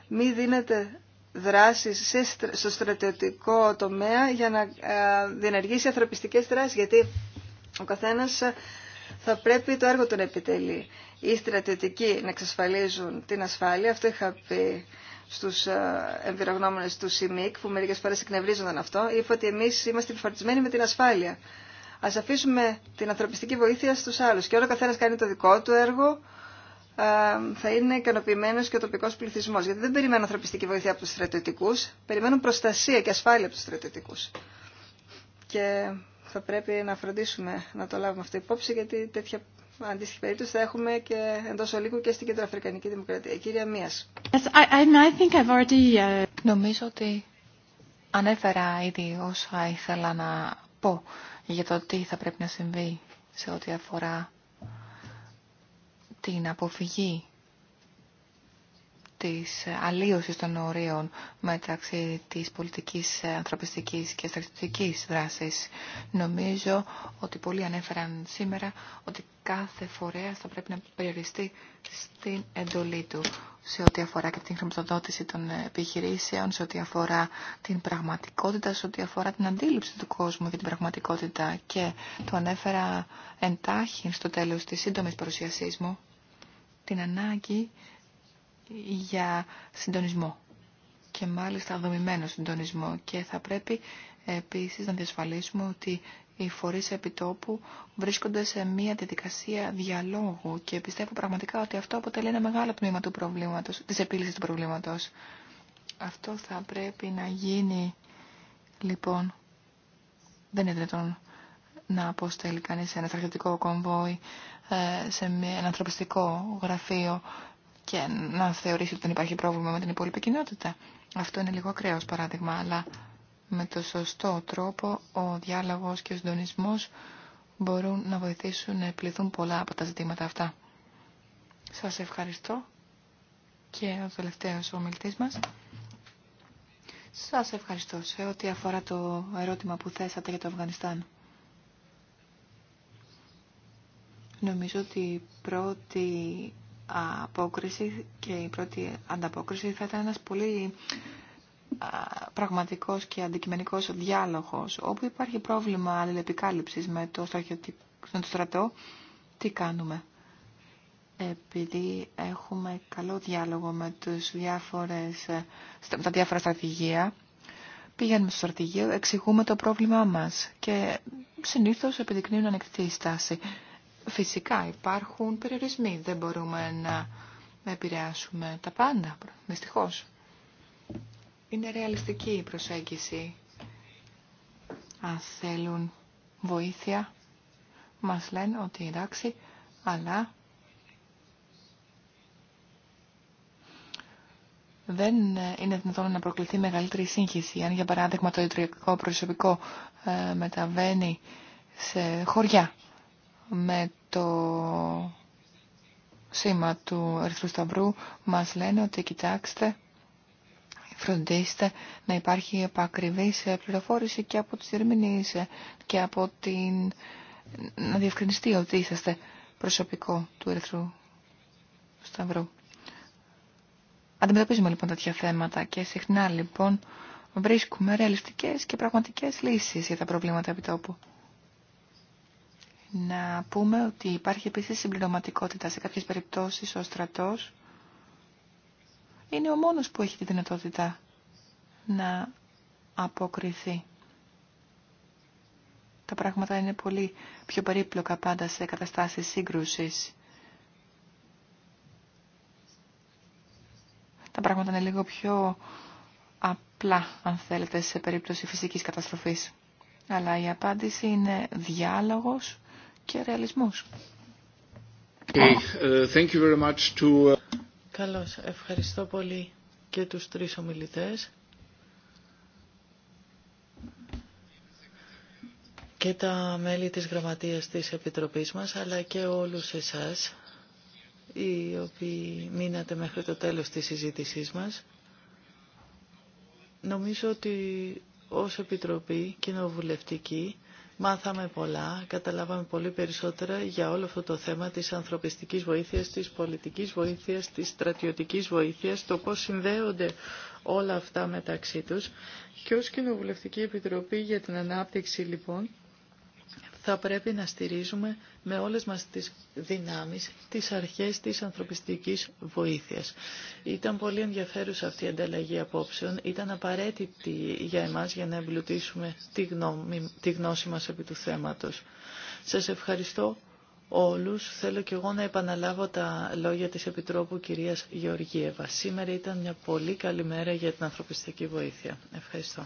Μη δίνετε δράσεις στο στρατιωτικό τομέα για να ε, διενεργήσει ανθρωπιστικές δράσεις, γιατί ο καθένας θα πρέπει το έργο του να επιτελεί. Οι στρατιωτικοί να εξασφαλίζουν την ασφάλεια, αυτό είχα πει στους ε, εμπειρογνώμονες του ΣΥΜΙΚ, που μερικές φορές εκνευρίζονταν αυτό, είπα ότι εμείς είμαστε επιφορτισμένοι με την ασφάλεια. Ας αφήσουμε την ανθρωπιστική βοήθεια στους άλλους και όλο καθένας κάνει το δικό του έργο, ε, θα είναι ικανοποιημένο και ο τοπικό πληθυσμό. Γιατί δεν περιμένουν ανθρωπιστική βοήθεια από του στρατιωτικού, περιμένουν προστασία και ασφάλεια από του στρατιωτικού. Και θα πρέπει να φροντίσουμε να το λάβουμε αυτό υπόψη, γιατί τέτοια αντίστοιχη περίπτωση θα έχουμε και εντό ολίγου και στην Κεντροαφρικανική Δημοκρατία. Κύριε κυρία Μία. Uh, Νομίζω ότι ανέφερα ήδη όσα ήθελα να πω για το τι θα πρέπει να συμβεί σε ό,τι αφορά την αποφυγή της αλλίωσης των ορίων μεταξύ της πολιτικής, ανθρωπιστικής και στρατιωτικής δράσης. Νομίζω ότι πολλοί ανέφεραν σήμερα ότι κάθε φορέας θα πρέπει να περιοριστεί στην εντολή του σε ό,τι αφορά και την χρηματοδότηση των επιχειρήσεων, σε ό,τι αφορά την πραγματικότητα, σε ό,τι αφορά την αντίληψη του κόσμου για την πραγματικότητα και το ανέφερα εντάχει στο τέλος της σύντομης παρουσιασής μου την ανάγκη για συντονισμό και μάλιστα δομημένο συντονισμό και θα πρέπει επίσης να διασφαλίσουμε ότι οι φορείς επιτόπου βρίσκονται σε μια διαδικασία διαλόγου και πιστεύω πραγματικά ότι αυτό αποτελεί ένα μεγάλο τμήμα του προβλήματος, της επίλυσης του προβλήματος. Αυτό θα πρέπει να γίνει λοιπόν. Δεν είναι δυνατόν να αποστέλει κανείς ένα στρατιωτικό κομβόι ε, σε ένα ανθρωπιστικό γραφείο και να θεωρήσει ότι δεν υπάρχει πρόβλημα με την υπόλοιπη κοινότητα. Αυτό είναι λίγο ακραίο παράδειγμα, αλλά με το σωστό τρόπο ο διάλογος και ο συντονισμός μπορούν να βοηθήσουν να επιληθούν πολλά από τα ζητήματα αυτά. Σας ευχαριστώ και ο τελευταίος ομιλητή μας. Σας ευχαριστώ σε ό,τι αφορά το ερώτημα που θέσατε για το Αφγανιστάν. Νομίζω ότι η πρώτη απόκριση και η πρώτη ανταπόκριση θα ήταν ένας πολύ πραγματικός και αντικειμενικός διάλογος. Όπου υπάρχει πρόβλημα αλληλεπικάλυψης με το, στρατιωτικό στρατό, τι κάνουμε. Επειδή έχουμε καλό διάλογο με, τους διάφορες, τα διάφορα στρατηγία, πηγαίνουμε στο στρατηγείο, εξηγούμε το πρόβλημά μας και συνήθως επιδεικνύουν ανεκτή στάση. Φυσικά υπάρχουν περιορισμοί. Δεν μπορούμε να επηρεάσουμε τα πάντα, δυστυχώς. Είναι ρεαλιστική η προσέγγιση. Αν θέλουν βοήθεια, μας λένε ότι εντάξει, αλλά δεν είναι δυνατόν να προκληθεί μεγαλύτερη σύγχυση. Αν για παράδειγμα το ιδρυτικό προσωπικό ε, μεταβαίνει σε χωριά με το σήμα του Ερθρού Σταυρού μας λένε ότι κοιτάξτε, φροντίστε να υπάρχει επακριβής πληροφόρηση και από τις ερμηνείς και από την... να διευκρινιστεί ότι είσαστε προσωπικό του Ερθρού Σταυρού. Αντιμετωπίζουμε λοιπόν τέτοια θέματα και συχνά λοιπόν βρίσκουμε ρεαλιστικές και πραγματικές λύσεις για τα προβλήματα επιτόπου. Να πούμε ότι υπάρχει επίσης συμπληρωματικότητα σε κάποιες περιπτώσεις ο στρατός είναι ο μόνος που έχει τη δυνατότητα να αποκριθεί. Τα πράγματα είναι πολύ πιο περίπλοκα πάντα σε καταστάσεις σύγκρουσης. Τα πράγματα είναι λίγο πιο απλά, αν θέλετε, σε περίπτωση φυσικής καταστροφής. Αλλά η απάντηση είναι διάλογος και ρεαλισμούς. Okay. Uh, thank you uh, Καλώς. Ευχαριστώ πολύ και τους τρεις ομιλητές. και τα μέλη της Γραμματείας της Επιτροπής μας, αλλά και όλους εσάς, οι οποίοι μείνατε μέχρι το τέλος της συζήτησής μας. Νομίζω ότι ως Επιτροπή Κοινοβουλευτική Μάθαμε πολλά, καταλάβαμε πολύ περισσότερα για όλο αυτό το θέμα της ανθρωπιστικής βοήθειας, της πολιτικής βοήθειας, της στρατιωτικής βοήθειας, το πώς συνδέονται όλα αυτά μεταξύ τους. Και ως Κοινοβουλευτική Επιτροπή για την Ανάπτυξη, λοιπόν, θα πρέπει να στηρίζουμε με όλες μας τις δυνάμεις τις αρχές της ανθρωπιστικής βοήθειας. Ήταν πολύ ενδιαφέρουσα αυτή η ανταλλαγή απόψεων. Ήταν απαραίτητη για εμάς για να εμπλουτίσουμε τη, γνώση μας επί του θέματος. Σας ευχαριστώ όλους. Θέλω και εγώ να επαναλάβω τα λόγια της Επιτρόπου κυρίας Γεωργίευα. Σήμερα ήταν μια πολύ καλή μέρα για την ανθρωπιστική βοήθεια. Ευχαριστώ.